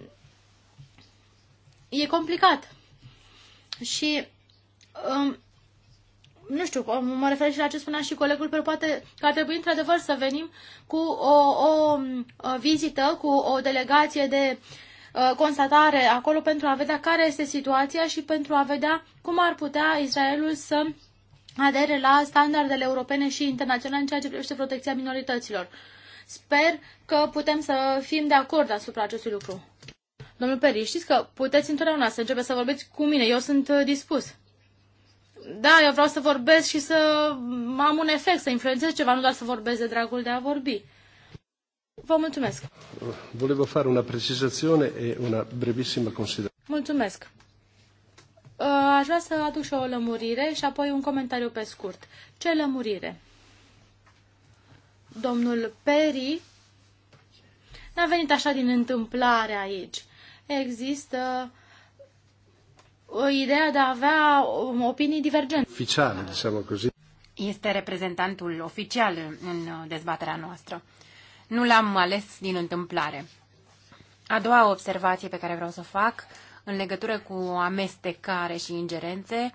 [SPEAKER 2] E complicat. Și um, nu știu, mă refer și la ce spunea și colegul, pe poate că ar trebui într-adevăr să venim cu o, o, o vizită, cu o delegație de uh, constatare acolo pentru a vedea care este situația și pentru a vedea cum ar putea Israelul să adere la standardele europene și internaționale în ceea ce privește protecția minorităților. Sper că putem să fim de acord asupra acestui lucru. Domnul Peri, știți că puteți întotdeauna să începeți să vorbiți cu mine. Eu sunt uh, dispus. Da, eu vreau să vorbesc și să am un efect, să influențez ceva, nu doar să vorbesc de dragul de a vorbi. Vă mulțumesc.
[SPEAKER 3] Volevo fare una precizazione e una
[SPEAKER 4] brevissima considerazione.
[SPEAKER 2] Mulțumesc. Uh, aș vrea să aduc și o lămurire și apoi un comentariu pe scurt. Ce lămurire? Domnul Peri n-a venit așa din întâmplare aici.
[SPEAKER 4] Există o uh, idee de a avea um, opinii divergente.
[SPEAKER 1] oficial diciamo così.
[SPEAKER 4] Este reprezentantul oficial în uh, dezbaterea noastră. Nu l-am ales din întâmplare. A doua observație pe care vreau să o fac, în legătură cu amestecare și ingerențe,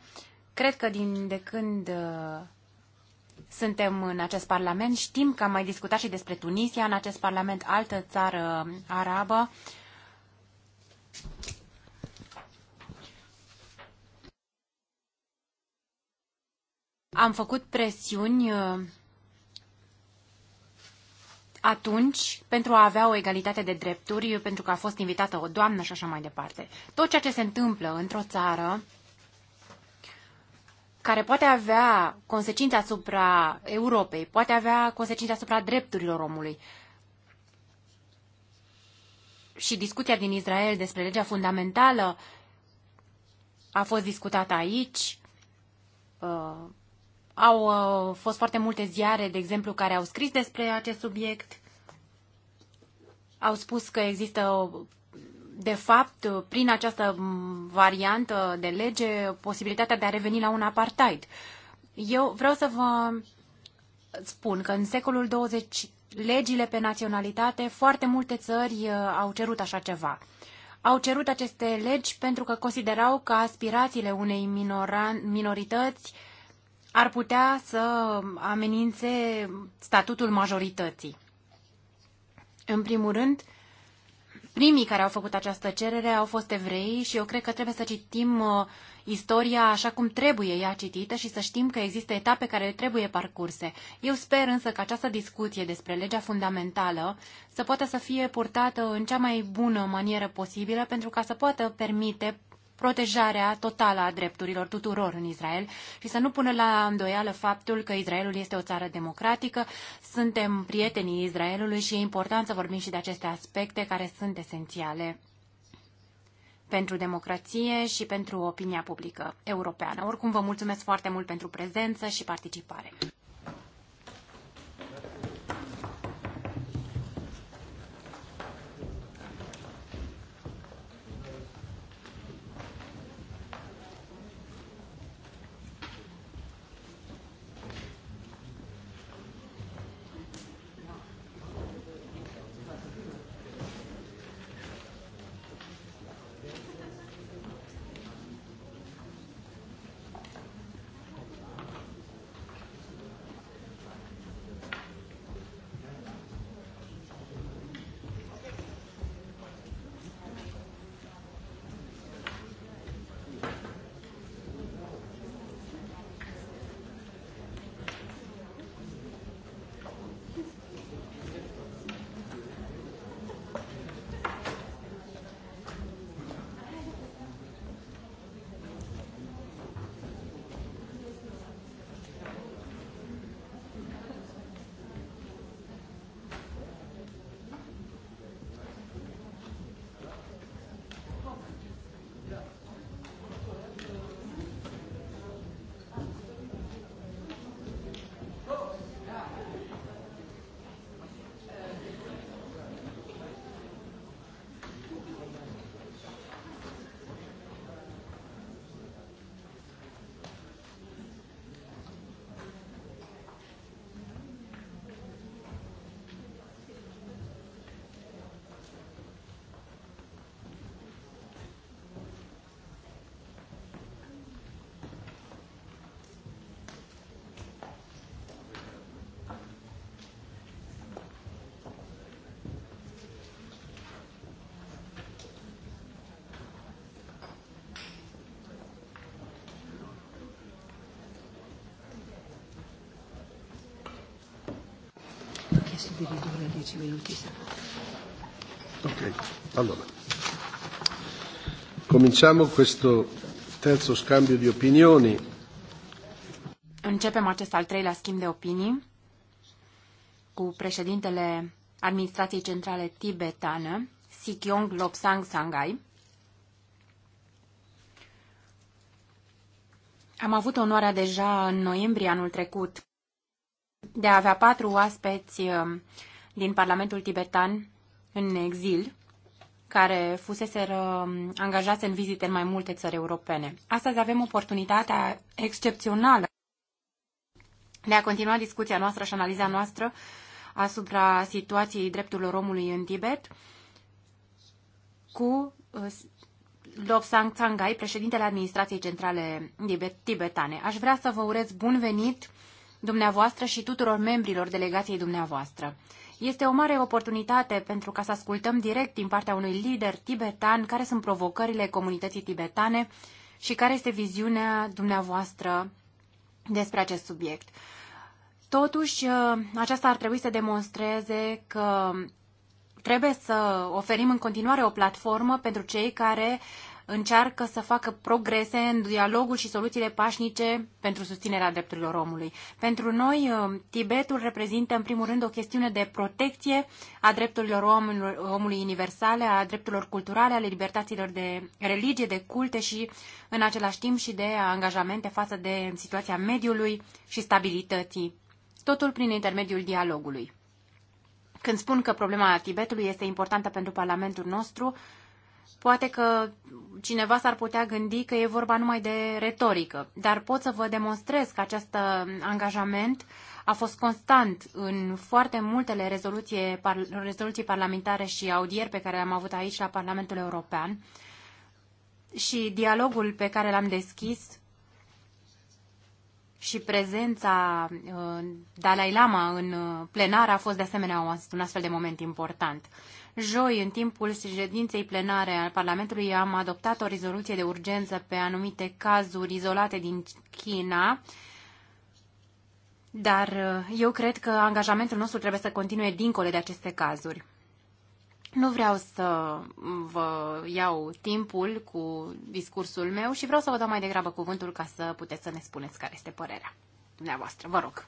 [SPEAKER 4] cred că din de când uh, suntem în acest Parlament. Știm că am mai discutat și despre Tunisia în acest Parlament, altă țară arabă. Am făcut presiuni uh, atunci pentru a avea o egalitate de drepturi, pentru că a fost invitată o doamnă și așa mai departe. Tot ceea ce se întâmplă într-o țară care poate avea consecințe asupra Europei, poate avea consecințe asupra drepturilor omului. Și discuția din Israel despre legea fundamentală a fost discutată aici. Uh, au uh, fost foarte multe ziare, de exemplu, care au scris despre acest subiect. Au spus că există de fapt, prin această variantă de lege, posibilitatea de a reveni la un apartheid. Eu vreau să vă spun că în secolul 20 legile pe naționalitate, foarte multe țări uh, au cerut așa ceva. Au cerut aceste legi pentru că considerau că aspirațiile unei minorități ar putea să amenințe statutul majorității. În primul rând, Primii care au făcut această cerere au fost evrei și eu cred că trebuie să citim uh, istoria așa cum trebuie ea citită și să știm că există etape care trebuie parcurse. Eu sper însă că această discuție despre legea fundamentală să poată să fie purtată în cea mai bună manieră posibilă pentru ca să poată permite protejarea totală a drepturilor tuturor în Israel și să nu pună la îndoială faptul că Israelul este o țară democratică, suntem prietenii Israelului și e important să vorbim și de aceste aspecte care sunt esențiale pentru democrație și pentru opinia publică europeană. Oricum, vă mulțumesc foarte mult pentru prezență și participare.
[SPEAKER 1] Ok, allora. Cominciamo questo terzo scambio di opinioni.
[SPEAKER 4] Începem acest al treilea schimb de opinii cu președintele Administrației Centrale Tibetană, Sikyong Lobsang Sangai. Am avut onoarea deja în noiembrie anul trecut de a avea patru oaspeți uh, din Parlamentul tibetan în exil, care fusese um, angajați în vizite în mai multe țări europene. Astăzi avem oportunitatea excepțională de a continua discuția noastră și analiza noastră asupra situației drepturilor omului în Tibet cu uh, Lobsang Tsangai, președintele administrației centrale tibetane. Aș vrea să vă urez bun venit dumneavoastră și tuturor membrilor delegației dumneavoastră. Este o mare oportunitate pentru ca să ascultăm direct din partea unui lider tibetan care sunt provocările comunității tibetane și care este viziunea dumneavoastră despre acest subiect. Totuși, ă, aceasta ar trebui să demonstreze că trebuie să oferim în continuare o platformă pentru cei care încearcă să facă progrese în dialogul și soluțiile pașnice pentru susținerea drepturilor omului. Pentru noi, uh, Tibetul reprezintă în primul rând o chestiune de protecție a drepturilor omului, omului universale, a drepturilor culturale, ale libertăților de religie, de culte și în același timp și de angajamente față de situația mediului și stabilității. Totul prin intermediul dialogului. Când spun că problema Tibetului este importantă pentru Parlamentul nostru, Poate că cineva s-ar putea gândi că e vorba numai de retorică, dar pot să vă demonstrez că acest uh, angajament a fost constant în foarte multele rezoluție, par, rezoluții parlamentare și audieri pe care le-am avut aici la Parlamentul European și dialogul pe care l-am deschis și prezența uh, Dalai Lama în uh, plenar a fost de asemenea un astfel de moment important. Joi, în timpul ședinței plenare al Parlamentului, am adoptat o rezoluție de urgență pe anumite cazuri izolate din China, dar uh, eu cred că angajamentul nostru trebuie să continue dincolo de aceste cazuri. Nu vreau să vă iau timpul cu discursul meu și vreau să vă dau mai degrabă cuvântul ca să puteți să ne spuneți care este părerea dumneavoastră. Vă rog.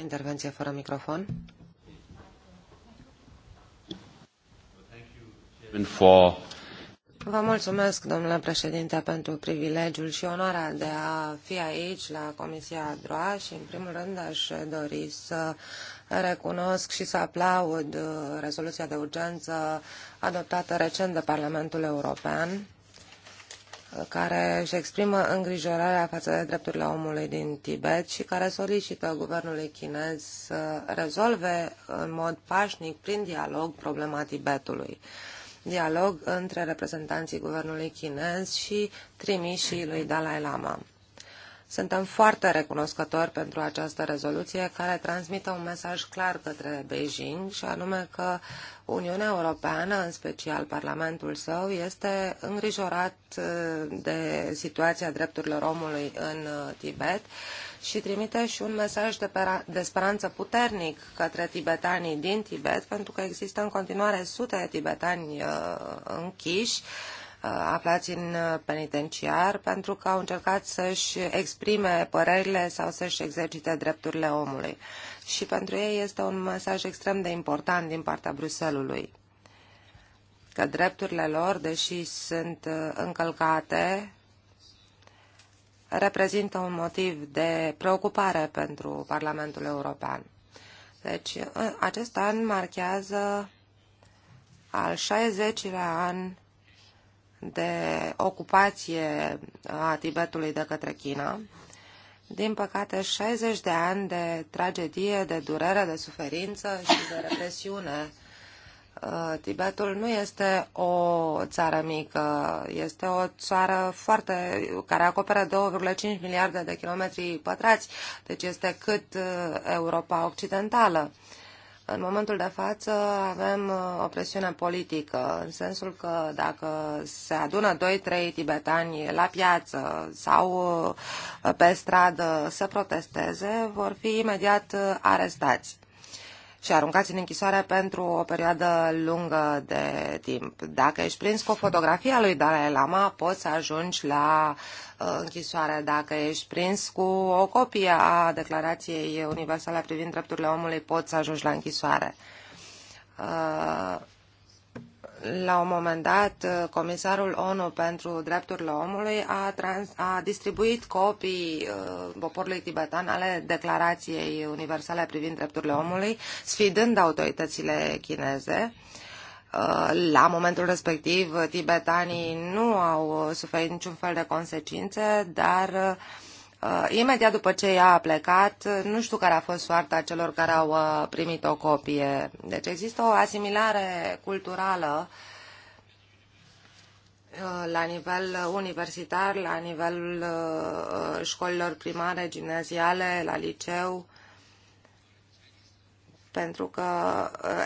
[SPEAKER 3] Intervenție fără microfon. Vă mulțumesc, domnule președinte, pentru privilegiul și onoarea de a fi aici la Comisia DROA și, în primul rând, aș dori să recunosc și să aplaud uh, rezoluția de urgență adoptată recent de Parlamentul European care își exprimă îngrijorarea față de drepturile omului din Tibet și care solicită guvernului chinez să rezolve în mod pașnic, prin dialog, problema Tibetului. Dialog între reprezentanții guvernului chinez și trimișii lui Dalai Lama. Suntem foarte recunoscători pentru această rezoluție care transmite un mesaj clar către Beijing și anume că Uniunea Europeană, în special Parlamentul său, este îngrijorat uh, de situația drepturilor omului în uh, Tibet și trimite și un mesaj de, de speranță puternic către tibetanii din Tibet, pentru că există în continuare sute de tibetani uh, închiși Uh, aflați în uh, penitenciar pentru că au încercat să-și exprime părerile sau să-și exercite drepturile omului. Și pentru ei este un mesaj extrem de important din partea Bruselului că drepturile lor, deși sunt uh, încălcate, reprezintă un motiv de preocupare pentru Parlamentul European. Deci, acest an marchează al 60-lea an de ocupație a Tibetului de către China. Din păcate, 60 de ani de tragedie, de durere, de suferință și de represiune. Uh, Tibetul nu este o țară mică, este o țară foarte, care acoperă 2,5 miliarde de kilometri pătrați, deci este cât uh, Europa Occidentală. În momentul de față avem uh, o presiune politică, în sensul că dacă se adună 2-3 tibetani la piață sau uh, pe stradă să protesteze, vor fi imediat uh, arestați și aruncați în închisoare pentru o perioadă lungă de timp. Dacă ești prins cu o fotografie a lui Dalai Lama, poți să ajungi la uh, închisoare. Dacă ești prins cu o copie a Declarației Universale privind drepturile omului, poți să ajungi la închisoare. Uh, la un moment dat, uh, comisarul ONU pentru drepturile omului a, trans, a distribuit copii uh, poporului tibetan ale Declarației Universale privind drepturile omului, sfidând autoritățile chineze. Uh, la momentul respectiv, tibetanii nu au suferit niciun fel de consecințe, dar uh, Uh, imediat după ce ea a plecat, uh, nu știu care a fost soarta celor care au uh, primit o copie. Deci există o asimilare culturală la nivel universitar, la nivelul școlilor primare, gimnaziale, la liceu, pentru că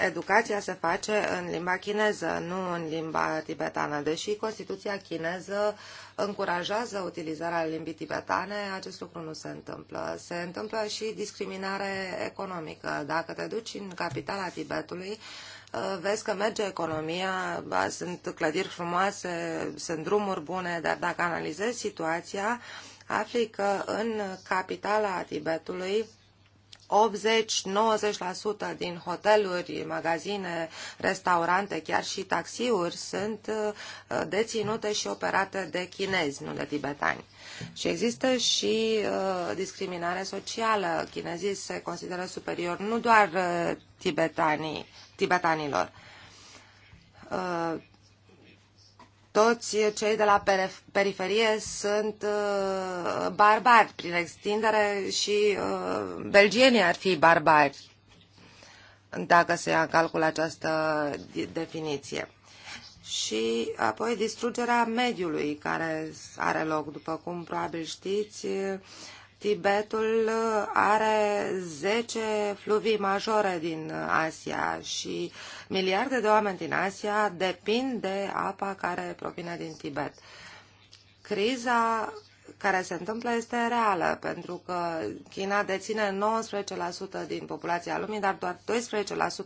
[SPEAKER 3] educația se face în limba chineză, nu în limba tibetană, deși Constituția chineză uh, încurajează utilizarea limbii tibetane, acest lucru nu se întâmplă. Se întâmplă și discriminare economică. Dacă te duci în capitala Tibetului, uh, vezi că merge economia, sunt clădiri frumoase, sunt drumuri bune, dar dacă analizezi situația, afli că în capitala Tibetului, 80-90% din hoteluri, magazine, restaurante, chiar și taxiuri sunt uh, deținute și operate de chinezi, nu de tibetani. Și există și uh, discriminare socială. Chinezii se consideră superiori nu doar uh, tibetanii, tibetanilor. Uh, toți cei de la periferie sunt uh, barbari prin extindere și uh, belgienii ar fi barbari dacă se ia în calcul această definiție. Și apoi distrugerea mediului care are loc, după cum probabil știți, Tibetul uh, are 10 fluvii majore din uh, Asia și miliarde de oameni din Asia depind de apa care provine din Tibet. Criza care se întâmplă este reală, pentru că China deține 19% din populația lumii, dar doar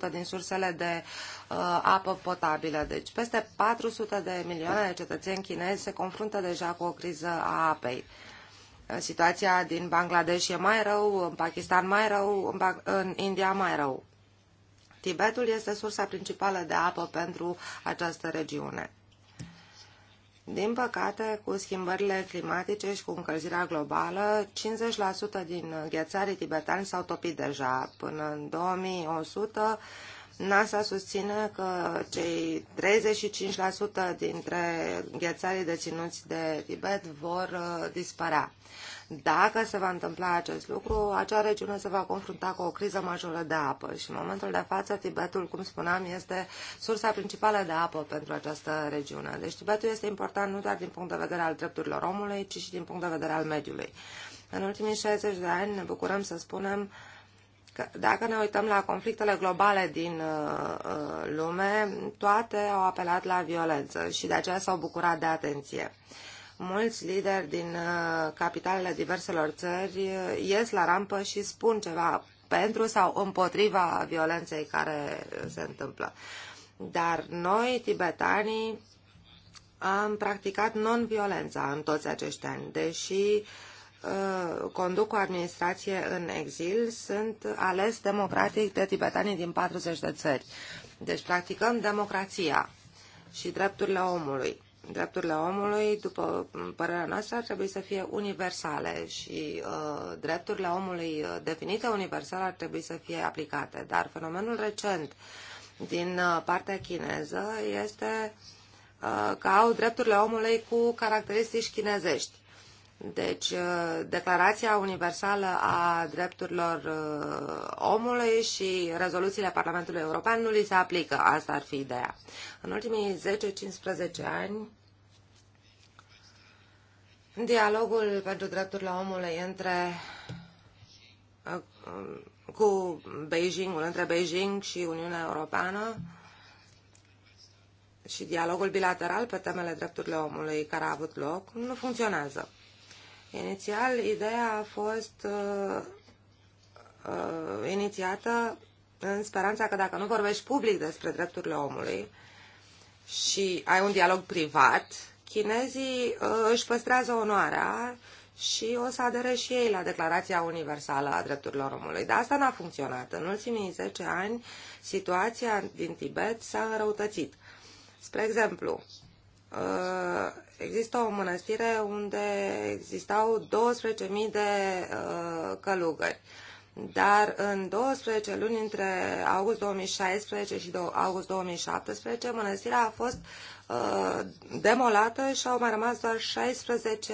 [SPEAKER 3] 12% din sursele de uh, apă potabilă. Deci peste 400 de milioane de cetățeni chinezi se confruntă deja cu o criză a apei. Uh, Situația din Bangladesh e mai rău, în Pakistan mai rău, în India mai rău. Tibetul este sursa principală de apă pentru această regiune. Din păcate, cu schimbările climatice și cu încălzirea globală, 50% din ghețarii tibetani s-au topit deja. Până în 2100, NASA susține că cei 35% dintre ghețarii deținuți de Tibet vor uh, dispărea. Dacă se va întâmpla acest lucru, acea regiune se va confrunta cu o criză majoră de apă și în momentul de față Tibetul, cum spuneam, este sursa principală de apă pentru această regiune. Deci Tibetul este important nu doar din punct de vedere al drepturilor omului, ci și din punct de vedere al mediului. În ultimii 60 de ani ne bucurăm să spunem uh, dacă ne uităm la conflictele globale din uh, uh, lume, toate au apelat la violență și de aceea s-au bucurat de atenție. Mulți lideri din uh, capitalele diverselor țări ies la rampă și spun ceva pentru sau împotriva violenței care se întâmplă. Dar noi, tibetanii, am practicat non-violența în toți acești ani, deși uh, Uh, conduc o administrație în exil sunt ales democratic de tibetanii din 40 de țări. Deci practicăm democrația și drepturile omului. Drepturile omului, după părerea noastră, ar trebui să fie universale și uh, drepturile omului uh, definite universal ar trebui să fie aplicate. Dar fenomenul recent din uh, partea chineză este uh, că au drepturile omului cu caracteristici chinezești deci, uh, Declarația Universală a Drepturilor uh, Omului și rezoluțiile Parlamentului European nu li se aplică. Asta ar fi ideea. În ultimii 10-15 ani, dialogul pentru drepturile omului între uh, cu Beijingul, între Beijing și Uniunea Europeană și dialogul bilateral pe temele drepturile omului care a avut loc nu funcționează. Inițial, ideea a fost uh, uh, inițiată în speranța că dacă nu vorbești public despre drepturile omului și ai un dialog privat, chinezii uh, își păstrează onoarea și o să adere și ei la Declarația Universală a Drepturilor Omului. Dar asta n-a funcționat. În ultimii 10 ani, situația din Tibet s-a înrăutățit. Spre exemplu, Uh, există o mănăstire unde existau 12.000 de uh, călugări. Dar în 12 luni între august 2016 și august 2017, mănăstirea a fost uh, demolată și au mai rămas doar 16,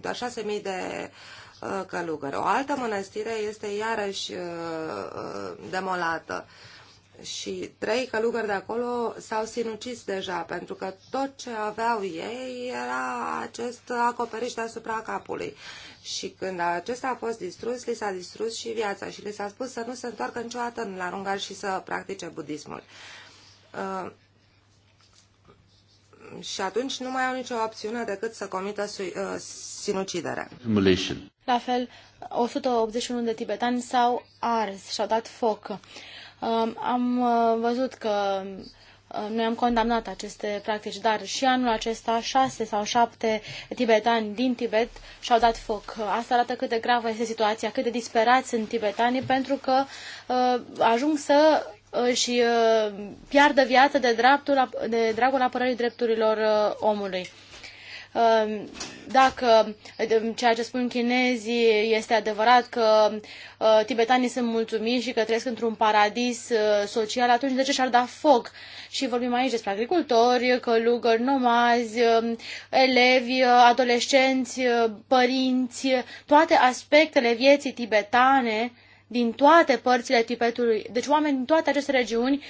[SPEAKER 3] doar 6.000 de călugări. O altă mănăstire este iarăși demolată și trei călugări de acolo s-au sinucis deja, pentru că tot ce aveau ei era acest acoperiș deasupra capului. Și când acesta a fost distrus, li s-a distrus și viața și li s-a spus să nu se întoarcă niciodată în rungar și să practice budismul. Uh, și atunci nu mai au nicio opțiune decât să comită uh, sinucidere.
[SPEAKER 2] La fel, 181 de tibetani s-au ars și au dat foc. Um, am uh, văzut că uh, noi am condamnat aceste practici, dar și anul acesta șase sau șapte tibetani din Tibet și-au dat foc. Asta arată cât de gravă este situația, cât de disperați sunt tibetanii pentru că uh, ajung să uh, și uh, piardă viața de, dreptul, de dragul apărării drepturilor uh, omului. Um, dacă um, ceea ce spun chinezii este adevărat că uh, tibetanii sunt mulțumiți și că trăiesc într-un paradis uh, social, atunci de ce și-ar da foc? Și vorbim aici despre agricultori, călugări, nomazi, um, elevi, uh, adolescenți, părinți, toate aspectele vieții tibetane din toate părțile Tibetului. Deci oameni din toate aceste regiuni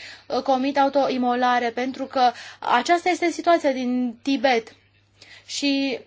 [SPEAKER 2] comit autoimolare pentru că aceasta este situația din Tibet și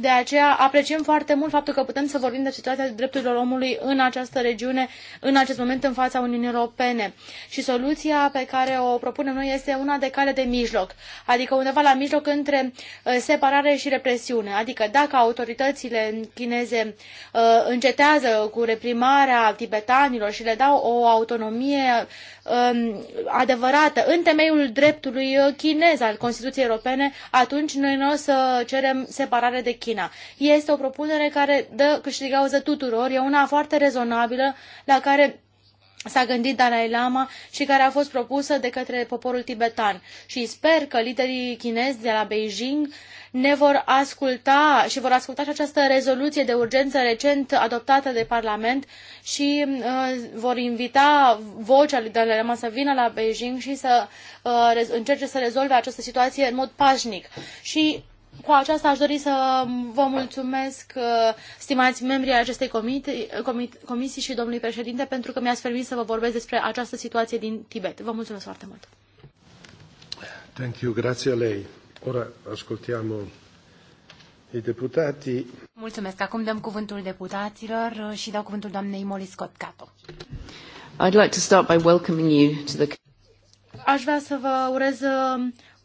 [SPEAKER 2] de aceea apreciem foarte mult faptul că putem să vorbim de situația drepturilor omului în această regiune, în acest moment în fața Uniunii Europene. Și soluția pe care o propunem noi este una de cale de mijloc, adică undeva la mijloc între uh, separare și represiune. Adică dacă autoritățile chineze uh, încetează cu reprimarea tibetanilor și le dau o autonomie um, adevărată în temeiul dreptului uh, chinez al Constituției Europene, atunci noi nu o să cerem separare de China. Este o propunere care dă câștigauză tuturor, e una foarte rezonabilă la care s-a gândit Dalai Lama și care a fost propusă de către poporul tibetan. Și sper că liderii chinezi de la Beijing ne vor asculta și vor asculta și această rezoluție de urgență recent adoptată de Parlament și uh, vor invita vocea lui Dalai Lama să vină la Beijing și să uh, încerce să rezolve această situație în mod pașnic. Și cu aceasta aș dori să vă mulțumesc, uh, stimați membrii acestei comisii, comit, comisii și domnului președinte, pentru că mi-ați permis să vă vorbesc despre această situație din Tibet. Vă mulțumesc foarte mult.
[SPEAKER 3] Thank you, grazie a lei. Ora ascoltiamo i deputati.
[SPEAKER 4] Mulțumesc. Acum dăm cuvântul deputaților și dau cuvântul doamnei Molly Scott Cato. I'd like to start by welcoming you to the... Aș vrea să vă urez uh,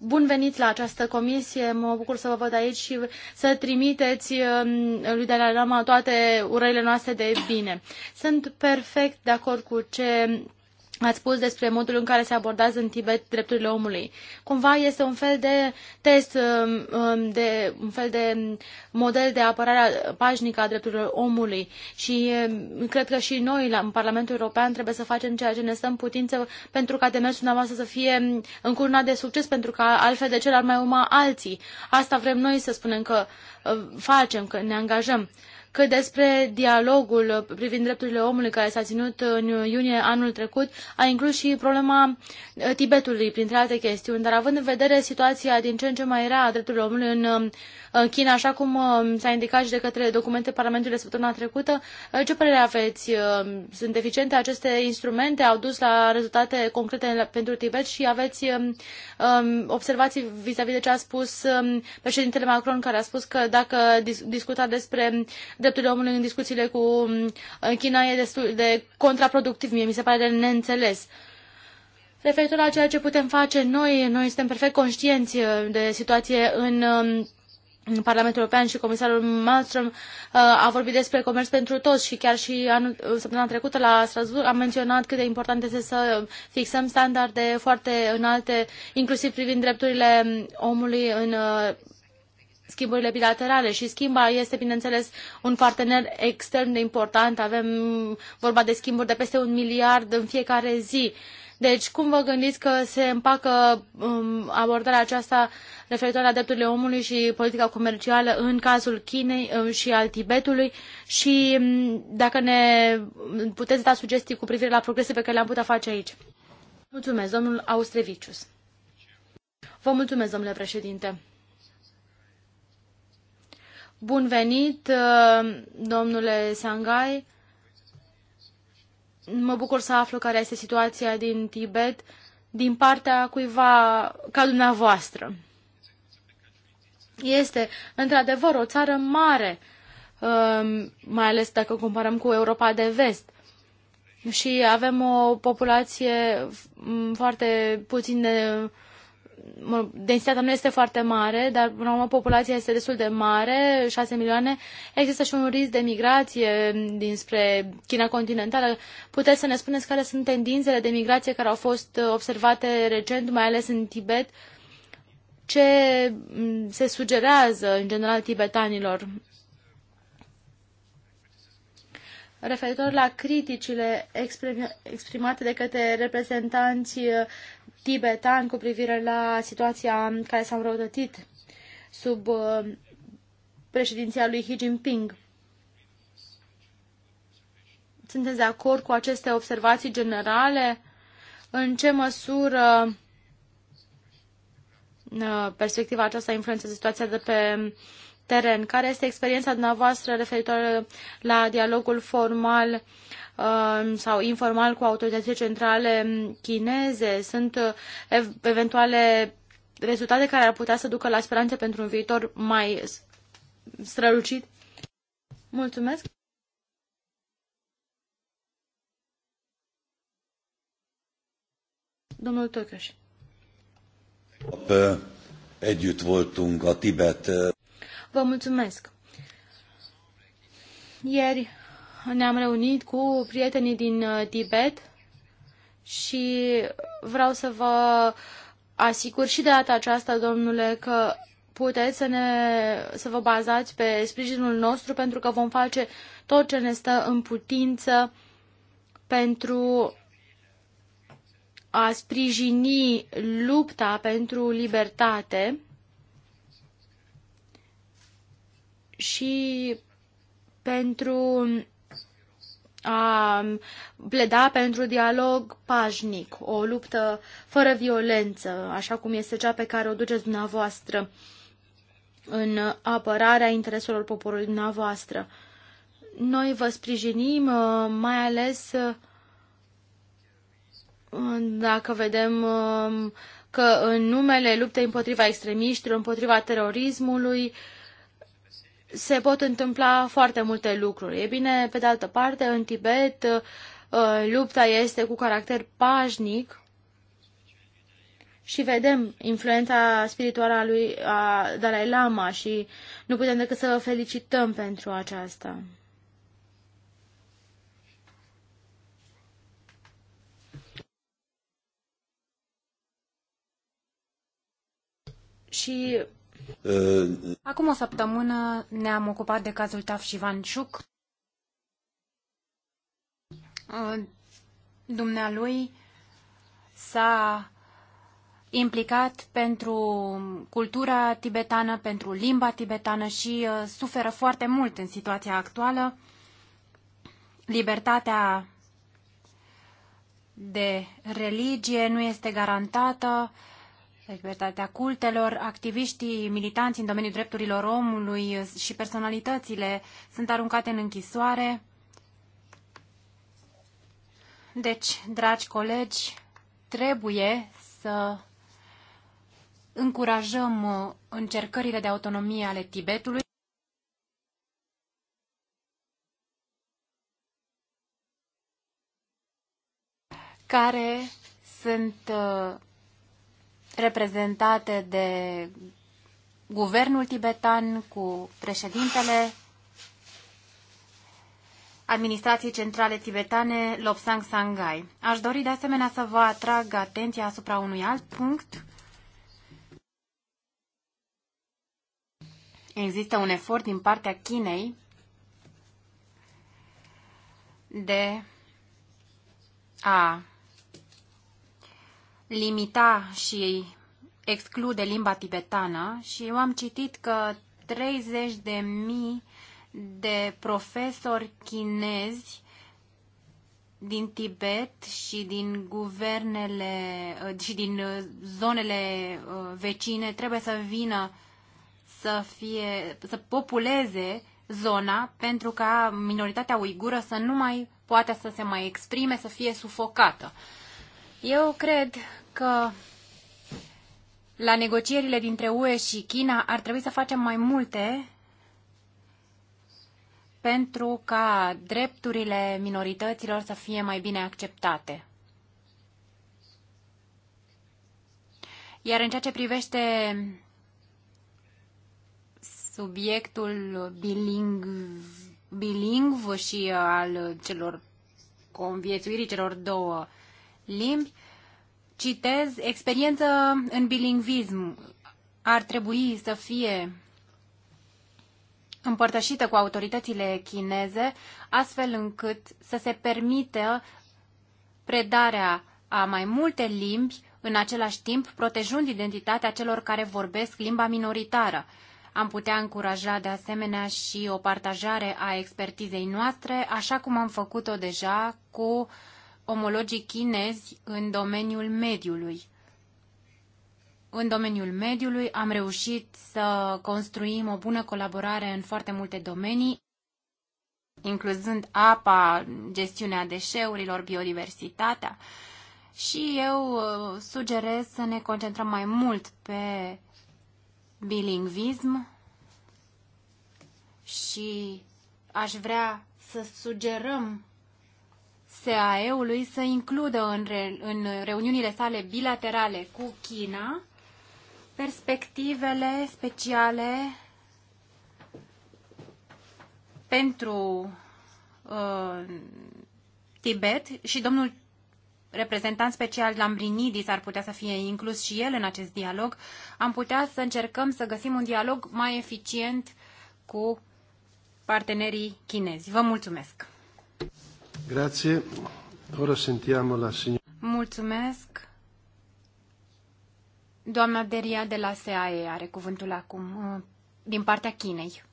[SPEAKER 2] Bun venit la această comisie, mă bucur să vă văd aici și să trimiteți um, lui Dalai Lama toate urările noastre de bine. Sunt perfect de acord cu ce Ați spus despre modul în care se abordează în Tibet drepturile omului. Cumva este un fel de test, um, um, de, un fel de model de apărare pașnică a drepturilor omului și um, cred că și noi în Parlamentul European trebuie să facem ceea ce ne stăm putință pentru ca demersul dumneavoastră să fie încurnat de succes, pentru că altfel de cel ar mai urma alții. Asta vrem noi să spunem că uh, facem, că ne angajăm cât despre dialogul privind drepturile omului care s-a ținut în iunie anul trecut, a inclus și problema uh, Tibetului, printre alte chestiuni. Dar având în vedere situația din ce în ce mai rea a drepturilor omului în um, în China, așa cum uh, s-a indicat și de către documente Parlamentului săptămâna trecută. Uh, ce părere aveți? Uh, sunt eficiente aceste instrumente? Au dus la rezultate concrete pentru Tibet și aveți um, um, observații vis-a-vis -vis de ce a spus um, președintele Macron, care a spus că dacă discuta despre drepturile omului în discuțiile cu China e destul de contraproductiv. Mie mi se pare de neînțeles. Referitor la ceea ce putem face noi, noi suntem perfect conștienți de situație în Parlamentul European și comisarul Malmström uh, a vorbit despre comerț pentru toți și chiar și anul, uh, săptămâna trecută la Strasbourg a menționat cât de important este să fixăm standarde foarte înalte, inclusiv privind drepturile omului în uh, schimburile bilaterale și schimba este, bineînțeles, un partener extrem de important. Avem vorba de schimburi de peste un miliard în fiecare zi. Deci, cum vă gândiți că se împacă um, abordarea aceasta referitoare la drepturile omului și politica comercială în cazul Chinei um, și al Tibetului și um, dacă ne puteți da sugestii cu privire la progrese pe care le-am putea face aici? Mulțumesc, domnul Austrevicius. Vă mulțumesc, domnule președinte. Bun venit, uh, domnule Sangai. Mă bucur să aflu care este situația din Tibet din partea cuiva ca dumneavoastră. Este, într-adevăr, o țară mare, um, mai ales dacă comparăm cu Europa de vest. Și avem o populație foarte puțin de densitatea nu este foarte mare, dar până la urmă populația este destul de mare, 6 milioane, există și un risc de migrație dinspre China continentală. Puteți să ne spuneți care sunt tendințele de migrație care au fost observate recent, mai ales în Tibet? Ce se sugerează în general tibetanilor referitor la criticile exprimate de către reprezentanți uh, tibetani cu privire la situația în care s-a înrăutățit sub uh, președinția lui Xi Jinping. Sunteți de acord cu aceste observații generale? În ce măsură uh, perspectiva aceasta influențează situația de pe teren. Care este experiența dumneavoastră referitoare la dialogul formal um, sau informal cu autoritățile centrale chineze? Sunt uh, eventuale rezultate care ar putea să ducă la speranțe pentru un viitor mai strălucit? Mulțumesc! Domnul Tocăș.
[SPEAKER 3] Együtt voltunk a Tibet
[SPEAKER 2] Vă mulțumesc! Ieri ne-am reunit cu prietenii din uh, Tibet și vreau să vă asigur și de data aceasta, domnule, că puteți să, ne, să vă bazați pe sprijinul nostru pentru că vom face tot ce ne stă în putință pentru a sprijini lupta pentru libertate și pentru a pleda pentru dialog pașnic, o luptă fără violență, așa cum este cea pe care o duceți dumneavoastră în apărarea intereselor poporului dumneavoastră. Noi vă sprijinim, uh, mai ales uh, dacă vedem uh, că în numele luptei împotriva extremiștilor, împotriva terorismului, se pot întâmpla foarte multe lucruri. E bine, pe de altă parte, în Tibet uh, lupta este cu caracter pașnic și vedem influența spirituală a lui a Dalai Lama și nu putem decât să vă felicităm pentru aceasta.
[SPEAKER 4] Și Uh, Acum o săptămână ne-am ocupat de cazul Taf și Vanciuc. Uh, dumnealui s-a implicat pentru cultura tibetană, pentru limba tibetană și uh, suferă foarte mult în situația actuală. Libertatea de religie nu este garantată libertatea cultelor, activiștii, militanți în domeniul drepturilor omului și personalitățile sunt aruncate în închisoare. Deci, dragi colegi, trebuie să încurajăm uh, încercările de autonomie ale Tibetului. care sunt uh, reprezentate de guvernul tibetan cu președintele administrației centrale tibetane Lobsang Sangai. Aș dori de asemenea să vă atrag atenția asupra unui alt punct. Există un efort din partea Chinei de a limita și exclude limba tibetană și eu am citit că 30 de mii de profesori chinezi din Tibet și din guvernele și din uh, zonele uh, vecine trebuie să vină să fie să populeze zona pentru ca minoritatea uigură să nu mai poată să se mai exprime, să fie sufocată. Eu cred că la negocierile dintre UE și China ar trebui să facem mai multe pentru ca drepturile minorităților să fie mai bine acceptate. Iar în ceea ce privește subiectul biling, bilingv și al celor conviețuirii celor două limbi, citez, experiență în bilingvism ar trebui să fie împărtășită cu autoritățile chineze, astfel încât să se permită predarea a mai multe limbi în același timp protejând identitatea celor care vorbesc limba minoritară. Am putea încuraja de asemenea și o partajare a expertizei noastre, așa cum am făcut-o deja cu omologii chinezi în domeniul mediului. În domeniul mediului am reușit să construim o bună colaborare în foarte multe domenii, incluzând apa, gestiunea deșeurilor, biodiversitatea. Și eu uh, sugerez să ne concentrăm mai mult pe bilingvism și aș vrea să sugerăm SAE-ului să includă în, re, în reuniunile sale bilaterale cu China perspectivele speciale pentru uh, Tibet și domnul reprezentant special Lambrinidis ar putea să fie inclus și el în acest dialog, am putea să încercăm să găsim un dialog mai eficient cu partenerii chinezi. Vă mulțumesc!
[SPEAKER 3] Grazie. Ora sentiamo
[SPEAKER 4] la signora. Mulțumesc. Doamna Deria de la SAE are cuvântul acum, uh, din partea Chinei,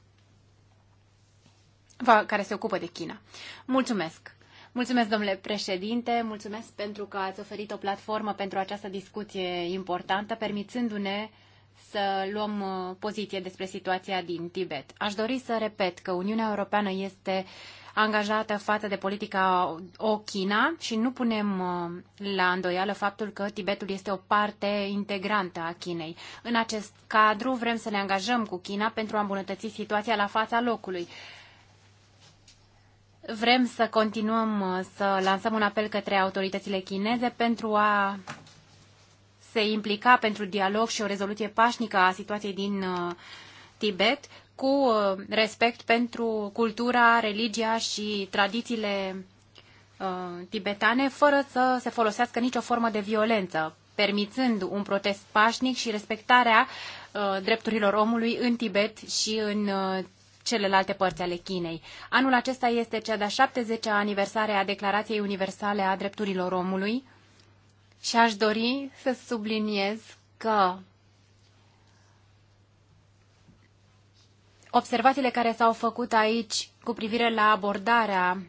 [SPEAKER 4] care se ocupă de China. Mulțumesc. Mulțumesc, domnule președinte, mulțumesc pentru că ați oferit o platformă pentru această discuție importantă, permițându-ne să luăm uh, poziție despre situația din Tibet. Aș dori să repet că Uniunea Europeană este uh, angajată față de politica o China și nu punem uh, la îndoială faptul că Tibetul este o parte integrantă a Chinei. În acest cadru vrem să ne angajăm cu China pentru a îmbunătăți situația la fața locului. Vrem să continuăm uh, să lansăm un apel către autoritățile chineze pentru a se implica pentru dialog și o rezoluție pașnică a situației din uh, Tibet, cu uh, respect pentru cultura, religia și tradițiile uh, tibetane, fără să se folosească nicio formă de violență, permițând un protest pașnic și respectarea uh, drepturilor omului în Tibet și în celelalte părți ale Chinei. Anul acesta este cea de-a 70-a aniversare a Declarației Universale a Drepturilor Omului și aș dori să subliniez că observațiile care s-au făcut aici cu privire la abordarea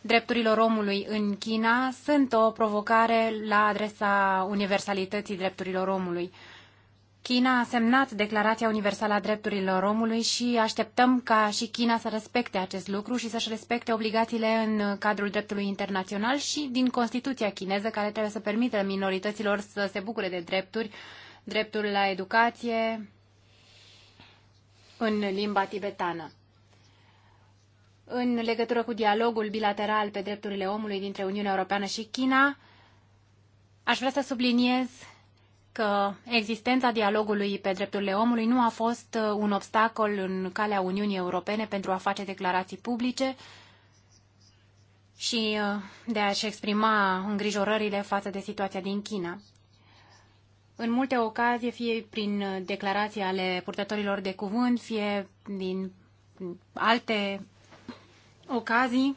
[SPEAKER 4] drepturilor omului în China sunt o provocare la adresa universalității drepturilor omului. China a semnat Declarația Universală a Drepturilor Omului și așteptăm ca și China să respecte acest lucru și să-și respecte obligațiile în cadrul dreptului internațional și din Constituția chineză, care trebuie să permită minorităților să se bucure de drepturi, dreptul la educație, în limba tibetană. În legătură cu dialogul bilateral pe drepturile omului dintre Uniunea Europeană și China, aș vrea să subliniez că existența dialogului pe drepturile omului nu a fost uh, un obstacol în calea Uniunii Europene pentru a face declarații publice și uh, de a-și exprima îngrijorările față de situația din China în multe ocazii, fie prin uh, declarații ale purtătorilor de cuvânt, fie din alte ocazii,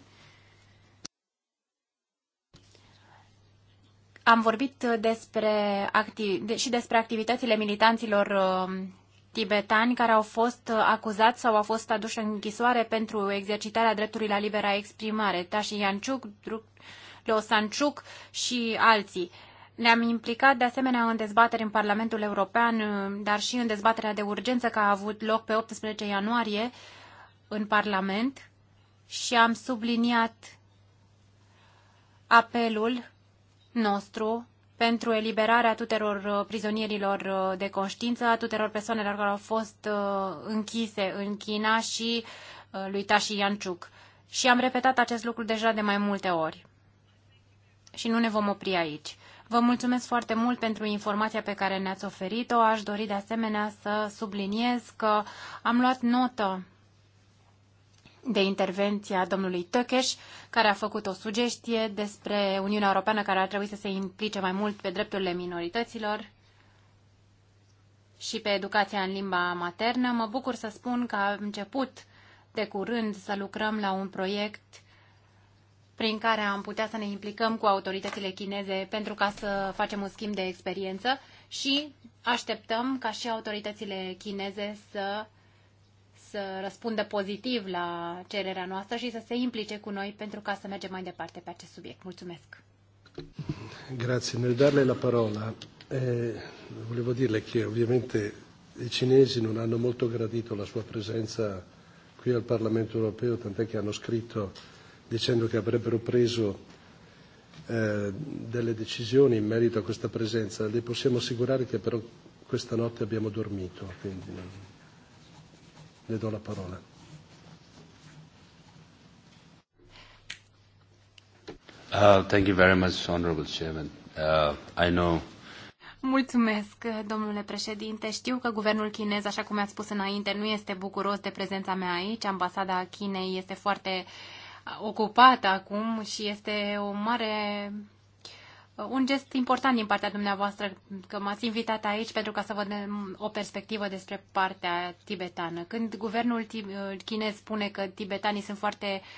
[SPEAKER 4] am vorbit uh, despre activ- și despre activitățile militanților uh, tibetani care au fost acuzați sau au fost aduși în închisoare pentru exercitarea dreptului la libera exprimare, Tashi Yanciuc, Leo Sanchuk și alții. Ne-am implicat de asemenea în dezbateri în Parlamentul European, uh, dar și în dezbaterea de urgență care a avut loc pe 18 ianuarie în Parlament și am subliniat apelul nostru pentru eliberarea tuturor uh, prizonierilor uh, de conștiință, a tuturor persoanelor care au fost închise în China și lui Tashi Yanciuc. Și am repetat acest lucru deja de mai multe ori. Și nu ne vom opri aici. Vă mulțumesc foarte mult pentru informația pe care ne-ați oferit-o. Aș dori de asemenea să subliniez că am luat notă de intervenția domnului Tăcheș, care a făcut o sugestie despre Uniunea Europeană care ar trebui să se implice mai mult pe drepturile minorităților și pe educația în limba maternă. Mă bucur să spun că am început de curând să lucrăm la un proiect prin care am putea să ne implicăm cu autoritățile chineze pentru ca să facem un schimb de experiență și așteptăm ca și autoritățile chineze să, să răspundă pozitiv la cererea noastră și să se implice cu noi pentru ca să mergem mai departe pe acest subiect. Mulțumesc!
[SPEAKER 3] Grazie, nel darle la parola eh, volevo dirle che ovviamente i cinesi non hanno molto gradito la sua presenza qui al Parlamento
[SPEAKER 1] europeo, tant'è che hanno scritto dicendo che avrebbero preso eh, delle decisioni in merito a questa presenza. Le possiamo assicurare che però questa notte abbiamo dormito, quindi le do la parola. Uh, thank you very much, Honorable Chairman. Uh, I know
[SPEAKER 4] Mulțumesc, domnule președinte. Știu că guvernul chinez, așa cum ați spus înainte, nu este bucuros de prezența mea aici. Ambasada Chinei este foarte uh, ocupată acum și este o mare un gest important din partea dumneavoastră că m-ați invitat aici pentru ca să vă dăm o perspectivă despre partea tibetană. Când guvernul chinez spune că tibetanii sunt foarte uh,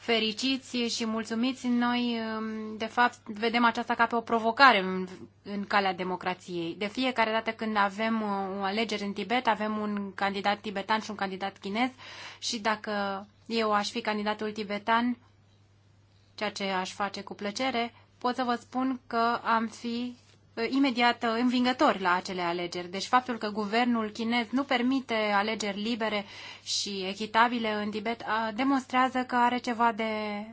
[SPEAKER 4] fericiți și mulțumiți. Noi, um, de fapt, vedem aceasta ca pe o provocare în, în calea democrației. De fiecare dată când avem uh, o alegeri în Tibet, avem un candidat tibetan și un candidat chinez și dacă eu aș fi candidatul tibetan, ceea ce aș face cu plăcere, pot să vă spun că am fi Uh, imediat uh, învingători la acele alegeri. Deci faptul că guvernul chinez nu permite alegeri libere și echitabile în Tibet uh, demonstrează că are ceva de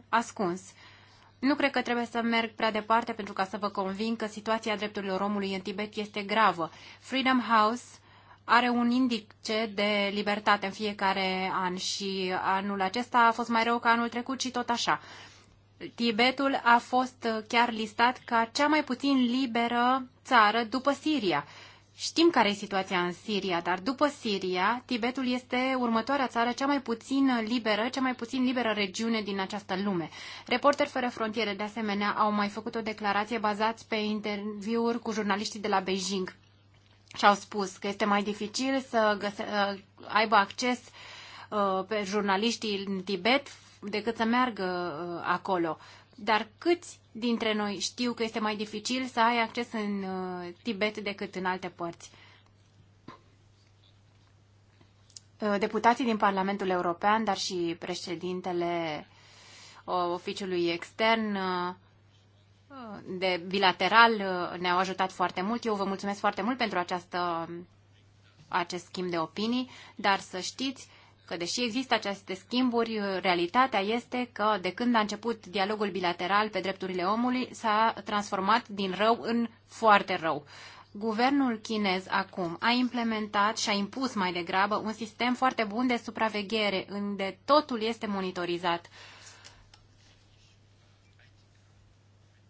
[SPEAKER 4] ascuns. Nu cred că trebuie să merg prea departe pentru ca să vă convin că situația drepturilor omului în Tibet este gravă. Freedom House are un indice de libertate în fiecare an și anul acesta a fost mai rău ca anul trecut și tot așa. Tibetul a fost uh, chiar listat ca cea mai puțin liberă țară după Siria. Știm care e situația în Siria, dar după Siria, Tibetul este următoarea țară cea mai puțin liberă, cea mai puțin liberă regiune din această lume. Reporteri fără frontiere, de asemenea, au mai făcut o declarație bazată pe interviuri cu jurnaliștii de la Beijing și au spus că este mai dificil să găse, uh, aibă acces uh, pe jurnaliștii în Tibet decât să meargă uh, acolo. Dar câți dintre noi știu că este mai dificil să ai acces în uh, Tibet decât în alte părți? Uh, deputații din Parlamentul European, dar și președintele oficiului extern de bilateral ne-au ajutat foarte mult. Eu vă mulțumesc foarte mult pentru această, acest schimb de opinii, dar să știți că deși există aceste schimburi, realitatea este că de când a început dialogul bilateral pe drepturile omului s-a transformat din rău în foarte rău. Guvernul chinez acum a implementat și a impus mai degrabă un sistem foarte bun de supraveghere, unde totul este monitorizat.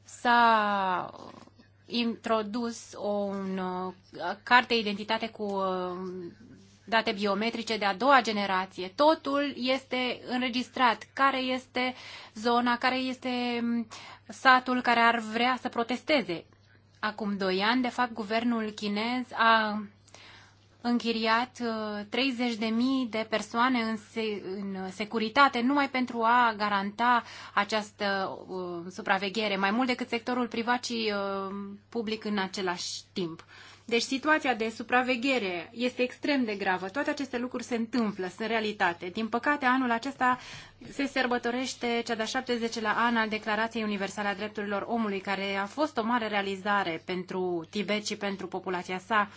[SPEAKER 4] S-a introdus o un, uh, carte identitate cu uh, date biometrice de a doua generație. Totul este înregistrat. Care este zona, care este mm, satul care ar vrea să protesteze. Acum doi ani, de fapt, guvernul chinez a închiriat 30.000 uh, de persoane în, se, în securitate numai pentru a garanta această uh, supraveghere, mai mult decât sectorul privat și uh, public în același timp. Deci situația de supraveghere este extrem de gravă. Toate aceste lucruri se întâmplă, sunt realitate. Din păcate, anul acesta se sărbătorește cea de-a 70 la an al Declarației Universale a Drepturilor Omului, care a fost o mare realizare pentru Tibet și pentru populația sa,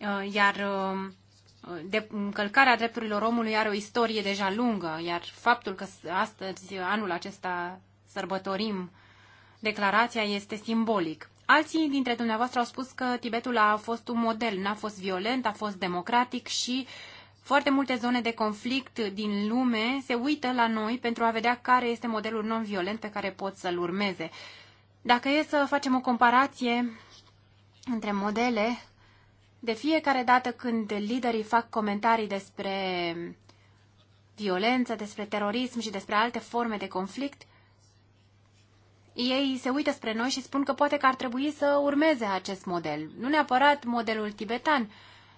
[SPEAKER 4] uh, iar uh, de încălcarea drepturilor omului are o istorie deja lungă, iar faptul că astăzi, anul acesta, sărbătorim declarația este simbolic. Alții dintre dumneavoastră au spus că Tibetul a fost un model, n-a fost violent, a fost democratic și foarte multe zone de conflict din lume se uită la noi pentru a vedea care este modelul non-violent pe care pot să-l urmeze. Dacă e să facem o comparație între modele, de fiecare dată când liderii fac comentarii despre violență, despre terorism și despre alte forme de conflict, ei se uită spre noi și spun că poate că ar trebui să urmeze acest model. Nu neapărat modelul tibetan,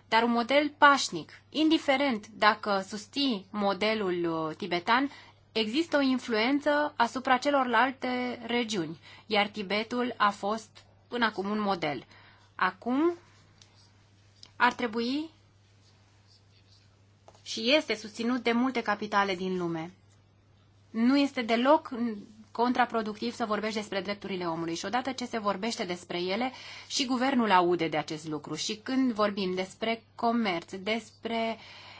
[SPEAKER 4] dar un model pașnic. Indiferent dacă susții modelul uh, tibetan, există o influență asupra celorlalte regiuni, iar Tibetul a fost până acum un model. Acum ar trebui și este susținut de multe capitale din lume. Nu este deloc contraproductiv să vorbești despre drepturile omului și odată ce se vorbește despre ele și guvernul aude de acest lucru și când vorbim despre comerț, despre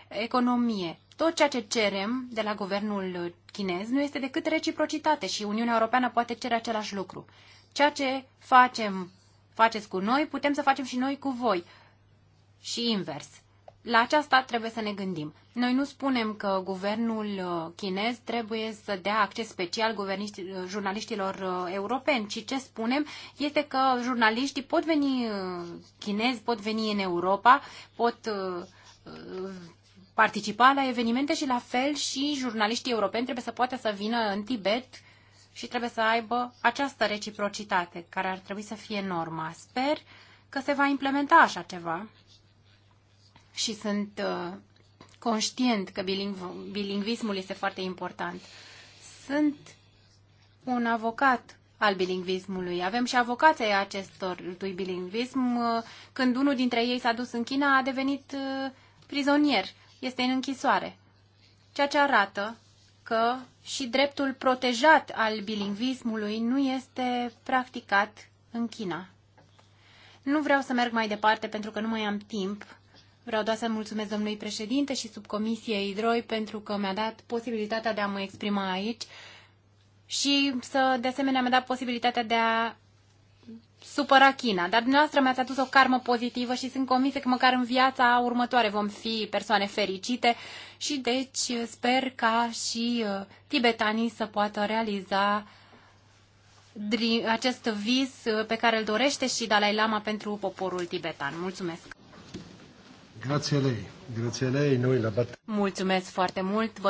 [SPEAKER 4] economie, tot ceea ce cerem de la guvernul chinez nu este decât reciprocitate și Uniunea Europeană poate cere același lucru. Ceea ce facem, faceți cu noi, putem să facem și noi cu voi și invers la aceasta trebuie să ne gândim. Noi nu spunem că guvernul uh, chinez trebuie să dea acces special uh, jurnaliștilor uh, europeni, ci ce spunem este că jurnaliștii pot veni chinezi, pot veni în Europa, pot participa la evenimente și la fel și jurnaliștii europeni trebuie să poată să vină în Tibet și trebuie să aibă această reciprocitate care ar trebui să fie norma. Sper că se va implementa așa ceva și sunt uh, conștient că bilingvismul este foarte important. Sunt un avocat al bilingvismului. Avem și avocații acestor lui bilingvism. Uh, când unul dintre ei s-a dus în China, a devenit uh, prizonier. Este în închisoare. Ceea ce arată că și dreptul protejat al bilingvismului nu este practicat în China. Nu vreau să merg mai departe pentru că nu mai am timp Vreau doar să mulțumesc domnului președinte și subcomisiei DROI pentru că mi-a dat posibilitatea de a mă exprima aici și să, de asemenea, mi-a dat posibilitatea de a supăra China. Dar dumneavoastră mi-ați adus o karmă pozitivă și sunt convinsă că măcar în viața următoare vom fi persoane fericite și deci sper ca și uh, tibetanii să poată realiza acest vis uh, pe care îl dorește și Dalai Lama pentru poporul tibetan. Mulțumesc!
[SPEAKER 1] lei. lei, noi la
[SPEAKER 4] Mulțumesc foarte mult.